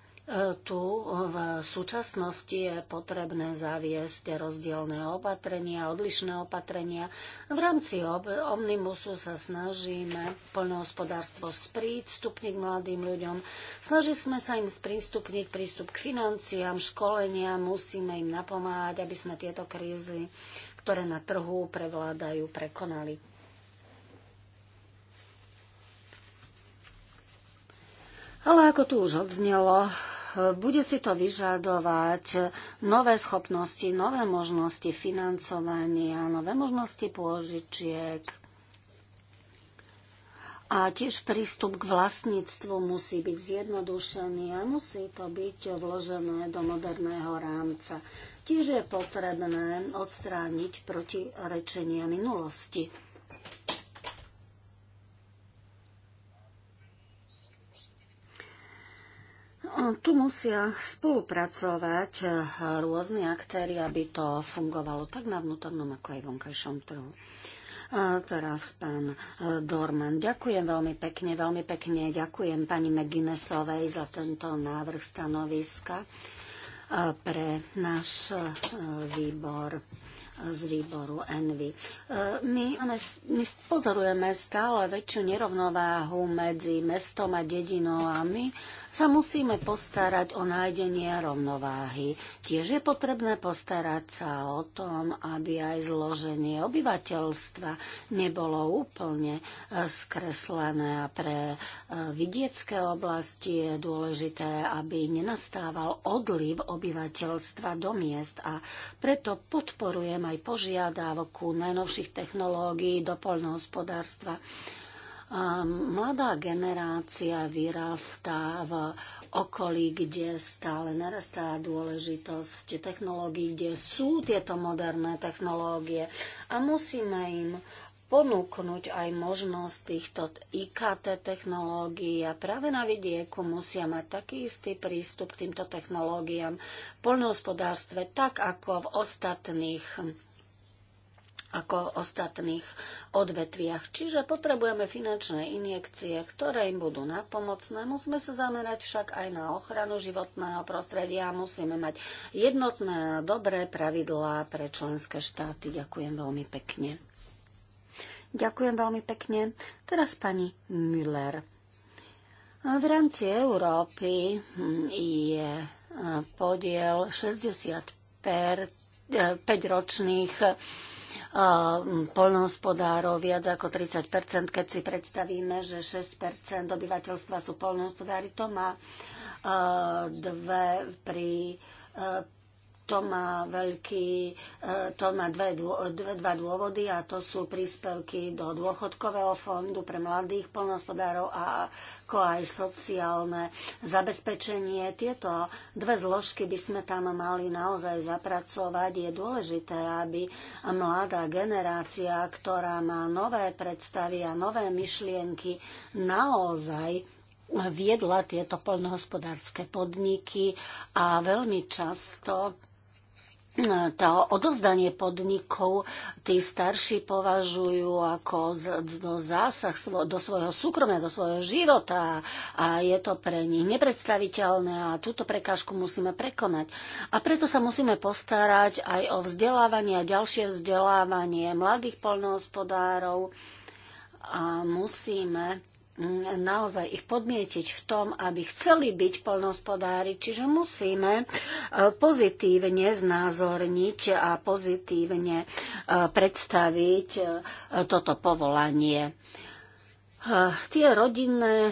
tu v súčasnosti je potrebné zaviesť rozdielne opatrenia, odlišné opatrenia. V rámci Omnibusu sa snažíme poľnohospodárstvo sprístupniť mladým ľuďom. Snažíme sa im sprístupniť prístup k financiám, školeniam, musíme im napomáhať, aby sme tieto krízy, ktoré na trhu prevládajú, prekonali. Ale ako tu už odznelo, bude si to vyžadovať nové schopnosti, nové možnosti financovania, nové možnosti pôžičiek. A tiež prístup k vlastníctvu musí byť zjednodušený a musí to byť vložené do moderného rámca. Tiež je potrebné odstrániť proti rečenia minulosti. No, tu musia spolupracovať eh, rôzni aktéry, aby to fungovalo tak na vnútornom, ako aj vonkajšom trhu. A teraz pán eh, Dorman. Ďakujem veľmi pekne, veľmi pekne ďakujem pani McGuinnessovej za tento návrh stanoviska eh, pre náš výbor z výboru Envy. My, my pozorujeme stále väčšiu nerovnováhu medzi mestom a dedinou a my sa musíme postarať o nájdenie rovnováhy. Tiež je potrebné postarať sa o tom, aby aj zloženie obyvateľstva nebolo úplne e, skreslené a pre e, vidiecké oblasti je dôležité, aby nenastával odliv obyvateľstva do miest a preto podporujem aj požiadavku najnovších technológií do poľnohospodárstva. Mladá generácia vyrastá v okolí, kde stále narastá dôležitosť technológií, kde sú tieto moderné technológie a musíme im ponúknuť aj možnosť týchto IKT technológií a práve na vidieku musia mať taký istý prístup k týmto technológiám v poľnohospodárstve, tak ako v ostatných ako ostatných odvetviach. Čiže potrebujeme finančné injekcie, ktoré im budú napomocné. Musíme sa zamerať však aj na ochranu životného prostredia. Musíme mať jednotné a dobré pravidlá pre členské štáty. Ďakujem veľmi pekne. Ďakujem veľmi pekne. Teraz pani Müller. V rámci Európy hm, je eh, podiel 65 eh, ročných Ehm, polnohospodárov viac ako 30 keď si predstavíme, že 6 obyvateľstva sú polnohospodári, to má ehm, dve pri ehm, to má, veľký, e, to má dve, dve, dva dôvody a to sú príspevky do dôchodkového fondu pre mladých polnohospodárov a ako aj sociálne zabezpečenie. Tieto dve zložky by sme tam mali naozaj zapracovať. Je dôležité, aby mladá generácia, ktorá má nové predstavy a nové myšlienky, naozaj viedla tieto poľnohospodárske podniky a veľmi často to odozdanie podnikov tí starší považujú ako do no, zásah svo, do svojho súkromia, do svojho života a je to pre nich nepredstaviteľné a túto prekážku musíme prekonať. A preto sa musíme postarať aj o vzdelávanie a ďalšie vzdelávanie mladých poľnohospodárov a musíme naozaj ich podmietiť v tom, aby chceli byť polnohospodári, čiže musíme e, pozitívne znázorniť a pozitívne e, predstaviť e, toto povolanie. Eh, tie rodinné eh,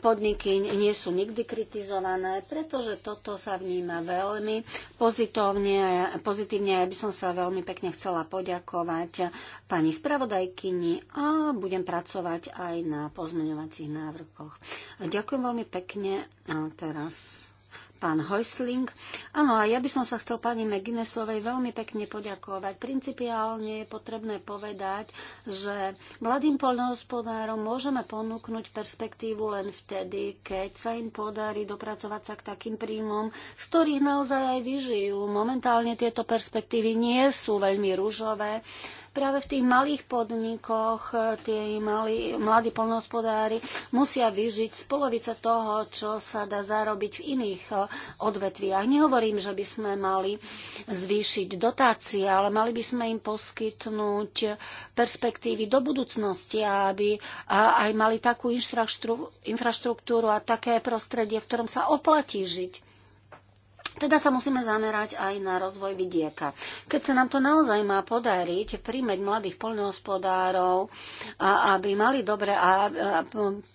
podniky nie sú nikdy kritizované, pretože toto sa vníma veľmi pozitívne. pozitívne. Ja by som sa veľmi pekne chcela poďakovať pani spravodajkyni a budem pracovať aj na pozmeňovacích návrhoch. Ďakujem veľmi pekne a teraz pán Hojsling. Áno, a ja by som sa chcel pani McGuinnessovej veľmi pekne poďakovať. Principiálne je potrebné povedať, že mladým poľnohospodárom môžeme ponúknuť perspektívu len vtedy, keď sa im podarí dopracovať sa k takým príjmom, z ktorých naozaj aj vyžijú. Momentálne tieto perspektívy nie sú veľmi rúžové práve v tých malých podnikoch e, tie malí, mladí polnohospodári musia vyžiť z polovice toho, čo sa dá zarobiť v iných e, odvetviach. Nehovorím, že by sme mali zvýšiť dotácie, ale mali by sme im poskytnúť perspektívy do budúcnosti, aby aj mali takú infraštruktúru a také prostredie, v ktorom sa oplatí žiť. Teda sa musíme zamerať aj na rozvoj vidieka. Keď sa nám to naozaj má podariť, príjmeť mladých poľnohospodárov, a, aby mali dobre a, a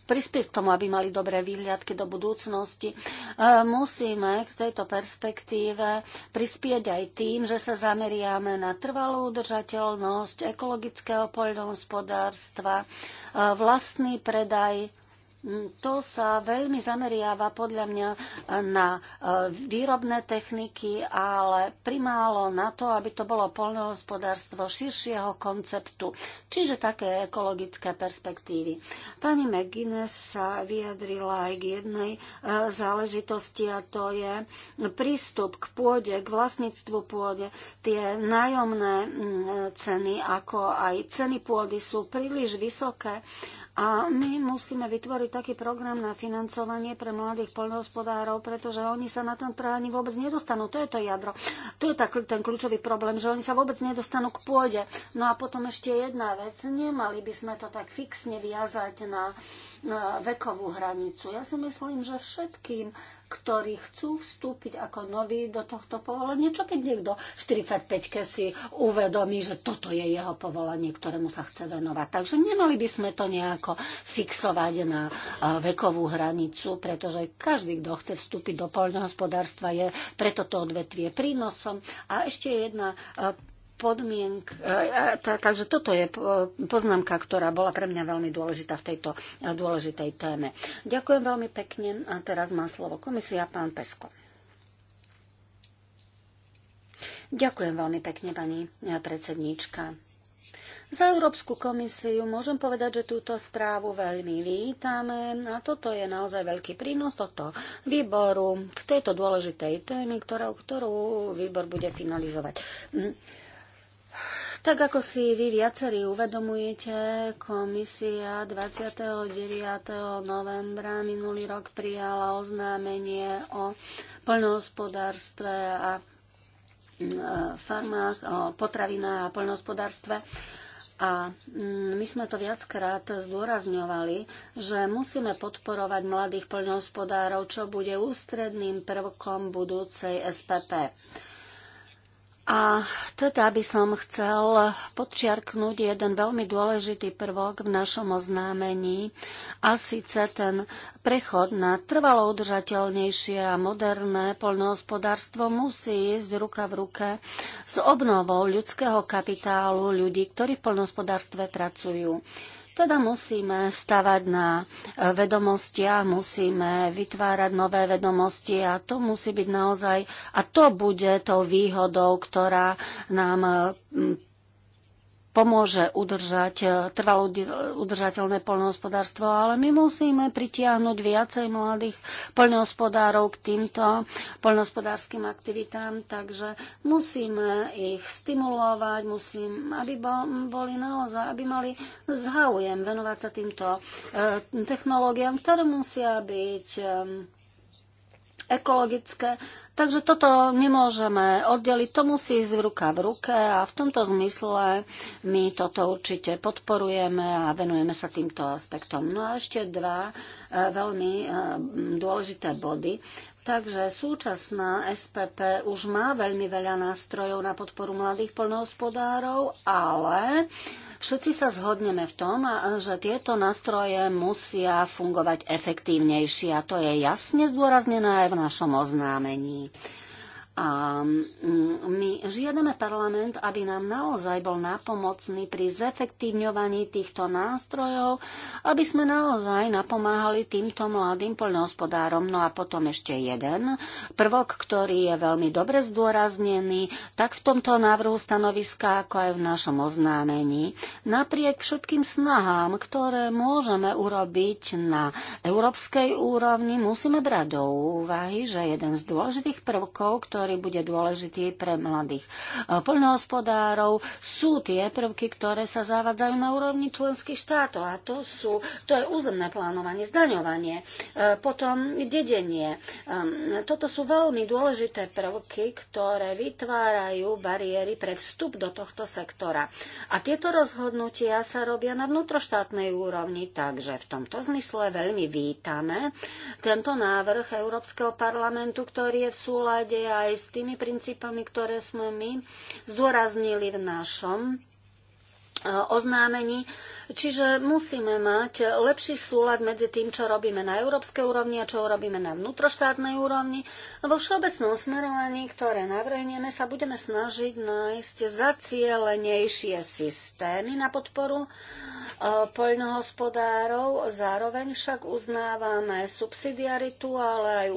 prispieť k tomu, aby mali dobré výhľadky do budúcnosti, e, musíme k tejto perspektíve prispieť aj tým, že sa zameriame na trvalú udržateľnosť ekologického poľnohospodárstva, e, vlastný predaj Mm, to sa veľmi zameriava podľa mňa e, na e, výrobné techniky, ale primálo na to, aby to bolo poľnohospodárstvo širšieho konceptu, čiže také ekologické perspektívy. Pani McGuinness sa vyjadrila aj k jednej e, záležitosti a to je prístup k pôde, k vlastníctvu pôde. Tie nájomné mm, ceny, ako aj ceny pôdy sú príliš vysoké a my musíme vytvoriť taký program na financovanie pre mladých poľnohospodárov, pretože oni sa na ten trh ani vôbec nedostanú. To je to jadro. To je tak ten kľúčový problém, že oni sa vôbec nedostanú k pôde. No a potom ešte jedna vec. Nemali by sme to tak fixne viazať na, na vekovú hranicu. Ja si myslím, že všetkým ktorí chcú vstúpiť ako noví do tohto povolania. Čo keď niekto v 45-ke si uvedomí, že toto je jeho povolanie, ktorému sa chce venovať. Takže nemali by sme to nejako fixovať na e, vekovú hranicu, pretože každý, kto chce vstúpiť do poľnohospodárstva, je preto to odvetvie prínosom. A ešte jedna e, podmienk, e, e, takže toto je poznámka, ktorá bola pre mňa veľmi dôležitá v tejto e, dôležitej téme. Ďakujem veľmi pekne a teraz má slovo komisia pán Pesko. Ďakujem veľmi pekne, pani predsedníčka. Za Európsku komisiu môžem povedať, že túto správu veľmi vítame a toto je naozaj veľký prínos tohto výboru k tejto dôležitej témy, ktorou, ktorú výbor bude finalizovať. Mm. Tak ako si vy viacerí uvedomujete, komisia 29. novembra minulý rok prijala oznámenie o poľnohospodárstve a e, farmách, o potravinách a poľnohospodárstve. A mm, my sme to viackrát zdôrazňovali, že musíme podporovať mladých poľnohospodárov, čo bude ústredným prvkom budúcej SPP. A teda by som chcel podčiarknúť jeden veľmi dôležitý prvok v našom oznámení a síce ten prechod na trvalo udržateľnejšie a moderné poľnohospodárstvo musí ísť ruka v ruke s obnovou ľudského kapitálu ľudí, ktorí v poľnohospodárstve pracujú. Teda musíme stavať na e, vedomosti a musíme vytvárať nové vedomosti a to musí byť naozaj, a to bude tou výhodou, ktorá nám pomôže udržať e, trvalo udržateľné poľnohospodárstvo, ale my musíme pritiahnuť viacej mladých poľnohospodárov k týmto poľnohospodárským aktivitám, takže musíme ich stimulovať, musím, aby boli naozaj, aby mali záujem venovať sa týmto e, technológiám, ktoré musia byť e, ekologické. Takže toto nemôžeme oddeliť, to musí ísť ruka v ruke a v tomto zmysle my toto určite podporujeme a venujeme sa týmto aspektom. No a ešte dva eh, veľmi eh, dôležité body. Takže súčasná SPP už má veľmi veľa nástrojov na podporu mladých poľnohospodárov, ale všetci sa zhodneme v tom, že tieto nástroje musia fungovať efektívnejšie a to je jasne zdôraznené aj v našom oznámení. A mm, my žiadame parlament, aby nám naozaj bol napomocný pri zefektívňovaní týchto nástrojov, aby sme naozaj napomáhali týmto mladým poľnohospodárom. No a potom ešte jeden prvok, ktorý je veľmi dobre zdôraznený, tak v tomto návrhu stanoviska, ako aj v našom oznámení. Napriek všetkým snahám, ktoré môžeme urobiť na európskej úrovni, musíme brať do úvahy, že jeden z dôležitých prvkov, ktorý ktorý bude dôležitý pre mladých. E, poľnohospodárov sú tie prvky, ktoré sa zavádzajú na úrovni členských štátov a to, sú, to je územné plánovanie, zdaňovanie, e, potom dedenie. E, toto sú veľmi dôležité prvky, ktoré vytvárajú bariéry pre vstup do tohto sektora. A tieto rozhodnutia sa robia na vnútroštátnej úrovni, takže v tomto zmysle veľmi vítame tento návrh Európskeho parlamentu, ktorý je v súlade aj aj s tými princípami, ktoré sme my zdôraznili v našom e, oznámení. Čiže musíme mať lepší súlad medzi tým, čo robíme na európskej úrovni a čo robíme na vnútroštátnej úrovni. Vo všeobecnom smerovaní, ktoré navrhneme, sa budeme snažiť nájsť zacielenejšie systémy na podporu uh, poľnohospodárov. Zároveň však uznávame subsidiaritu, ale aj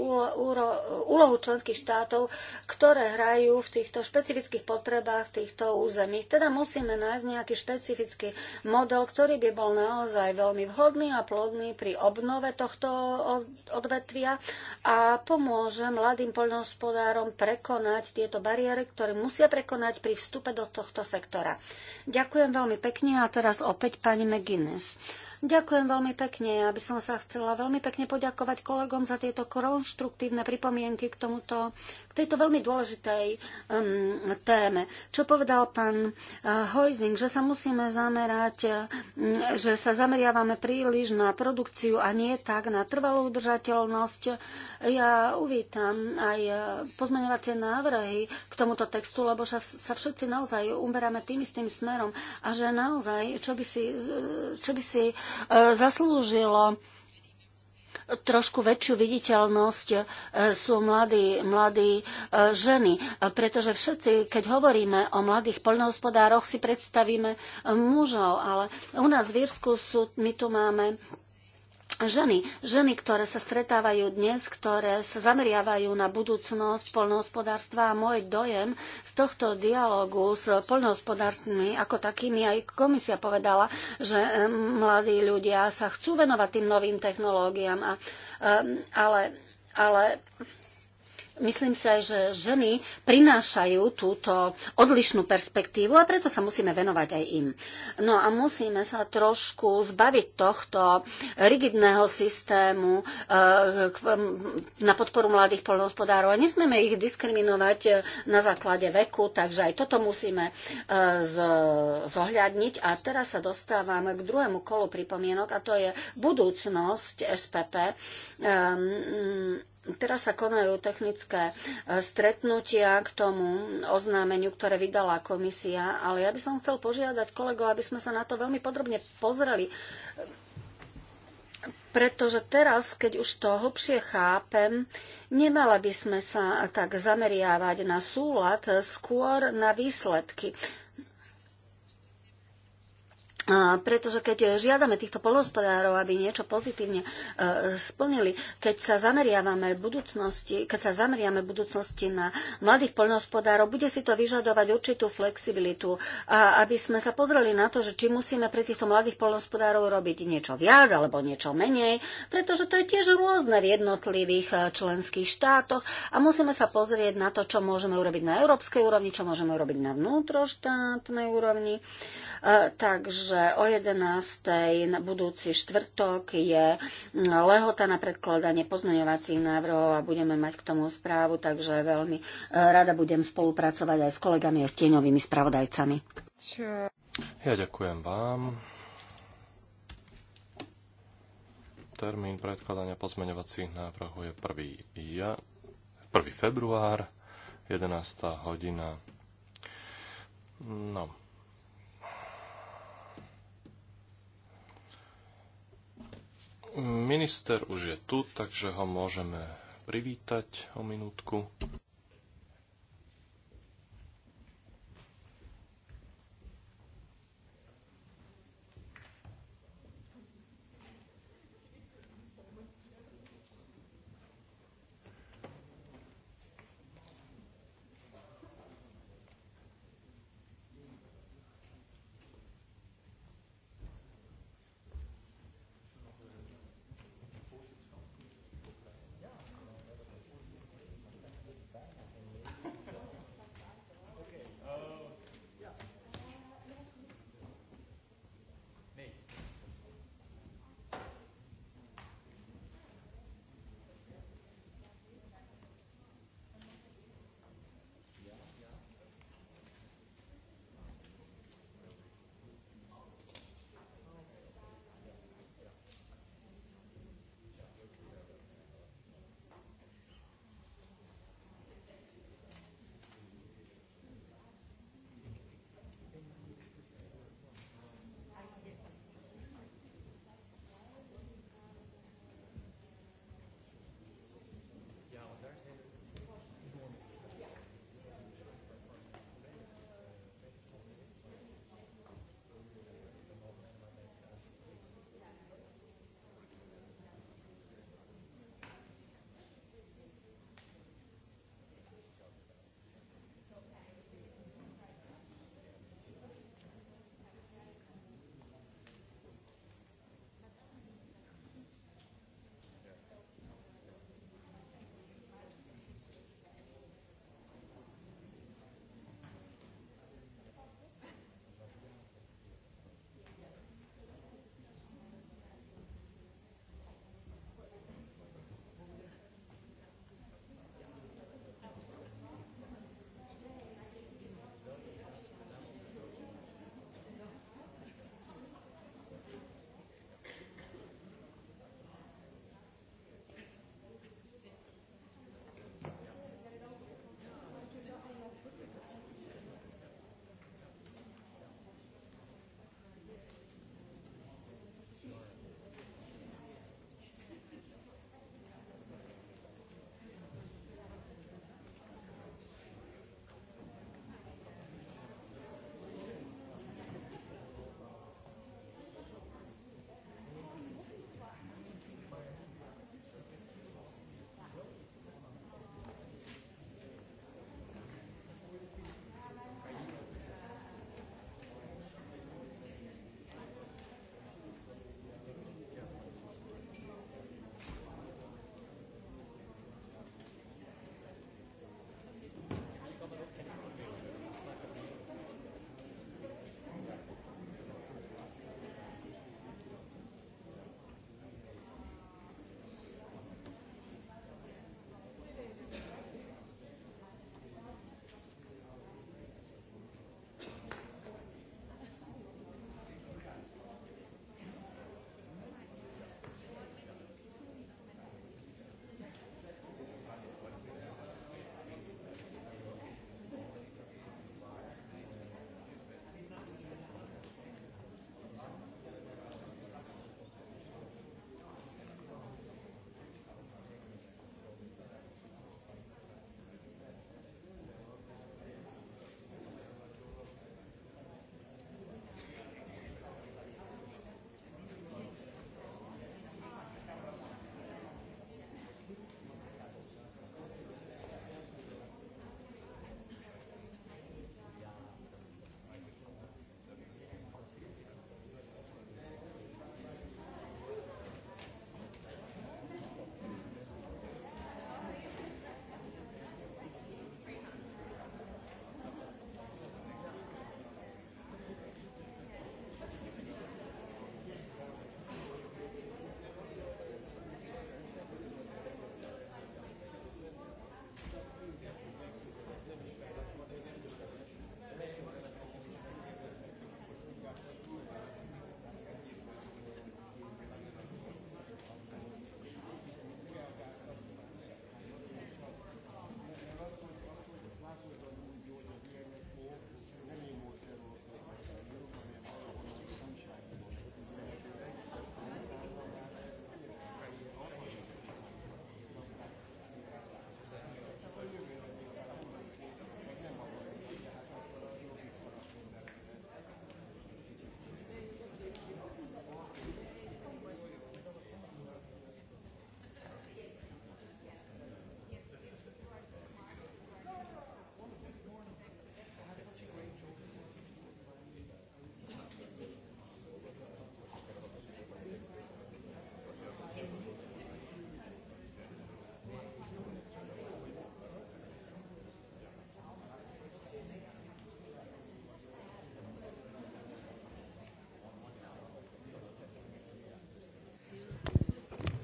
úlohu členských štátov, ktoré hrajú v týchto špecifických potrebách týchto území. Teda musíme nájsť nejaký špecifický model, ktorý by bol naozaj veľmi vhodný a plodný pri obnove tohto odvetvia a pomôže mladým poľnohospodárom prekonať tieto bariéry, ktoré musia prekonať pri vstupe do tohto sektora. Ďakujem veľmi pekne a teraz opäť pani McGuinness. Ďakujem veľmi pekne. Ja by som sa chcela veľmi pekne poďakovať kolegom za tieto konštruktívne pripomienky k tomuto, k tejto veľmi dôležitej um, téme. Čo povedal pán uh, Hojzing, že sa musíme zamerať, um, že sa zameriavame príliš na produkciu a nie tak na trvalú udržateľnosť. Ja uvítam aj uh, pozmeňovacie návrhy k tomuto textu, lebo sa, sa všetci naozaj uberáme tým istým smerom a že naozaj, čo by si, uh, čo by si E, zaslúžilo trošku väčšiu viditeľnosť e, sú mladí, mladí e, ženy. Pretože všetci, keď hovoríme o mladých poľnohospodároch, si predstavíme mužov, ale u nás v Írsku sú, my tu máme ženy, ženy, ktoré sa stretávajú dnes, ktoré sa zameriavajú na budúcnosť poľnohospodárstva a môj dojem z tohto dialogu s poľnohospodárstvami ako takými aj komisia povedala, že eh, mladí ľudia sa chcú venovať tým novým technológiám, a, eh, ale, ale Myslím sa, že ženy prinášajú túto odlišnú perspektívu a preto sa musíme venovať aj im. No a musíme sa trošku zbaviť tohto rigidného systému eh, na podporu mladých polnohospodárov a nesmieme ich diskriminovať eh, na základe veku, takže aj toto musíme eh, zohľadniť. A teraz sa dostávame k druhému kolu pripomienok a to je budúcnosť SPP Teraz sa konajú technické e, stretnutia k tomu oznámeniu, ktoré vydala komisia, ale ja by som chcel požiadať kolegov, aby sme sa na to veľmi podrobne pozreli. Pretože teraz, keď už to hlbšie chápem, nemala by sme sa tak zameriavať na súlad, skôr na výsledky pretože keď žiadame týchto poľnohospodárov, aby niečo pozitívne e, splnili, keď sa zameriavame v budúcnosti, keď sa zameriame v budúcnosti na mladých poľnohospodárov, bude si to vyžadovať určitú flexibilitu, a aby sme sa pozreli na to, že či musíme pre týchto mladých polnospodárov robiť niečo viac alebo niečo menej, pretože to je tiež rôzne v jednotlivých e, členských štátoch a musíme sa pozrieť na to, čo môžeme urobiť na európskej úrovni, čo môžeme urobiť na vnútroštátnej úrovni. E, takže že o 11. na budúci štvrtok je mm, lehota na predkladanie pozmeňovacích návrhov a budeme mať k tomu správu, takže veľmi e, rada budem spolupracovať aj s kolegami a s tieňovými spravodajcami. Ja ďakujem vám. Termín predkladania pozmeňovacích návrhov je 1. Ja, február, 11. hodina. No, Minister už je tu, takže ho môžeme privítať o minútku.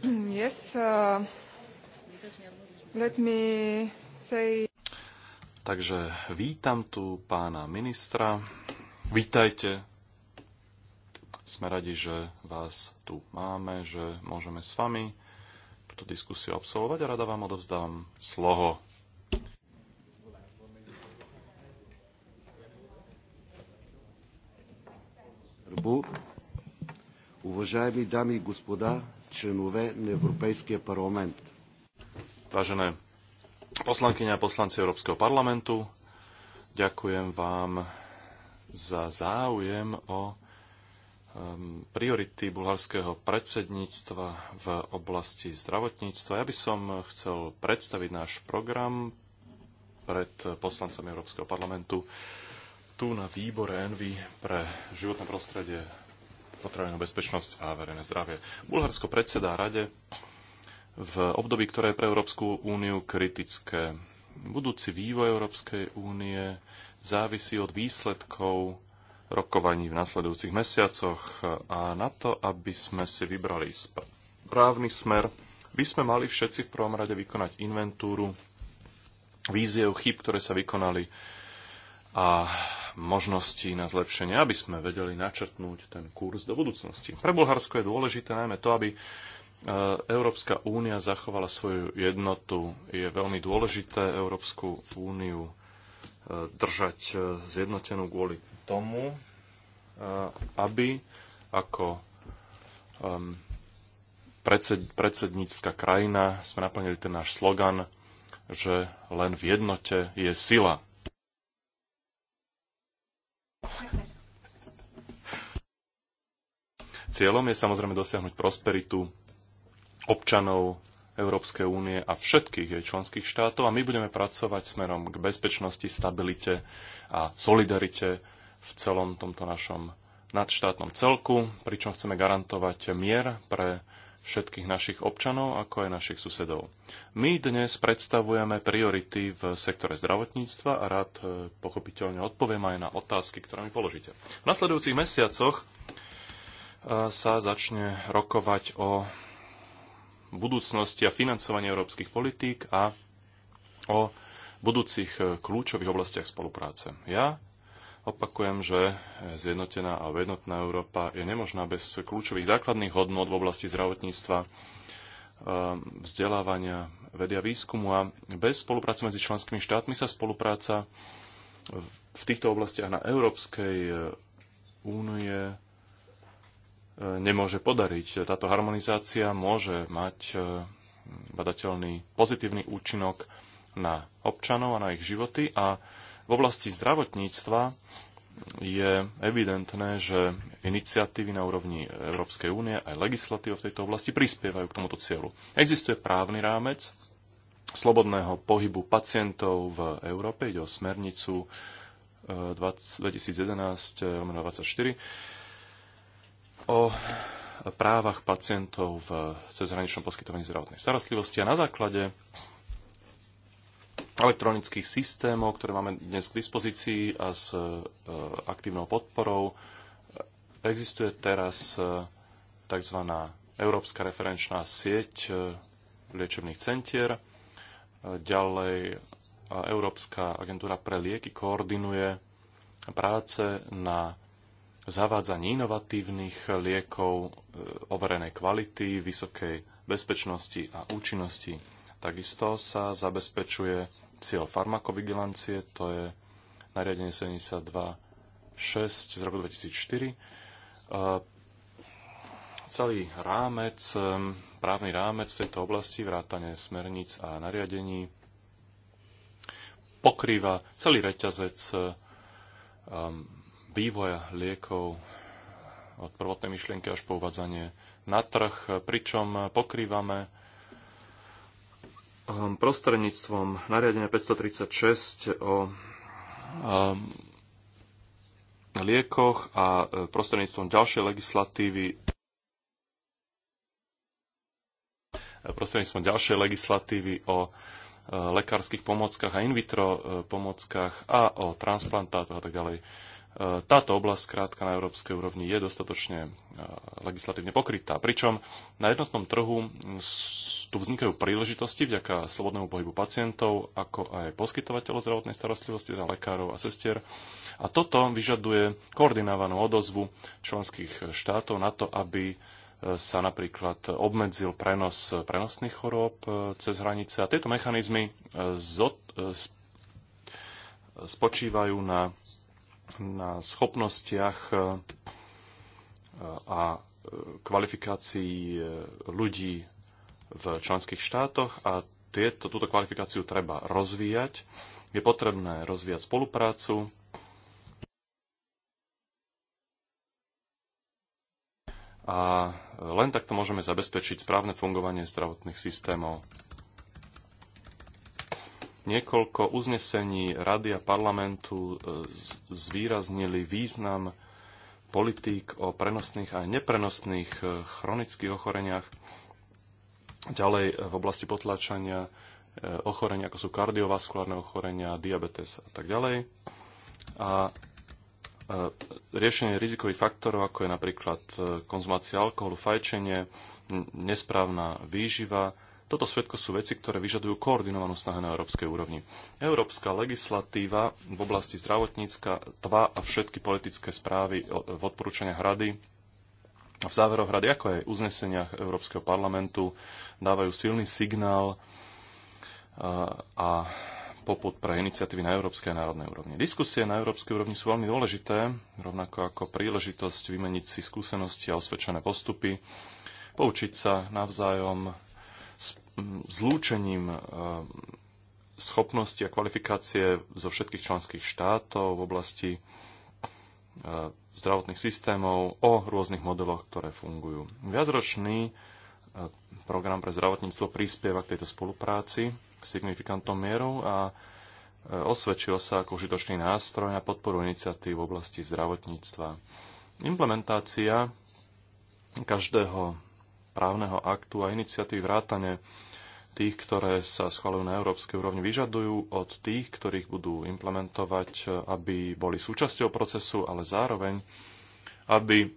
Mm, yes, uh, let me say... Takže vítam tu pána ministra. Vítajte. Sme radi, že vás tu máme, že môžeme s vami túto diskusiu absolvovať a rada vám odovzdávam slovo. Uvažajmy dámy i Vážené poslankyne a poslanci Európskeho parlamentu, ďakujem vám za záujem o ehm, priority bulharského predsedníctva v oblasti zdravotníctva. Ja by som chcel predstaviť náš program pred poslancami Európskeho parlamentu tu na výbore Envy pre životné prostredie, potravinovú bezpečnosť a verejné zdravie. Bulharsko predsedá rade v období, ktoré je pre Európsku úniu kritické. Budúci vývoj Európskej únie závisí od výsledkov rokovaní v nasledujúcich mesiacoch a na to, aby sme si vybrali správny smer, by sme mali všetci v prvom rade vykonať inventúru víziev, chyb, ktoré sa vykonali a možností na zlepšenie, aby sme vedeli načrtnúť ten kurz do budúcnosti. Pre Bulharsko je dôležité najmä to, aby e, Európska únia zachovala svoju jednotu. Je veľmi dôležité Európsku úniu e, držať e, zjednotenú kvôli tomu, aby ako predsednícka krajina sme naplnili ten náš slogan, že len v jednote je sila. Cieľom je samozrejme dosiahnuť prosperitu občanov Európskej únie a všetkých jej členských štátov a my budeme pracovať smerom k bezpečnosti, stabilite a solidarite v celom tomto našom nadštátnom celku, pričom chceme garantovať mier pre všetkých našich občanov, ako aj našich susedov. My dnes predstavujeme priority v sektore zdravotníctva a rád e, pochopiteľne odpoviem aj na otázky, ktoré mi položíte. V nasledujúcich mesiacoch e, sa začne rokovať o budúcnosti a financovaní európskych politík a o budúcich e, kľúčových oblastiach spolupráce. Ja Opakujem, že zjednotená a jednotná Európa je nemožná bez kľúčových základných hodnot v oblasti zdravotníctva, e, vzdelávania, vedia výskumu a bez spolupráce medzi členskými štátmi sa spolupráca v týchto oblastiach na Európskej e, únie e, nemôže podariť. Táto harmonizácia môže mať badateľný pozitívny účinok na občanov a na ich životy a v oblasti zdravotníctva je evidentné, že iniciatívy na úrovni Európskej únie aj legislatíva v tejto oblasti prispievajú k tomuto cieľu. Existuje právny rámec slobodného pohybu pacientov v Európe, ide o smernicu 2011-24 e, e, o právach pacientov v cezhraničnom poskytovaní zdravotnej starostlivosti a na základe elektronických systémov, ktoré máme dnes k dispozícii a s e, aktívnou podporou. Existuje teraz e, tzv. Európska referenčná sieť e, liečebných centier. Ďalej Európska agentúra pre lieky koordinuje práce na zavádzanie inovatívnych liekov overenej kvality, vysokej bezpečnosti a účinnosti. Takisto sa zabezpečuje cieľ farmakovigilancie, to je nariadenie 72.6 z roku 2004. E, celý rámec, e, právny rámec v tejto oblasti, vrátane smerníc a nariadení, pokrýva celý reťazec e, um, vývoja liekov od prvotnej myšlienky až po uvádzanie na trh, pričom pokrývame Ehm, prostredníctvom nariadenia 536 o ehm, liekoch a e, prostredníctvom ďalšej legislatívy e, prostredníctvom ďalšej legislatívy o e, lekárskych pomockách a in vitro pomockách a o transplantátoch a tak ďalej. E, táto oblasť krátka na európskej úrovni je dostatočne e, legislatívne pokrytá. Pričom na jednotnom trhu tu vznikajú príležitosti vďaka slobodnému pohybu pacientov, ako aj poskytovateľov zdravotnej starostlivosti, teda lekárov a sestier. A toto vyžaduje koordinovanú odozvu členských štátov na to, aby e, sa napríklad obmedzil prenos prenosných chorôb cez hranice. A tieto mechanizmy spočívajú na na schopnostiach e, a e, kvalifikácií e, ľudí v členských štátoch a tieto, túto kvalifikáciu treba rozvíjať. Je potrebné rozvíjať spoluprácu. A len takto môžeme zabezpečiť správne fungovanie zdravotných systémov Niekoľko uznesení Rady a parlamentu e, zvýraznili význam politík o prenosných a neprenosných e, chronických ochoreniach. Ďalej e, v oblasti potlačania ochorenia, ako sú kardiovaskulárne ochorenia, diabetes a tak ďalej. A riešenie rizikových faktorov, ako je napríklad konzumácia alkoholu, fajčenie, nesprávna výživa, toto všetko sú veci, ktoré vyžadujú koordinovanú snahu na európskej úrovni. Európska legislatíva v oblasti zdravotnícka, tva a všetky politické správy v odporúčaniach rady a v záveroch rady, ako aj uzneseniach Európskeho parlamentu, dávajú silný signál a poput pre iniciatívy na európskej a národnej úrovni. Diskusie na európskej úrovni sú veľmi dôležité, rovnako ako príležitosť vymeniť si skúsenosti a osvedčené postupy, poučiť sa navzájom zlúčením eh, schopnosti a kvalifikácie zo všetkých členských štátov v oblasti eh, zdravotných systémov o rôznych modeloch, ktoré fungujú. Viacročný eh, program pre zdravotníctvo prispieva k tejto spolupráci signifikantnou mierou a osvedčil sa ako užitočný nástroj na podporu iniciatív v oblasti zdravotníctva. Implementácia každého právneho aktu a iniciatív vrátane tých, ktoré sa schvalujú na európskej úrovni, vyžadujú od tých, ktorých budú implementovať, aby boli súčasťou procesu, ale zároveň, aby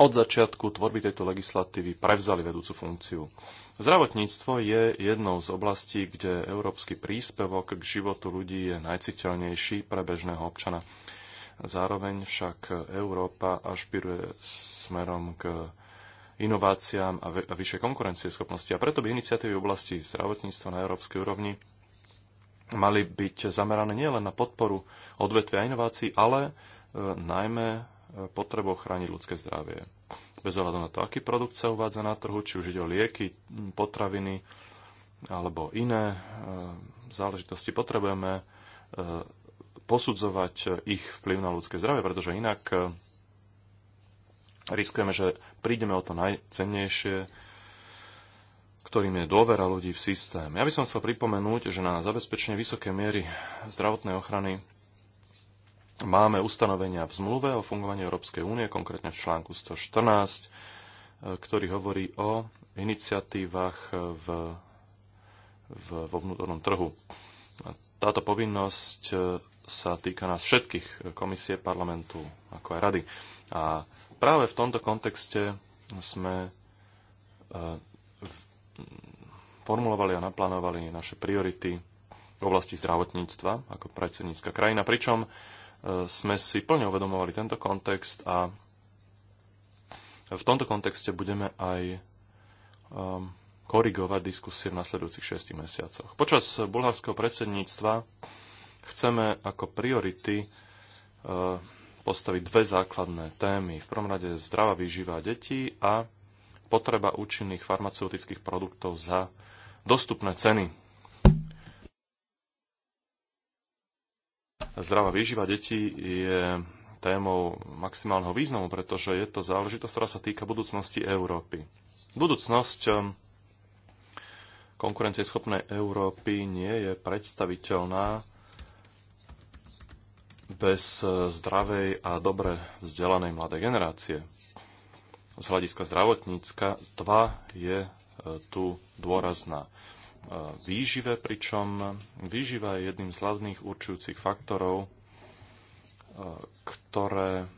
od začiatku tvorby tejto legislatívy prevzali vedúcu funkciu. Zdravotníctvo je jednou z oblastí, kde európsky príspevok k životu ľudí je najciteľnejší pre bežného občana. Zároveň však Európa ašpiruje smerom k inováciám a vyššej konkurencieschopnosti. A preto by iniciatívy v oblasti zdravotníctva na európskej úrovni mali byť zamerané nielen na podporu odvetvia a inovácií, ale e, najmä e, potrebu ochrániť ľudské zdravie. Bez ohľadu na to, aký produkt sa uvádza na trhu, či už ide o lieky, potraviny alebo iné e, záležitosti, potrebujeme posudzovať ich vplyv na ľudské zdravie, pretože inak riskujeme, že prídeme o to najcennejšie, ktorým je dôvera ľudí v systém. Ja by som chcel pripomenúť, že na zabezpečenie vysoké miery zdravotnej ochrany máme ustanovenia v zmluve o fungovaní Európskej únie, konkrétne v článku 114, ktorý hovorí o iniciatívach v, v, vo vnútornom trhu. Táto povinnosť sa týka nás všetkých, komisie, parlamentu, ako aj rady. A práve v tomto kontexte sme e, formulovali a naplánovali naše priority v oblasti zdravotníctva ako predsednícka krajina, pričom e, sme si plne uvedomovali tento kontext a v tomto kontexte budeme aj e, korigovať diskusie v nasledujúcich 6 mesiacoch. Počas bulharského predsedníctva chceme ako priority postaviť dve základné témy. V prvom rade zdravá výživa detí a potreba účinných farmaceutických produktov za dostupné ceny. Zdravá výživa detí je témou maximálneho významu, pretože je to záležitosť, ktorá sa týka budúcnosti Európy. Budúcnosť um, konkurencieschopnej Európy nie je predstaviteľná bez e, zdravej a dobre vzdelanej mladej generácie. Z hľadiska zdravotnícka dva je e, tu dôraz na e, výžive, pričom výživa je jedným z hlavných určujúcich faktorov, ktoré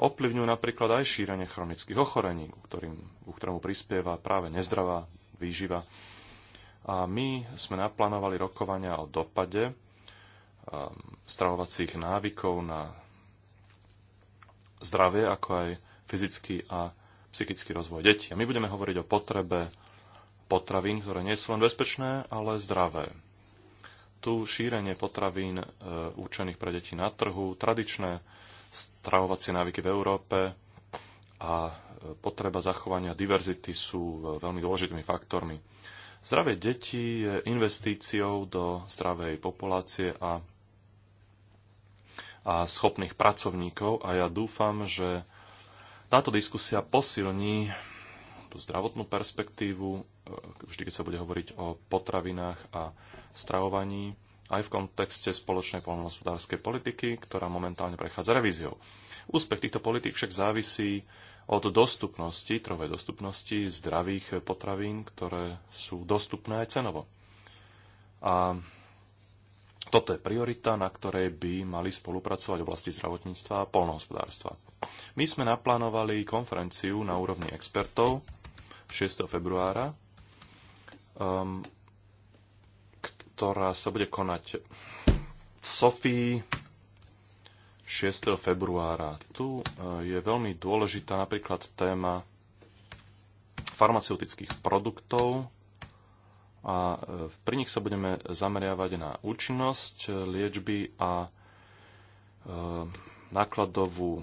ovplyvňujú napríklad aj šírenie chronických ochorení, ku, ktorým, ku ktorému prispieva práve nezdravá výživa. A my sme naplánovali rokovania o dopade Um, stravovacích návykov na zdravie, ako aj fyzický a psychický rozvoj detí. A my budeme hovoriť o potrebe potravín, ktoré nie sú len bezpečné, ale zdravé. Tu šírenie potravín e, určených pre deti na trhu, tradičné stravovacie návyky v Európe a e, potreba zachovania diverzity sú e, veľmi dôležitými faktormi. Zdravie detí je investíciou do zdravej populácie a a schopných pracovníkov a ja dúfam, že táto diskusia posilní tú zdravotnú perspektívu, e, vždy keď sa bude hovoriť o potravinách a stravovaní, aj v kontexte spoločnej poľnohospodárskej politiky, ktorá momentálne prechádza revíziou. Úspech týchto politík však závisí od dostupnosti, trovej dostupnosti zdravých potravín, ktoré sú dostupné aj cenovo. A toto je priorita, na ktorej by mali spolupracovať oblasti zdravotníctva a polnohospodárstva. My sme naplánovali konferenciu na úrovni expertov 6. februára, um, ktorá sa bude konať v Sofii 6. februára. Tu uh, je veľmi dôležitá napríklad téma farmaceutických produktov, a e, pri nich sa budeme zameriavať na účinnosť e, liečby a e, nákladovú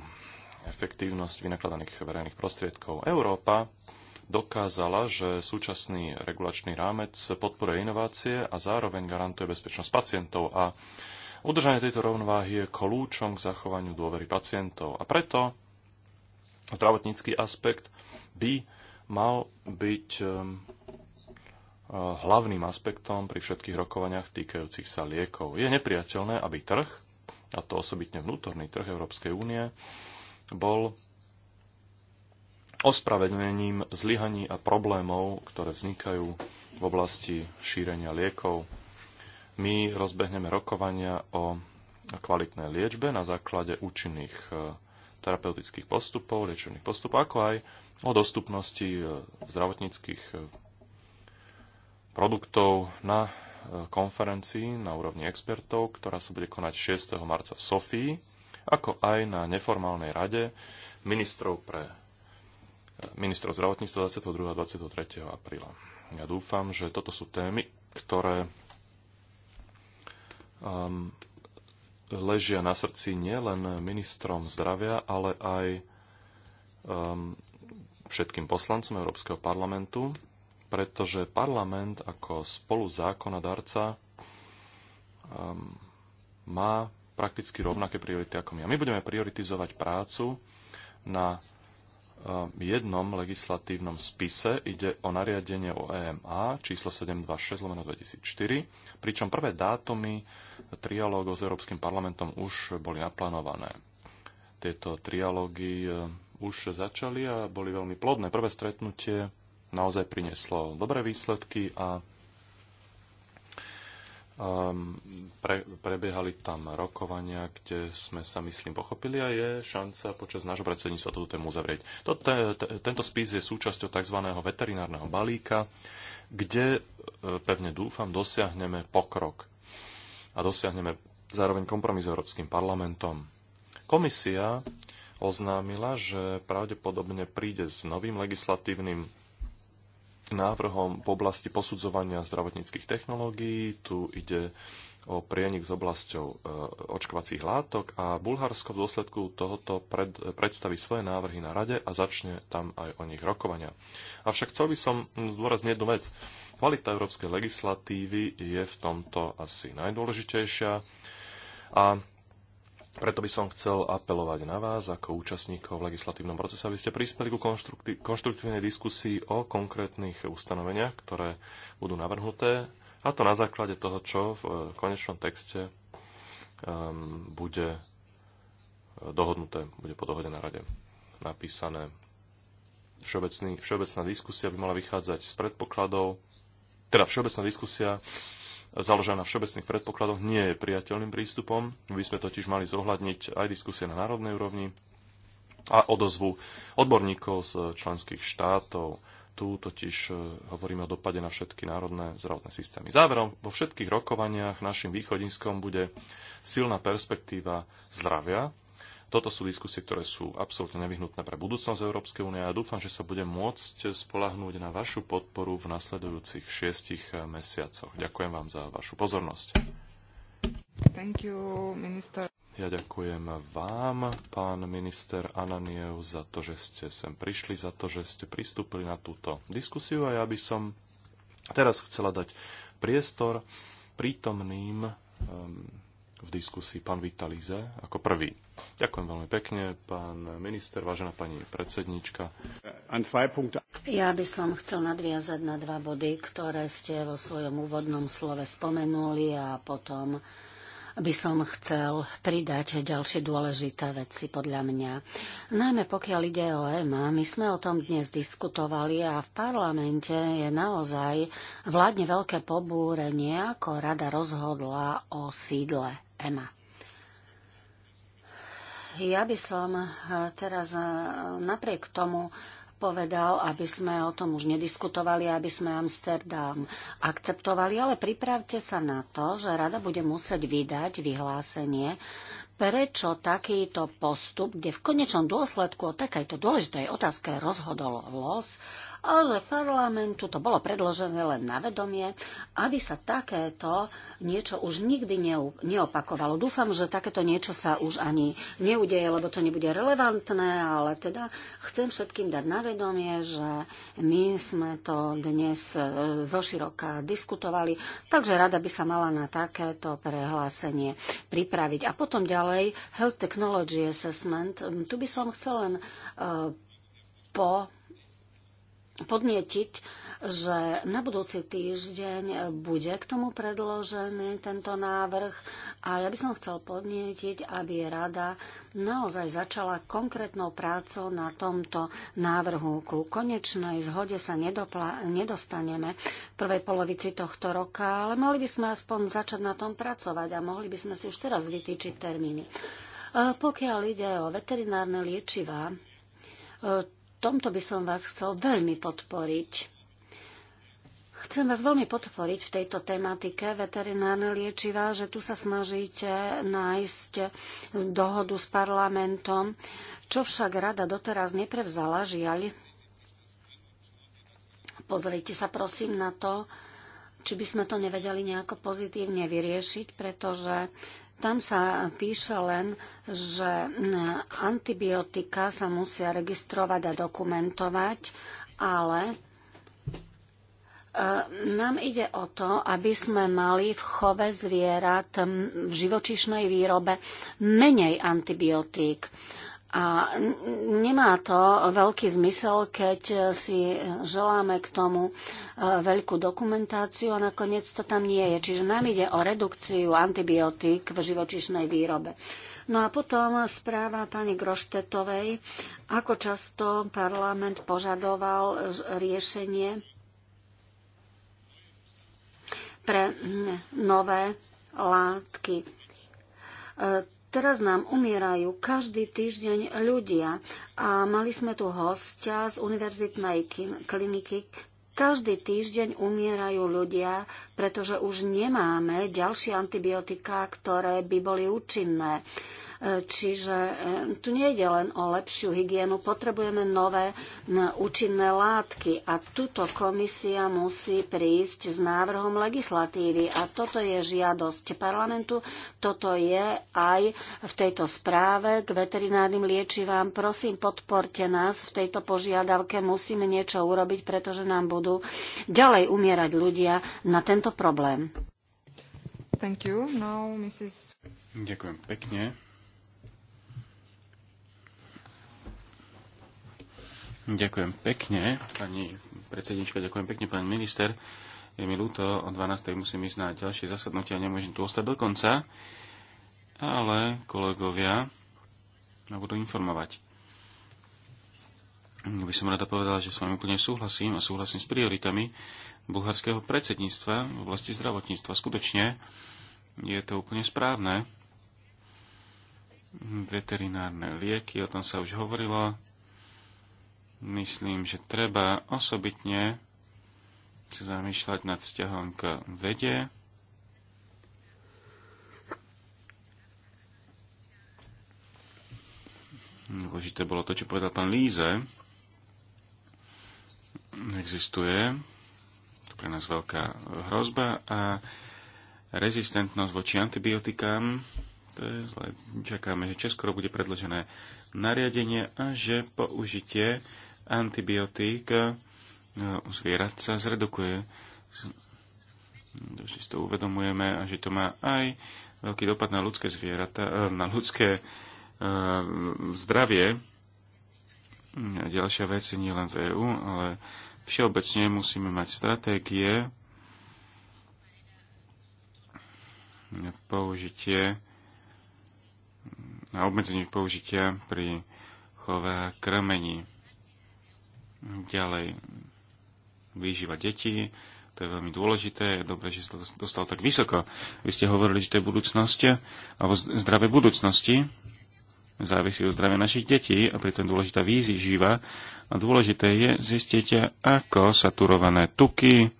efektívnosť vynakladaných verejných prostriedkov. Európa dokázala, že súčasný regulačný rámec podporuje inovácie a zároveň garantuje bezpečnosť pacientov a udržanie tejto rovnováhy je kľúčom k zachovaniu dôvery pacientov. A preto zdravotnícky aspekt by mal byť hlavným aspektom pri všetkých rokovaniach týkajúcich sa liekov. Je nepriateľné, aby trh, a to osobitne vnútorný trh Európskej únie, bol ospravedlením zlyhaní a problémov, ktoré vznikajú v oblasti šírenia liekov. My rozbehneme rokovania o kvalitnej liečbe na základe účinných e, terapeutických postupov, liečebných postupov, ako aj o dostupnosti e, zdravotníckých e, produktov na e, konferencii na úrovni expertov, ktorá sa bude konať 6. marca v Sofii, ako aj na neformálnej rade ministrov pre e, ministrov zdravotníctva 22. a 23. apríla. Ja dúfam, že toto sú témy, ktoré um, ležia na srdci nielen ministrom zdravia, ale aj um, všetkým poslancom Európskeho parlamentu pretože parlament ako spolu zákonodarca um, má prakticky rovnaké priority ako my. A my budeme prioritizovať prácu na um, jednom legislatívnom spise. Ide o nariadenie o EMA číslo 726 2004, pričom prvé dátumy trialógov s Európskym parlamentom už boli naplánované. Tieto trialógy um, už začali a boli veľmi plodné. Prvé stretnutie naozaj prinieslo dobré výsledky a Um, pre, prebiehali tam rokovania, kde sme sa, myslím, pochopili a je šanca počas nášho predsedníctva túto tému uzavrieť. Toto, tento spis je súčasťou tzv. veterinárneho balíka, kde, e, pevne dúfam, dosiahneme pokrok a dosiahneme zároveň kompromis s Európskym parlamentom. Komisia oznámila, že pravdepodobne príde s novým legislatívnym návrhom v oblasti posudzovania zdravotníckých technológií. Tu ide o prienik s oblasťou e, očkovacích látok a Bulharsko v dôsledku tohoto pred, predstaví svoje návrhy na rade a začne tam aj o nich rokovania. Avšak chcel by som zdôrazniť jednu vec. Kvalita európskej legislatívy je v tomto asi najdôležitejšia a preto by som chcel apelovať na vás ako účastníkov v legislatívnom procese, aby ste prispeli ku konštruktívnej diskusii o konkrétnych ustanoveniach, ktoré budú navrhnuté, a to na základe toho, čo v e, konečnom texte um, bude e, dohodnuté, bude po dohode na rade napísané. Všeobecný, všeobecná diskusia by mala vychádzať z predpokladov, teda všeobecná diskusia založená na všeobecných predpokladoch, nie je priateľným prístupom. My sme totiž mali zohľadniť aj diskusie na národnej úrovni a odozvu odborníkov z členských štátov. Tu totiž e, hovoríme o dopade na všetky národné zdravotné systémy. Záverom, vo všetkých rokovaniach našim východiskom bude silná perspektíva zdravia toto sú diskusie, ktoré sú absolútne nevyhnutné pre budúcnosť Európskej únie a dúfam, že sa budem môcť spolahnúť na vašu podporu v nasledujúcich šiestich mesiacoch. Ďakujem vám za vašu pozornosť. Thank you, minister. Ja ďakujem vám, pán minister Ananiev, za to, že ste sem prišli, za to, že ste pristúpili na túto diskusiu a ja by som teraz chcela dať priestor prítomným um, v diskusii pán Vitalize ako prvý. Ďakujem veľmi pekne, pán minister, vážená pani predsednička. Ja by som chcel nadviazať na dva body, ktoré ste vo svojom úvodnom slove spomenuli a potom by som chcel pridať ďalšie dôležité veci podľa mňa. Najmä pokiaľ ide o EMA, my sme o tom dnes diskutovali a v parlamente je naozaj vládne veľké pobúrenie, ako rada rozhodla o sídle EMA. Ja by som teraz eh, napriek tomu povedal, aby sme o tom už nediskutovali, aby sme Amsterdam akceptovali, ale pripravte sa na to, že rada bude musieť vydať vyhlásenie, prečo takýto postup, kde v konečnom dôsledku o takejto dôležitej otázke rozhodol los, ale parlamentu to bolo predložené len na vedomie, aby sa takéto niečo už nikdy neopakovalo. Dúfam, že takéto niečo sa už ani neudeje, lebo to nebude relevantné, ale teda chcem všetkým dať na vedomie, že my sme to dnes e, zoširoka diskutovali, takže rada by sa mala na takéto prehlásenie pripraviť. A potom ďalej Health Technology Assessment. Tu by som chcel len e, po podnietiť, že na budúci týždeň bude k tomu predložený tento návrh a ja by som chcel podnietiť, aby rada naozaj začala konkrétnou prácou na tomto návrhu. Ku konečnej zhode sa nedostaneme v prvej polovici tohto roka, ale mali by sme aspoň začať na tom pracovať a mohli by sme si už teraz vytýčiť termíny. E, pokiaľ ide o veterinárne liečivá, e, tomto by som vás chcel veľmi podporiť. Chcem vás veľmi podporiť v tejto tematike veterinárne liečiva, že tu sa snažíte nájsť dohodu s parlamentom, čo však rada doteraz neprevzala, žiaľ. Pozrite sa prosím na to, či by sme to nevedeli nejako pozitívne vyriešiť, pretože tam sa píše len, že eh, antibiotika sa musia registrovať a dokumentovať, ale eh, nám ide o to, aby sme mali v chove zvierat v živočišnej výrobe menej antibiotík. A nemá to veľký zmysel, keď e, si želáme k tomu e, veľkú dokumentáciu a nakoniec to tam nie je. Čiže nám ide o redukciu antibiotík v živočišnej výrobe. No a potom správa pani Groštetovej, ako často parlament požadoval e, riešenie pre hm, nové látky Teraz nám umierajú každý týždeň ľudia a mali sme tu hostia z univerzitnej kliniky. Každý týždeň umierajú ľudia, pretože už nemáme ďalšie antibiotiká, ktoré by boli účinné. Čiže tu nejde len o lepšiu hygienu, potrebujeme nové účinné látky a tuto komisia musí prísť s návrhom legislatívy a toto je žiadosť parlamentu, toto je aj v tejto správe k veterinárnym liečivám. Prosím, podporte nás v tejto požiadavke, musíme niečo urobiť, pretože nám budú ďalej umierať ľudia na tento problém. Now, Ďakujem pekne. Ďakujem pekne, pani predsednička, ďakujem pekne, pán minister. Je mi ľúto, o 12. musím ísť na ďalšie zasadnutie a nemôžem tu ostať do konca, ale kolegovia ma budú informovať. By som rada povedala, že s vami úplne súhlasím a súhlasím s prioritami bulharského predsedníctva v oblasti zdravotníctva. Skutočne je to úplne správne. Veterinárne lieky, o tom sa už hovorilo myslím, že treba osobitne sa zamýšľať nad vzťahom k vede. Dôležité bolo to, čo povedal pán Líze. Existuje to pre nás veľká hrozba a rezistentnosť voči antibiotikám. To je zle. Čakáme, že čoskoro bude predložené nariadenie a že použitie antibiotík e, u zvierat sa zredukuje. Že si to uvedomujeme a že to má aj veľký dopad na ľudské zvieratá, e, na ľudské e, zdravie. A ďalšia vec nie len v EÚ, ale všeobecne musíme mať stratégie na použitie na obmedzenie použitia pri chove krmení. Ďalej, vyžíva deti. to je veľmi dôležité, je dobré, že sa to dostalo tak vysoko. Vy ste hovorili, že to je budúcnosť, alebo zdravé budúcnosti, závisí od zdravia našich detí a pritom dôležitá živa. A dôležité je zistiť, ako saturované tuky,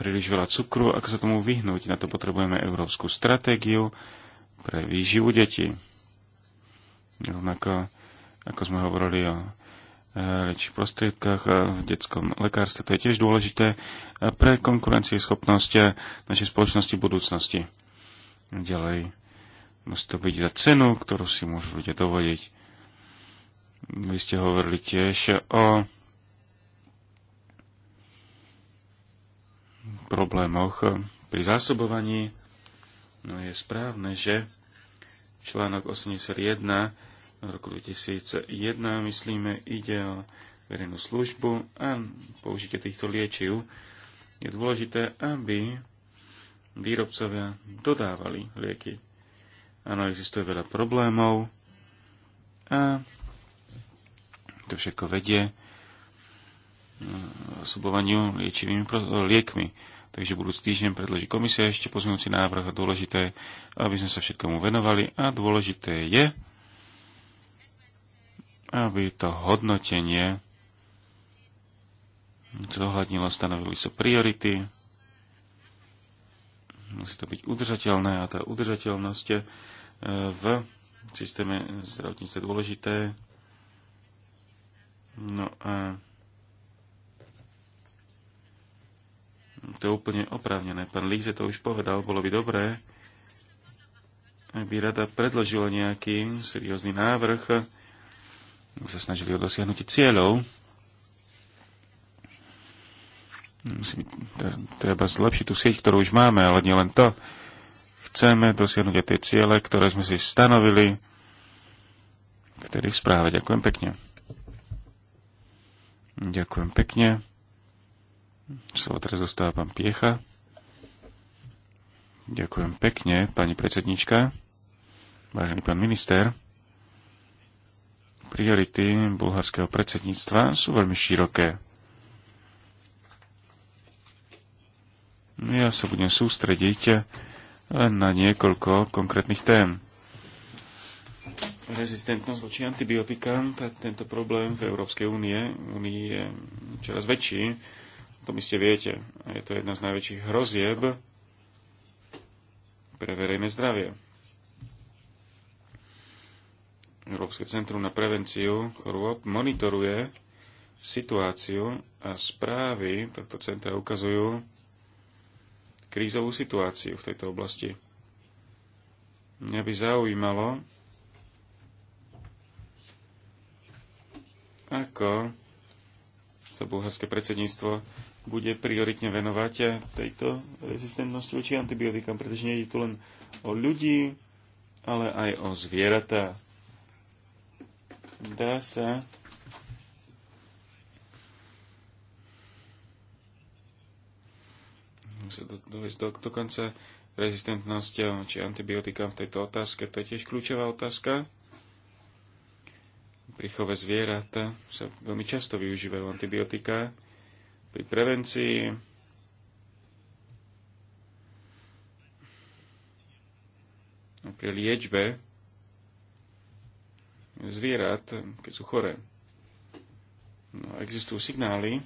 príliš veľa cukru, ako sa tomu vyhnúť. Na to potrebujeme európsku stratégiu pre výživu detí. Rovnako, ako sme hovorili o liečivých prostriedkach e, v detskom lekárstve. To je tiež dôležité pre konkurencieschopnosť e, našej spoločnosti v budúcnosti. Ďalej musí to byť za cenu, ktorú si môžu ľudia dovoliť. Vy ste hovorili tiež o problémoch e, pri zásobovaní. No je správne, že článok 81 v roku 2001, myslíme, ide o verejnú službu a použitie týchto liečiv. Je dôležité, aby výrobcovia dodávali lieky. Áno, existuje veľa problémov a to všetko vedie osobovaniu liečivými liekmi. Takže budúci týždeň predloží komisia ešte pozmeňujúci návrh a dôležité, aby sme sa všetkomu venovali a dôležité je, aby to hodnotenie zohľadnilo, stanovili sa so priority, musí to byť udržateľné a tá udržateľnosť e, v systéme zdravotníctva dôležité. No a to je úplne oprávnené. Pán Líze to už povedal, bolo by dobré, aby rada predložila nejaký seriózny návrh sa snažili o dosiahnutie cieľov. Musí, treba zlepšiť tú sieť, ktorú už máme, ale nie len to. Chceme dosiahnuť aj tie ciele, ktoré sme si stanovili vtedy v správe. Ďakujem pekne. Ďakujem pekne. Slovo teraz zostáva pán Piecha. Ďakujem pekne, pani predsednička, vážený pán minister priority bulharského predsedníctva sú veľmi široké. Ja sa budem sústrediť len na niekoľko konkrétnych tém. Rezistentnosť voči antibiotikám, tak tento problém v Európskej únie, únii je čoraz väčší, to my ste viete. A je to jedna z najväčších hrozieb pre verejné zdravie. Európske centrum na prevenciu chorôb monitoruje situáciu a správy tohto centra ukazujú krízovú situáciu v tejto oblasti. Mňa by zaujímalo, ako sa bulharské predsedníctvo bude prioritne venovať tejto rezistentnosti voči antibiotikám, pretože nie je tu len o ľudí, ale aj o zvieratá dá sa sa do, dovesť do, dokonca rezistentnosť či antibiotika v tejto otázke. To je tiež kľúčová otázka. Pri chove zvierat sa veľmi často využívajú antibiotika pri prevencii. Pri liečbe zvierat, keď sú choré. No, existujú signály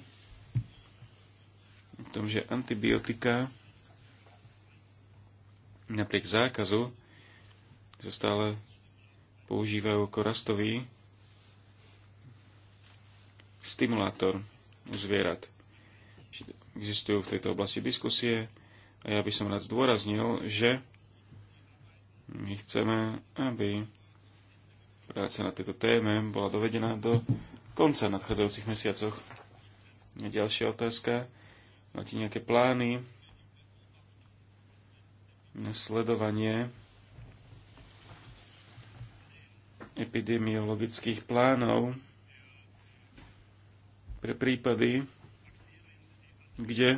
o tom, že antibiotika napriek zákazu sa stále používajú ako rastový stimulátor u zvierat. Existujú v tejto oblasti diskusie a ja by som rád zdôraznil, že my chceme, aby práca na tejto téme bola dovedená do konca nadchádzajúcich mesiacoch. A ďalšia otázka. Máte nejaké plány na sledovanie epidemiologických plánov pre prípady, kde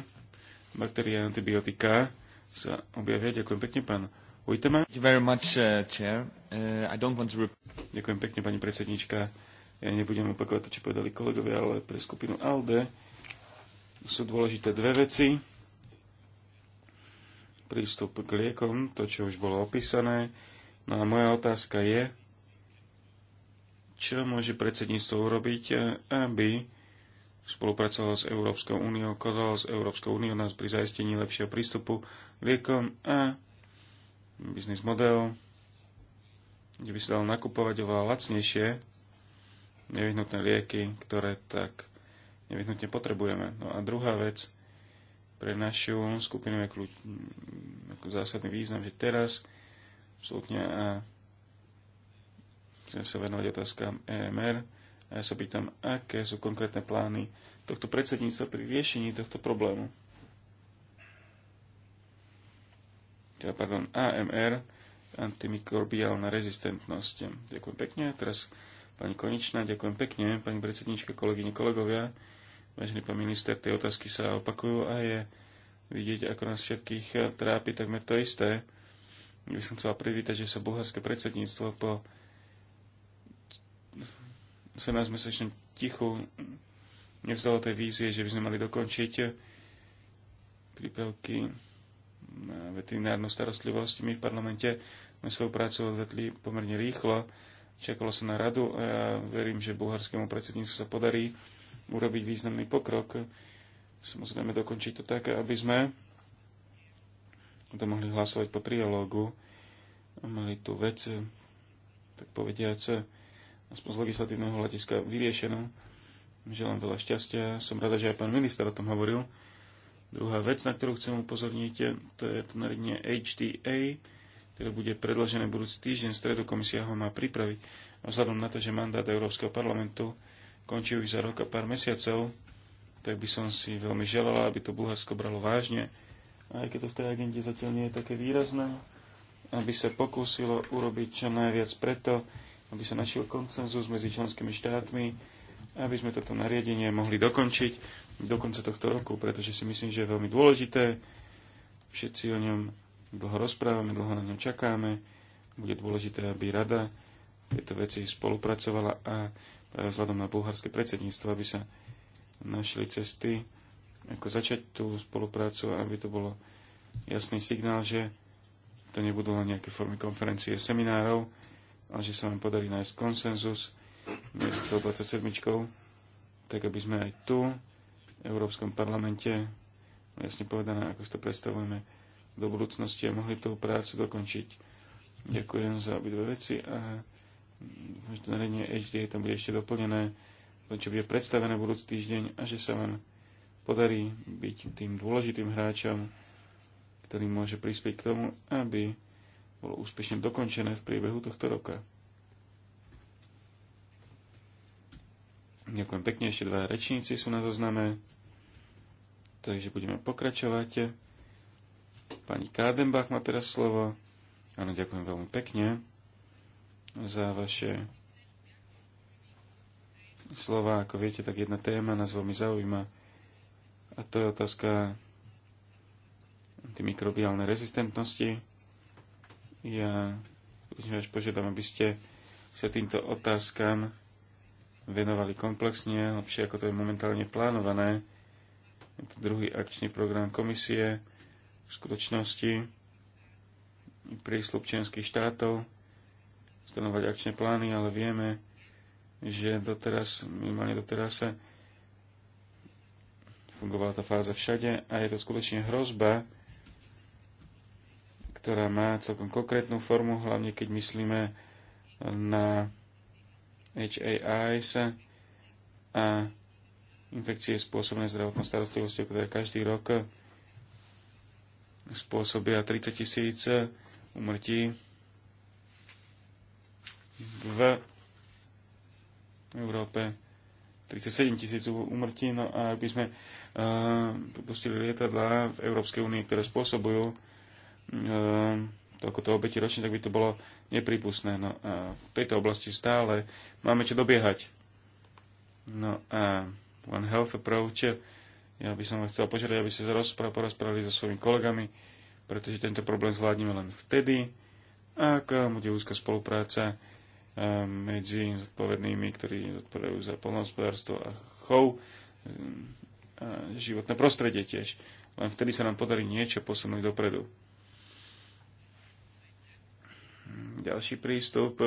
baktérie a antibiotika sa objavia. Ďakujem pekne, pán Much, uh, uh Ďakujem pekne, pani predsednička. Ja nebudem opakovať to, čo povedali kolegovia, ale pre skupinu ALDE sú dôležité dve veci. Prístup k liekom, to, čo už bolo opísané. No a moja otázka je, čo môže predsedníctvo urobiť, eh, aby spolupracovalo s Európskou úniou, kodalo s Európskou úniou nás pri zaistení lepšieho prístupu liekom a biznis model, kde by sa dalo nakupovať oveľa lacnejšie nevyhnutné lieky, ktoré tak nevyhnutne potrebujeme. No a druhá vec, pre našu skupinu je kľúč, ako zásadný význam, že teraz absolútne a chcem sa venovať otázkam EMR a ja sa pýtam, aké sú konkrétne plány tohto predsedníctva pri riešení tohto problému. teda, pardon, AMR, antimikrobiálna rezistentnosť. Ďakujem pekne. Teraz pani Konečná, ďakujem pekne. Pani predsednička, kolegyne, kolegovia, vážený pán minister, tie otázky sa opakujú a je vidieť, ako nás všetkých trápi takmer to isté. By som chcela privítať, že sa bulharské predsedníctvo po 18-mesačnom tichu nevzdalo tej vízie, že by sme mali dokončiť prípravky veterinárnu starostlivosť. My v parlamente sme svoju prácu odvetli pomerne rýchlo. Čakalo sa na radu a ja verím, že bulharskému predsedníctvu sa podarí urobiť významný pokrok. Samozrejme dokončiť to tak, aby sme to mohli hlasovať po trialógu. Mali tu vec, tak povediac, aspoň z legislatívneho hľadiska vyriešenú. Želám veľa šťastia. Som rada, že aj pán minister o tom hovoril. Druhá vec, na ktorú chcem upozorniť, to je to nariadenie HDA, ktoré bude predložené budúci týždeň. Stredu komisia ho má pripraviť. A vzhľadom na to, že mandát Európskeho parlamentu končí už za rok a pár mesiacov, tak by som si veľmi želala, aby to Bulharsko bralo vážne. Aj keď to v tej agende zatiaľ nie je také výrazné, aby sa pokúsilo urobiť čo najviac preto, aby sa našiel koncenzus medzi členskými štátmi, aby sme toto nariadenie mohli dokončiť do konca tohto roku, pretože si myslím, že je veľmi dôležité. Všetci o ňom dlho rozprávame, dlho na ňom čakáme. Bude dôležité, aby rada tieto veci spolupracovala a vzhľadom na bulharské predsedníctvo, aby sa našli cesty, ako začať tú spoluprácu, aby to bolo jasný signál, že to nebudú len nejaké formy konferencie, seminárov, ale že sa nám podarí nájsť konsenzus medzi 27, tak aby sme aj tu Európskom parlamente, jasne povedané, ako si to predstavujeme do budúcnosti a mohli tú prácu dokončiť. Ďakujem za obidve veci a to nariadenie HDA tam bude ešte doplnené, to, čo bude predstavené budúci týždeň a že sa vám podarí byť tým dôležitým hráčom, ktorý môže prispieť k tomu, aby bolo úspešne dokončené v priebehu tohto roka. Ďakujem pekne, ešte dva rečníci sú na zozname. Takže budeme pokračovať. Pani Kádenbach má teraz slovo. Áno, ďakujem veľmi pekne za vaše slova. Ako viete, tak jedna téma nás veľmi zaujíma. A to je otázka antimikrobiálnej rezistentnosti. Ja vás požiadam, aby ste sa týmto otázkam venovali komplexne, lepšie ako to je momentálne plánované je to druhý akčný program komisie v skutočnosti prísľub členských štátov stanovať akčné plány, ale vieme, že doteraz, minimálne doteraz sa fungovala tá fáza všade a je to skutočne hrozba, ktorá má celkom konkrétnu formu, hlavne keď myslíme na HAIs a infekcie spôsobené zdravotnou starostlivosťou, ktoré každý rok spôsobia 30 tisíc umrtí v Európe. 37 tisíc umrtí, no a ak by sme eh, pripustili uh, lietadla v Európskej únii, ktoré spôsobujú uh, eh, toľko obeti ročne, tak by to bolo nepripustné. No a v tejto oblasti stále máme čo dobiehať. No a uh, One Health Approach. Ja by som chcel požiadať, aby ste sa rozpra- porozprávali so svojimi kolegami, pretože tento problém zvládneme len vtedy, ak eh, bude úzka spolupráca eh, medzi zodpovednými, ktorí zodpovedajú za polnohospodárstvo a chov, eh, a životné prostredie tiež. Len vtedy sa nám podarí niečo posunúť dopredu. Hm, ďalší prístup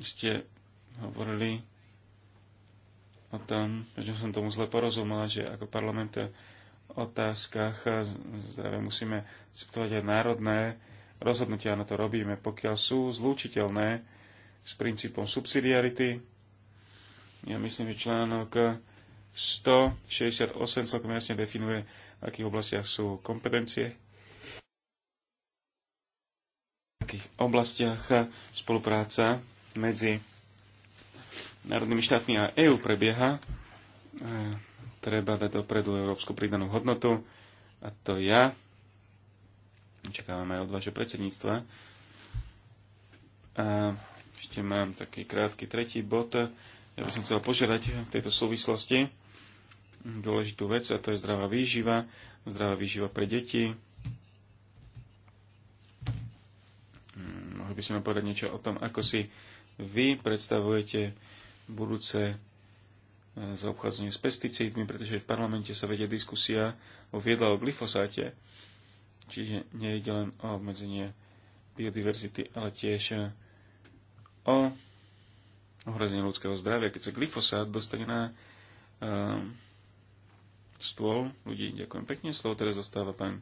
ste hovorili o tom, že som tomu zle porozumela, že ako parlament v otázkach zdravia musíme akceptovať aj národné rozhodnutia, na to robíme, pokiaľ sú zlúčiteľné s princípom subsidiarity. Ja myslím, že článok 168 celkom jasne definuje, v akých oblastiach sú kompetencie, v akých oblastiach spolupráca medzi národnými štátmi a EÚ prebieha, e, treba dať dopredu európsku pridanú hodnotu a to ja očakávame aj od vašeho predsedníctva. A ešte mám taký krátky tretí bod. Ja by som chcel požiadať v tejto súvislosti dôležitú vec a to je zdravá výživa, zdravá výživa pre deti. Hm, mohli by ste povedať niečo o tom, ako si vy predstavujete budúce e, zaobchádzanie s pesticídmi, pretože v parlamente sa vedie diskusia o viedla o glyfosáte. Čiže nejde len o obmedzenie biodiverzity, ale tiež e, o ohrozenie ľudského zdravia. Keď sa glyfosát dostane na um, stôl ľudí, ďakujem pekne. Slovo teraz zostáva pán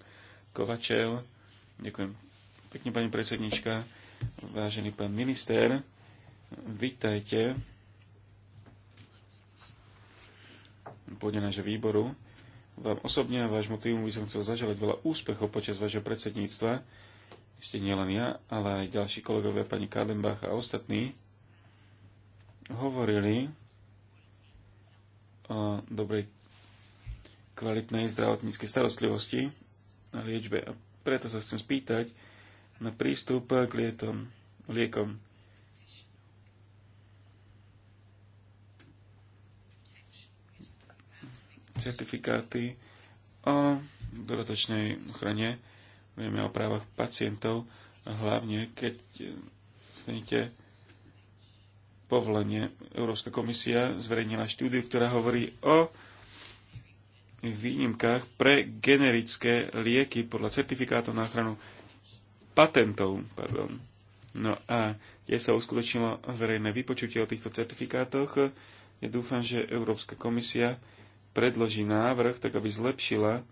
Kovačev. Ďakujem pekne, pani predsednička. Vážený pán minister, vítajte pôde nášho výboru. Vám osobne a vášmu týmu by som chcel zaželať veľa úspechov počas vášho predsedníctva. Ešte nielen ja, ale aj ďalší kolegovia, pani Kadenbach a ostatní, hovorili o dobrej kvalitnej zdravotníckej starostlivosti a liečbe. A preto sa chcem spýtať na prístup k lietom, liekom certifikáty o dodatočnej ochrane, vieme o právach pacientov, hlavne keď stanete povolenie. Európska komisia zverejnila štúdiu, ktorá hovorí o výnimkách pre generické lieky podľa certifikátov na ochranu patentov. Pardon. No a kde sa uskutočnilo verejné vypočutie o týchto certifikátoch. Ja dúfam, že Európska komisia predloží návrh, tak aby zlepšila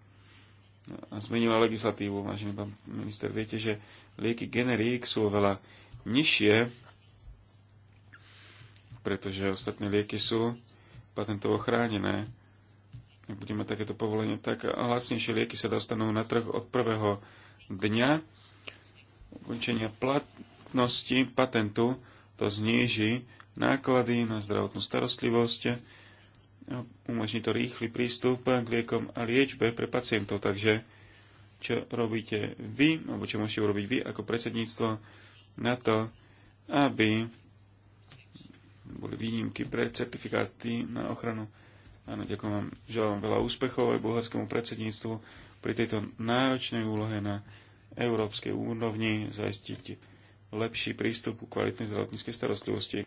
a zmenila legislatívu. Vážený pán minister, viete, že lieky generík sú oveľa nižšie, pretože ostatné lieky sú patentovo chránené. Ak budeme takéto povolenie, tak hlasnejšie lieky sa dostanú na trh od prvého dňa ukončenia platnosti patentu. To zníži náklady na zdravotnú starostlivosť, umožní to rýchly prístup k liekom a liečbe pre pacientov. Takže čo robíte vy, alebo čo môžete urobiť vy ako predsedníctvo na to, aby boli výnimky pre certifikáty na ochranu. Áno, ďakujem vám, želám veľa úspechov aj bulharskému predsedníctvu pri tejto náročnej úlohe na európskej úrovni zaistiť lepší prístup ku kvalitnej zdravotníckej starostlivosti.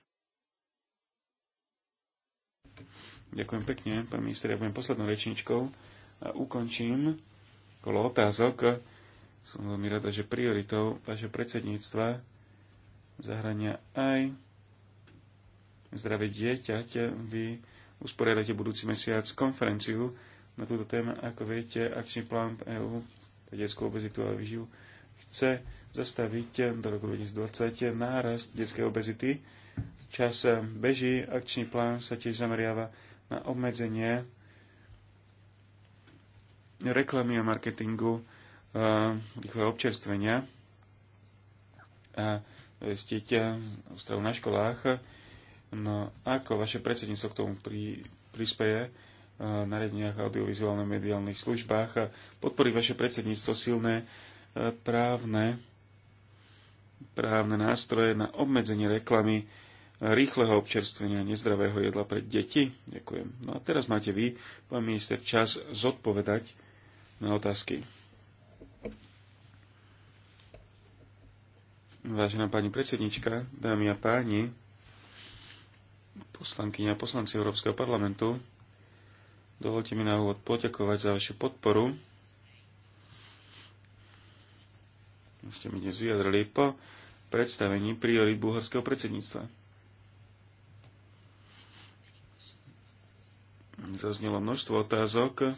Ďakujem pekne, pán minister, ja budem poslednou rečničkou a ukončím kolo otázok. Som veľmi rada, že prioritou vašeho predsedníctva zahrania aj zdravé dieťa, Vy usporiadate budúci mesiac konferenciu na túto tému. Ako viete, akčný plán EU pre detskú obezitu a výživu chce zastaviť do roku 2020 nárast detskej obezity. Čas beží, akčný plán sa tiež zameriava na obmedzenie reklamy a marketingu eh, rýchleho občerstvenia a zistiť eh, ústavu na školách. No ako vaše predsedníctvo k tomu pri, prispieje eh, nariadeniach audiovizuálnych mediálnych službách a podporí vaše predsedníctvo silné právne, právne nástroje na obmedzenie reklamy rýchleho občerstvenia nezdravého jedla pre deti. Ďakujem. No a teraz máte vy, pán minister, čas zodpovedať na otázky. Vážená pani predsednička, dámy a páni, poslankyňa a poslanci Európskeho parlamentu, dovolte mi na úvod poďakovať za vašu podporu. Ste mi dnes vyjadrili po predstavení priorit bulharského predsedníctva zaznelo množstvo otázok.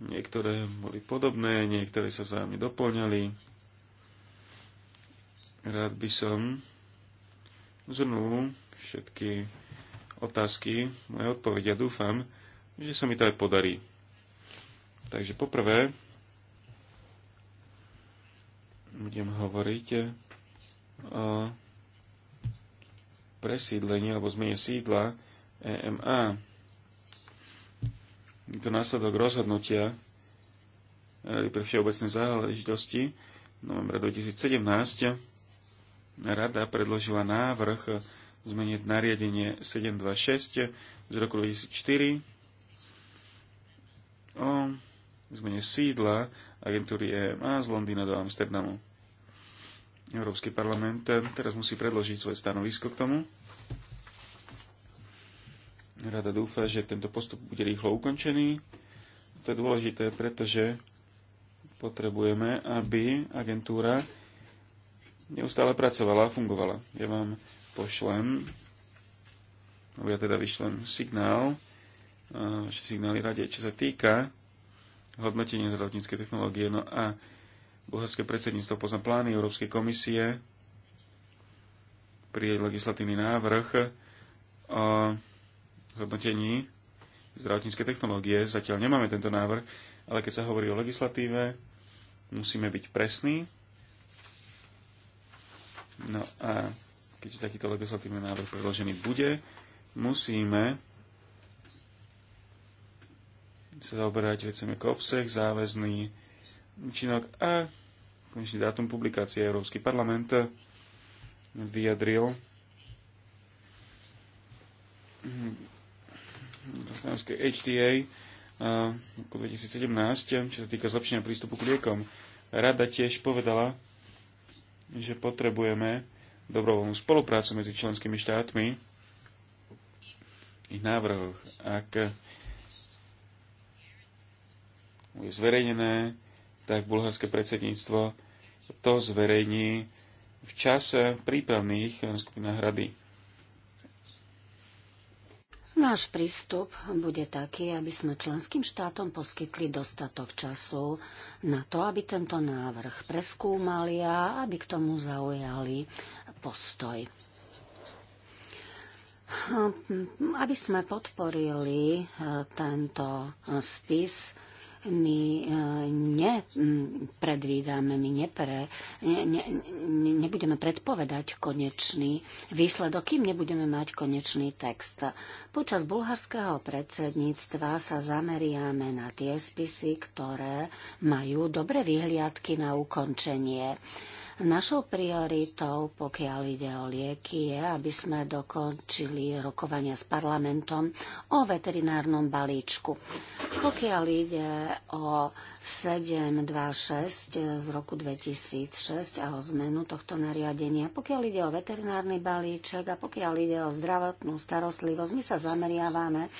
Niektoré boli podobné, niektoré sa vzájomne doplňali. Rád by som zhrnul všetky otázky, moje odpovede a dúfam, že sa mi to aj podarí. Takže poprvé budem hovoriť o presídlení alebo zmene sídla EMA je to následok rozhodnutia Rady pre všeobecné záležitosti novembra 2017. Rada predložila návrh zmeniť nariadenie 726 z roku 2004 o zmene sídla agentúry EMA z Londýna do Amsterdamu. Európsky parlament teraz musí predložiť svoje stanovisko k tomu. Rada dúfa, že tento postup bude rýchlo ukončený. To je dôležité, pretože potrebujeme, aby agentúra neustále pracovala a fungovala. Ja vám pošlem, alebo ja teda vyšlem signál, že signály rade, čo sa týka hodnotenia zdravotníckej technológie. No a bohorské predsedníctvo pozná plány Európskej komisie prijať legislatívny návrh o hodnotení zdravotníckej technológie. Zatiaľ nemáme tento návrh, ale keď sa hovorí o legislatíve, musíme byť presní. No a keď takýto legislatívny návrh predložený bude, musíme sa zaoberať vecami ako obsah, záväzný účinok a konečný dátum publikácie Európsky parlament vyjadril slovenskej HTA v eh, roku 2017, eh, čo sa týka zlepšenia prístupu k liekom. Rada tiež povedala, že potrebujeme dobrovoľnú spoluprácu medzi členskými štátmi v ich návrhoch. Ak je zverejnené, tak bulharské predsedníctvo to zverejní v čase prípravných skupinách rady. Náš prístup bude taký, aby sme členským štátom poskytli dostatok času na to, aby tento návrh preskúmali a aby k tomu zaujali postoj. Aby sme podporili eh, tento eh, spis, my e, nepredvídame, my nepre, ne, ne, nebudeme predpovedať konečný výsledok, kým nebudeme mať konečný text. Počas bulharského predsedníctva sa zameriame na tie spisy, ktoré majú dobre vyhliadky na ukončenie. Našou prioritou, pokiaľ ide o lieky, je, aby sme dokončili rokovania s parlamentom o veterinárnom balíčku. Pokiaľ ide o 726 eh, z roku 2006 a o zmenu tohto nariadenia. Pokiaľ ide o veterinárny balíček a pokiaľ ide o zdravotnú starostlivosť, my sa zameriavame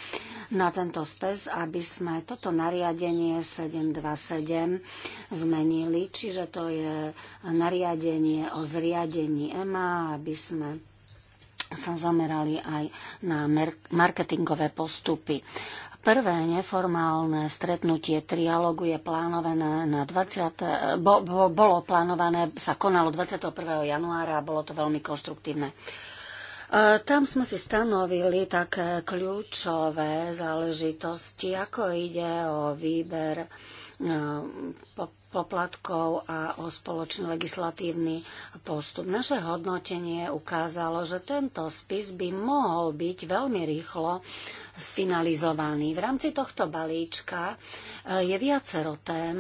na tento spes, aby sme toto nariadenie 727 zmenili, čiže to je nariadenie o zriadení EMA, aby sme sa zamerali aj na marketingové postupy. Prvé neformálne stretnutie trialogu je plánované na 20. Bo, bo, bolo plánované, sa konalo 21. januára a bolo to veľmi E, Tam sme si stanovili také kľúčové záležitosti, ako ide o výber poplatkov a o spoločný legislatívny postup. Naše hodnotenie ukázalo, že tento spis by mohol byť veľmi rýchlo sfinalizovaný. V rámci tohto balíčka eh, je viacero tém,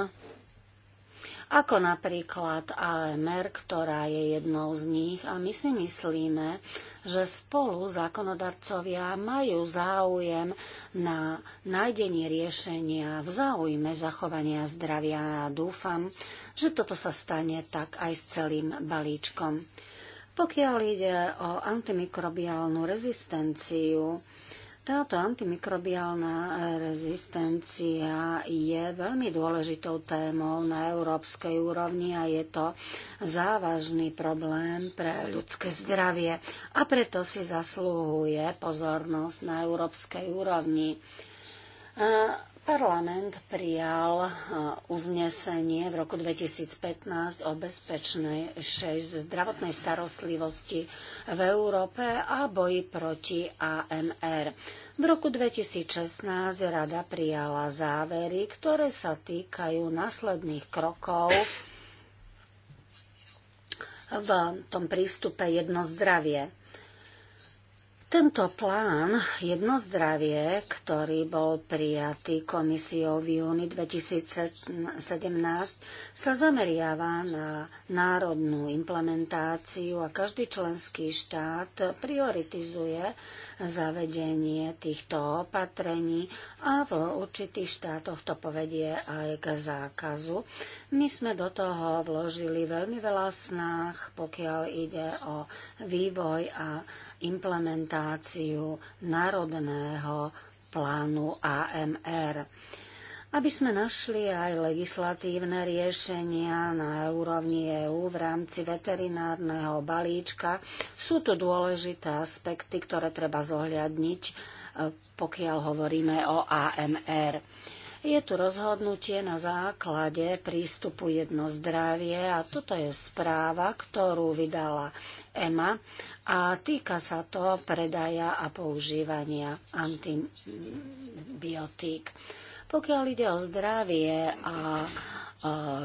ako napríklad AMR, ktorá je jednou z nich a my si myslíme, že spolu zákonodarcovia majú záujem na nájdenie riešenia v záujme zachovania zdravia a dúfam, že toto sa stane tak aj s celým balíčkom. Pokiaľ ide o antimikrobiálnu rezistenciu, táto antimikrobiálna rezistencia je veľmi dôležitou témou na európskej úrovni a je to závažný problém pre ľudské zdravie a preto si zaslúhuje pozornosť na európskej úrovni. Parlament prijal e, uznesenie v roku 2015 o bezpečnej zdravotnej starostlivosti v Európe a boji proti AMR. V roku 2016 rada prijala závery, ktoré sa týkajú následných krokov v tom prístupe jedno zdravie. Tento plán Jednozdravie, ktorý bol prijatý komisiou v júni 2017, sa zameriava na národnú implementáciu a každý členský štát prioritizuje zavedenie týchto opatrení a v určitých štátoch to povedie aj k zákazu. My sme do toho vložili veľmi veľa snách, pokiaľ ide o vývoj a implementáciu národného plánu AMR aby sme našli aj legislatívne riešenia na úrovni EÚ v rámci veterinárneho balíčka. Sú tu dôležité aspekty, ktoré treba zohľadniť, e, pokiaľ hovoríme o AMR. Je tu rozhodnutie na základe prístupu jedno zdravie a toto je správa, ktorú vydala EMA a týka sa to predaja a používania antibiotík. Pokiaľ ide o zdravie a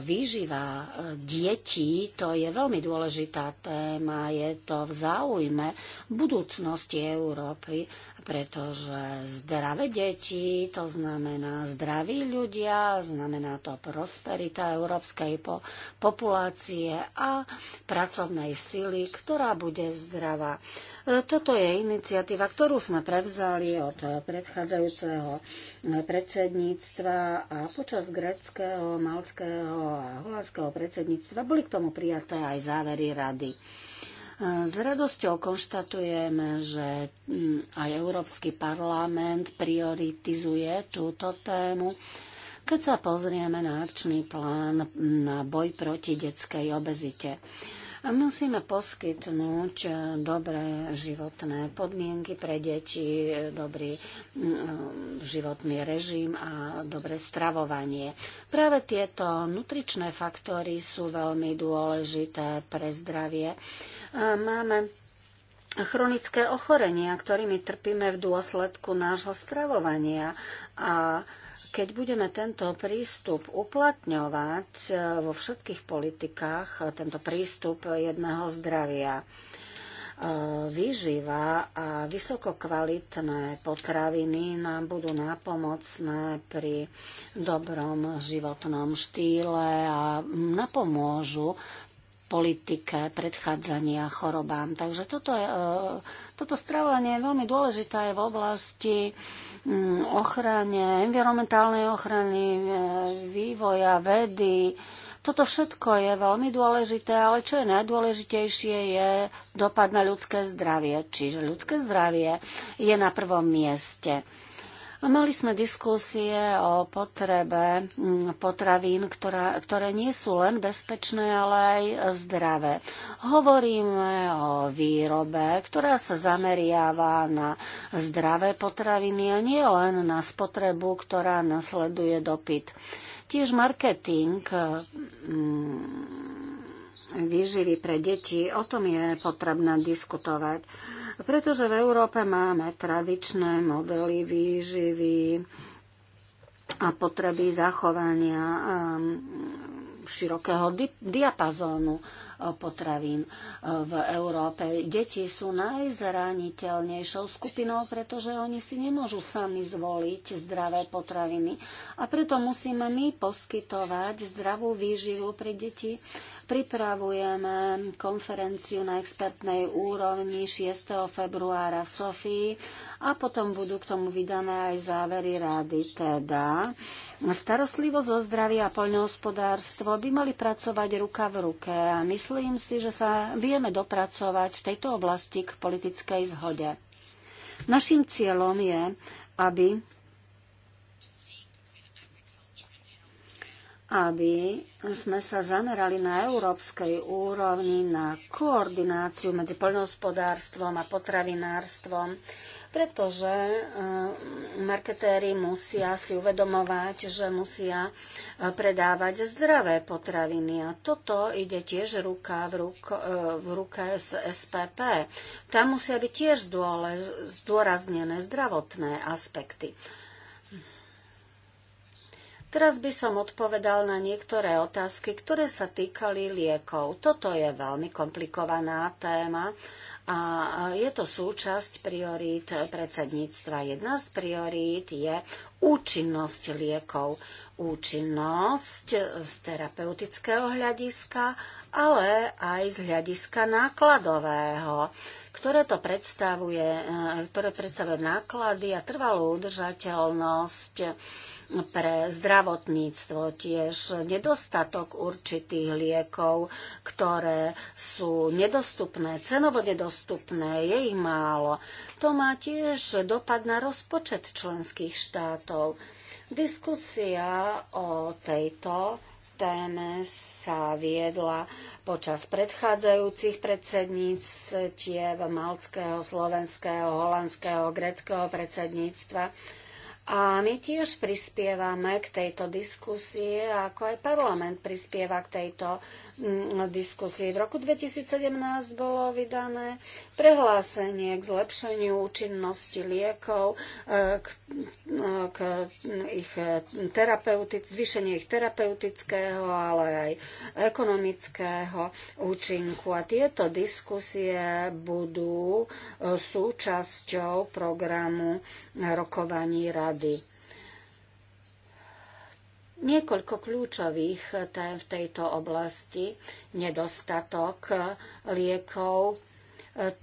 výživa e, detí, to je veľmi dôležitá téma, je to v záujme budúcnosti Európy pretože zdravé deti, to znamená zdraví ľudia, znamená to prosperita európskej po- populácie a pracovnej sily, ktorá bude zdravá. E, toto je iniciatíva, ktorú sme prevzali od predchádzajúceho e, predsedníctva a počas greckého, malckého a holandského predsedníctva boli k tomu prijaté aj závery rady. S radosťou konštatujem, že mm, aj Európsky parlament prioritizuje túto tému. Keď sa pozrieme na akčný plán na boj proti detskej obezite, Musíme poskytnúť eh, dobré životné podmienky pre deti, eh, dobrý mm, eh, životný režim a dobré stravovanie. Práve tieto nutričné faktory sú veľmi dôležité pre zdravie. Máme chronické ochorenia, ktorými trpíme v dôsledku nášho stravovania a keď budeme tento prístup uplatňovať e, vo všetkých politikách, e, tento prístup jedného zdravia, e, výživa a vysokokvalitné potraviny nám budú nápomocné pri dobrom životnom štýle a napomôžu politike predchádzania chorobám. Takže toto, je, e, toto stravovanie je veľmi dôležité aj v oblasti mm, ochrane, environmentálnej ochrany, e, vývoja, vedy. Toto všetko je veľmi dôležité, ale čo je najdôležitejšie je dopad na ľudské zdravie. Čiže ľudské zdravie je na prvom mieste. Mali sme diskusie o potrebe mm, potravín, ktorá, ktoré nie sú len bezpečné, ale aj zdravé. Hovoríme o výrobe, ktorá sa zameriava na zdravé potraviny a nie len na spotrebu, ktorá nasleduje dopyt. Tiež marketing mm, výživy pre deti, o tom je potrebné diskutovať pretože v Európe máme tradičné modely výživy a potreby zachovania ehm, širokého diapazónu e, potravín e, v Európe. Deti sú najzraniteľnejšou skupinou, pretože oni si nemôžu sami zvoliť zdravé potraviny. A preto musíme my poskytovať zdravú výživu pre deti pripravujeme konferenciu na expertnej úrovni 6. februára v Sofii a potom budú k tomu vydané aj závery rady. Teda starostlivosť o zdravie a poľnohospodárstvo by mali pracovať ruka v ruke a myslím si, že sa vieme dopracovať v tejto oblasti k politickej zhode. Našim cieľom je, aby aby sme sa zamerali na európskej úrovni na koordináciu medzi poľnohospodárstvom a potravinárstvom, pretože eh, marketéri musia si uvedomovať, že musia eh, predávať zdravé potraviny. A toto ide tiež ruka v, ruk- eh, v ruke s SPP. Tam musia byť tiež zdôraznené zdravotné aspekty. Teraz by som odpovedal na niektoré otázky, ktoré sa týkali liekov. Toto je veľmi komplikovaná téma a je to súčasť priorít predsedníctva. Jedna z priorít je účinnosť liekov, účinnosť z terapeutického hľadiska, ale aj z hľadiska nákladového, ktoré to predstavuje, eh, ktoré predstavuje náklady a trvalú udržateľnosť pre zdravotníctvo, tiež nedostatok určitých liekov, ktoré sú nedostupné, cenovo nedostupné, je ich málo to má tiež dopad na rozpočet členských štátov. Diskusia o tejto téme sa viedla počas predchádzajúcich predsedníctiev malckého, slovenského, holandského, greckého predsedníctva. A my tiež prispievame k tejto diskusie, ako aj parlament prispieva k tejto Mm, diskusii. V roku 2017 bolo vydané prehlásenie k zlepšeniu účinnosti liekov, e, k, e, k ich e, terapeutic, zvýšenie ich terapeutického, ale aj ekonomického účinku. A tieto diskusie budú súčasťou programu rokovaní rady niekoľko kľúčových tém v tejto oblasti. Nedostatok liekov,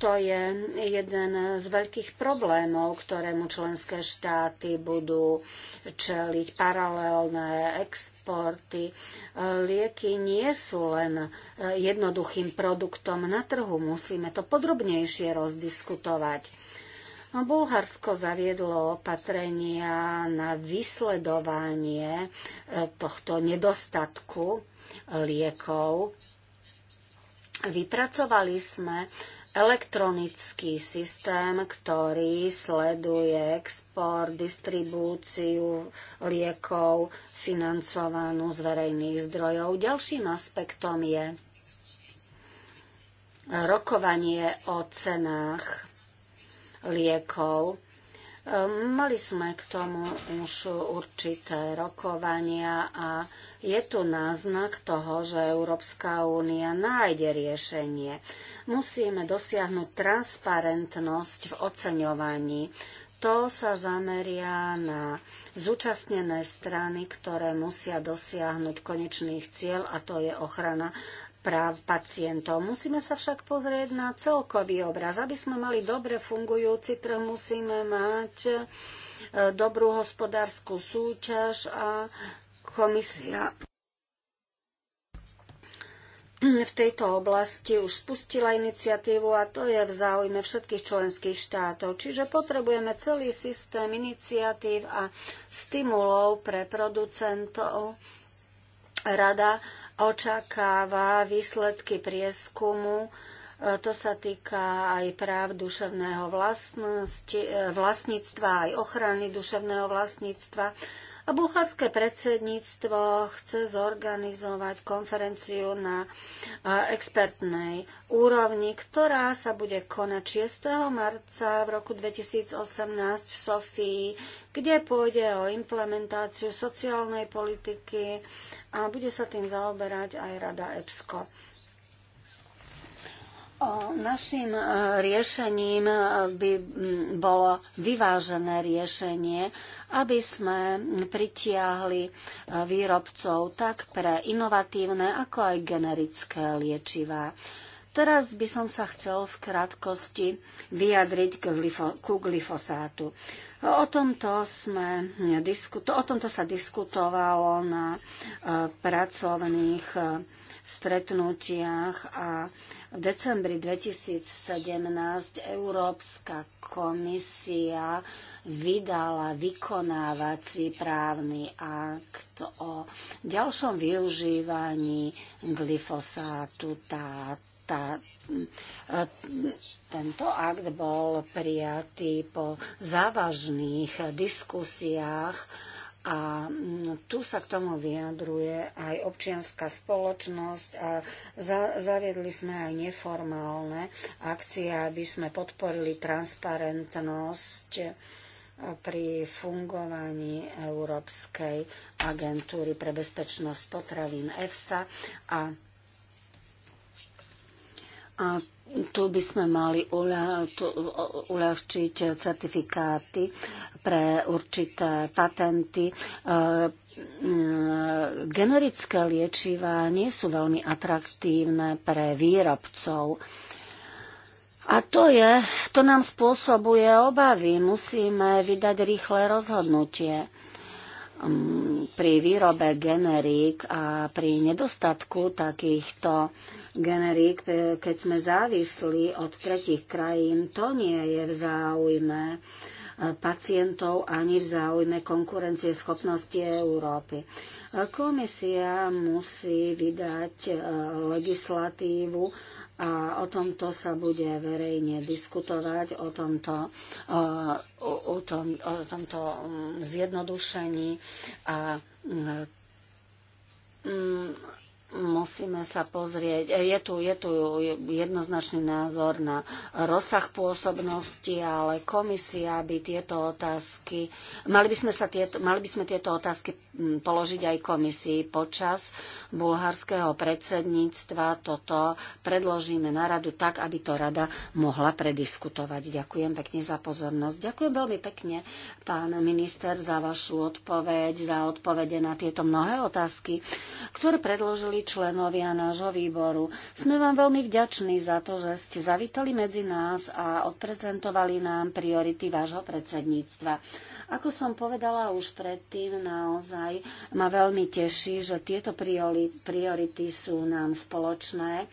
to je jeden z veľkých problémov, ktorému členské štáty budú čeliť paralelné exporty. Lieky nie sú len jednoduchým produktom na trhu, musíme to podrobnejšie rozdiskutovať. Bulharsko zaviedlo opatrenia na vysledovanie e, tohto nedostatku e, liekov. Vypracovali sme elektronický systém, ktorý sleduje export, distribúciu liekov financovanú z verejných zdrojov. Ďalším aspektom je rokovanie o cenách liekov. Ehm, mali sme k tomu už určité rokovania a je tu náznak toho, že Európska únia nájde riešenie. Musíme dosiahnuť transparentnosť v oceňovaní. To sa zameria na zúčastnené strany, ktoré musia dosiahnuť konečných cieľ, a to je ochrana práv pacientov. Musíme sa však pozrieť na celkový obraz. Aby sme mali dobre fungujúci trh, musíme mať e, dobrú hospodárskú súťaž a komisia v tejto oblasti už spustila iniciatívu a to je v záujme všetkých členských štátov. Čiže potrebujeme celý systém iniciatív a stimulov pre producentov Rada očakáva výsledky prieskumu. E, to sa týka aj práv duševného e, vlastníctva, aj ochrany duševného vlastníctva. A bulharské predsedníctvo chce zorganizovať konferenciu na e, expertnej úrovni, ktorá sa bude konať 6. marca v roku 2018 v Sofii, kde pôjde o implementáciu sociálnej politiky a bude sa tým zaoberať aj Rada EPSCO našim e, riešením e, by bolo vyvážené riešenie, aby sme pritiahli e, výrobcov tak pre inovatívne, ako aj generické liečivá. Teraz by som sa chcel v krátkosti vyjadriť ku glyfosátu. O tomto, sme, o tomto sa diskutovalo na pracovných stretnutiach a v decembri 2017 Európska komisia vydala vykonávací právny akt o ďalšom využívaní glyfosátu. Tá, tá, tento akt bol prijatý po závažných diskusiách a mm, tu sa k tomu vyjadruje aj občianská spoločnosť a za, zaviedli sme aj neformálne akcie, aby sme podporili transparentnosť e, pri fungovaní Európskej agentúry pre bezpečnosť potravín EFSA a, a tu by sme mali uľahčiť certifikáty pre určité patenty. E, generické liečivá nie sú veľmi atraktívne pre výrobcov. A to, je, to nám spôsobuje obavy. Musíme vydať rýchle rozhodnutie pri výrobe generík a pri nedostatku takýchto generík, e, keď sme závisli od tretich krajín, to nie je v záujme e, pacientov ani v záujme konkurencie schopnosti Európy. E, komisia musí vydať legislatívu a o tomto sa bude verejne diskutovať, o tomto, o, o tom, o tomto mm, zjednodušení a mm, musíme sa pozrieť. E, je tu, je tu jednoznačný názor na rozsah pôsobnosti, ale komisia by tieto otázky, mali by sme, sa tieto, mali by sme tieto otázky mm, položiť aj komisii počas bulharského predsedníctva. Toto predložíme na radu tak, aby to rada mohla prediskutovať. Ďakujem pekne za pozornosť. Ďakujem veľmi pekne, pán minister, za vašu odpoveď, za odpovede na tieto mnohé otázky, ktoré predložili členovia nášho výboru. Sme vám veľmi vďační za to, že ste zavítali medzi nás a odprezentovali nám priority vášho predsedníctva. Ako som povedala už predtým, naozaj ma veľmi teší, že tieto priority sú nám spoločné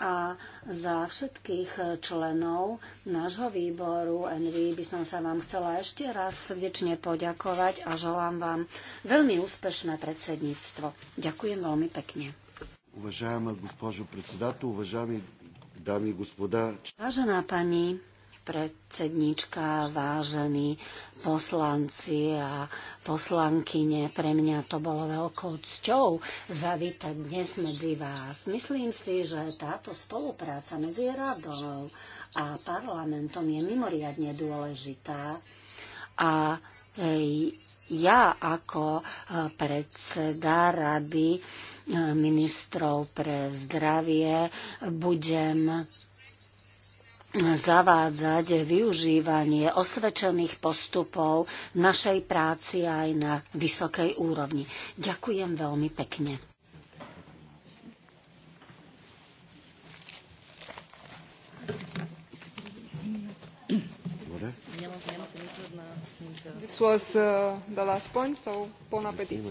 a za všetkých členov nášho výboru NV by som sa vám chcela ešte raz srdečne poďakovať a želám vám veľmi úspešné predsedníctvo. Ďakujem veľmi pekne. Uvažujeme, Vážená pani predsedníčka, vážení poslanci a poslankyne. Pre mňa to bolo veľkou cťou zavítať dnes medzi vás. Myslím si, že táto spolupráca medzi radou a parlamentom je mimoriadne dôležitá. A ja ako e, predseda rady e, ministrov pre zdravie budem zavádzať využívanie osvedčených postupov v našej práci aj na vysokej úrovni. Ďakujem veľmi pekne. This was uh, the last point, so bon appétit.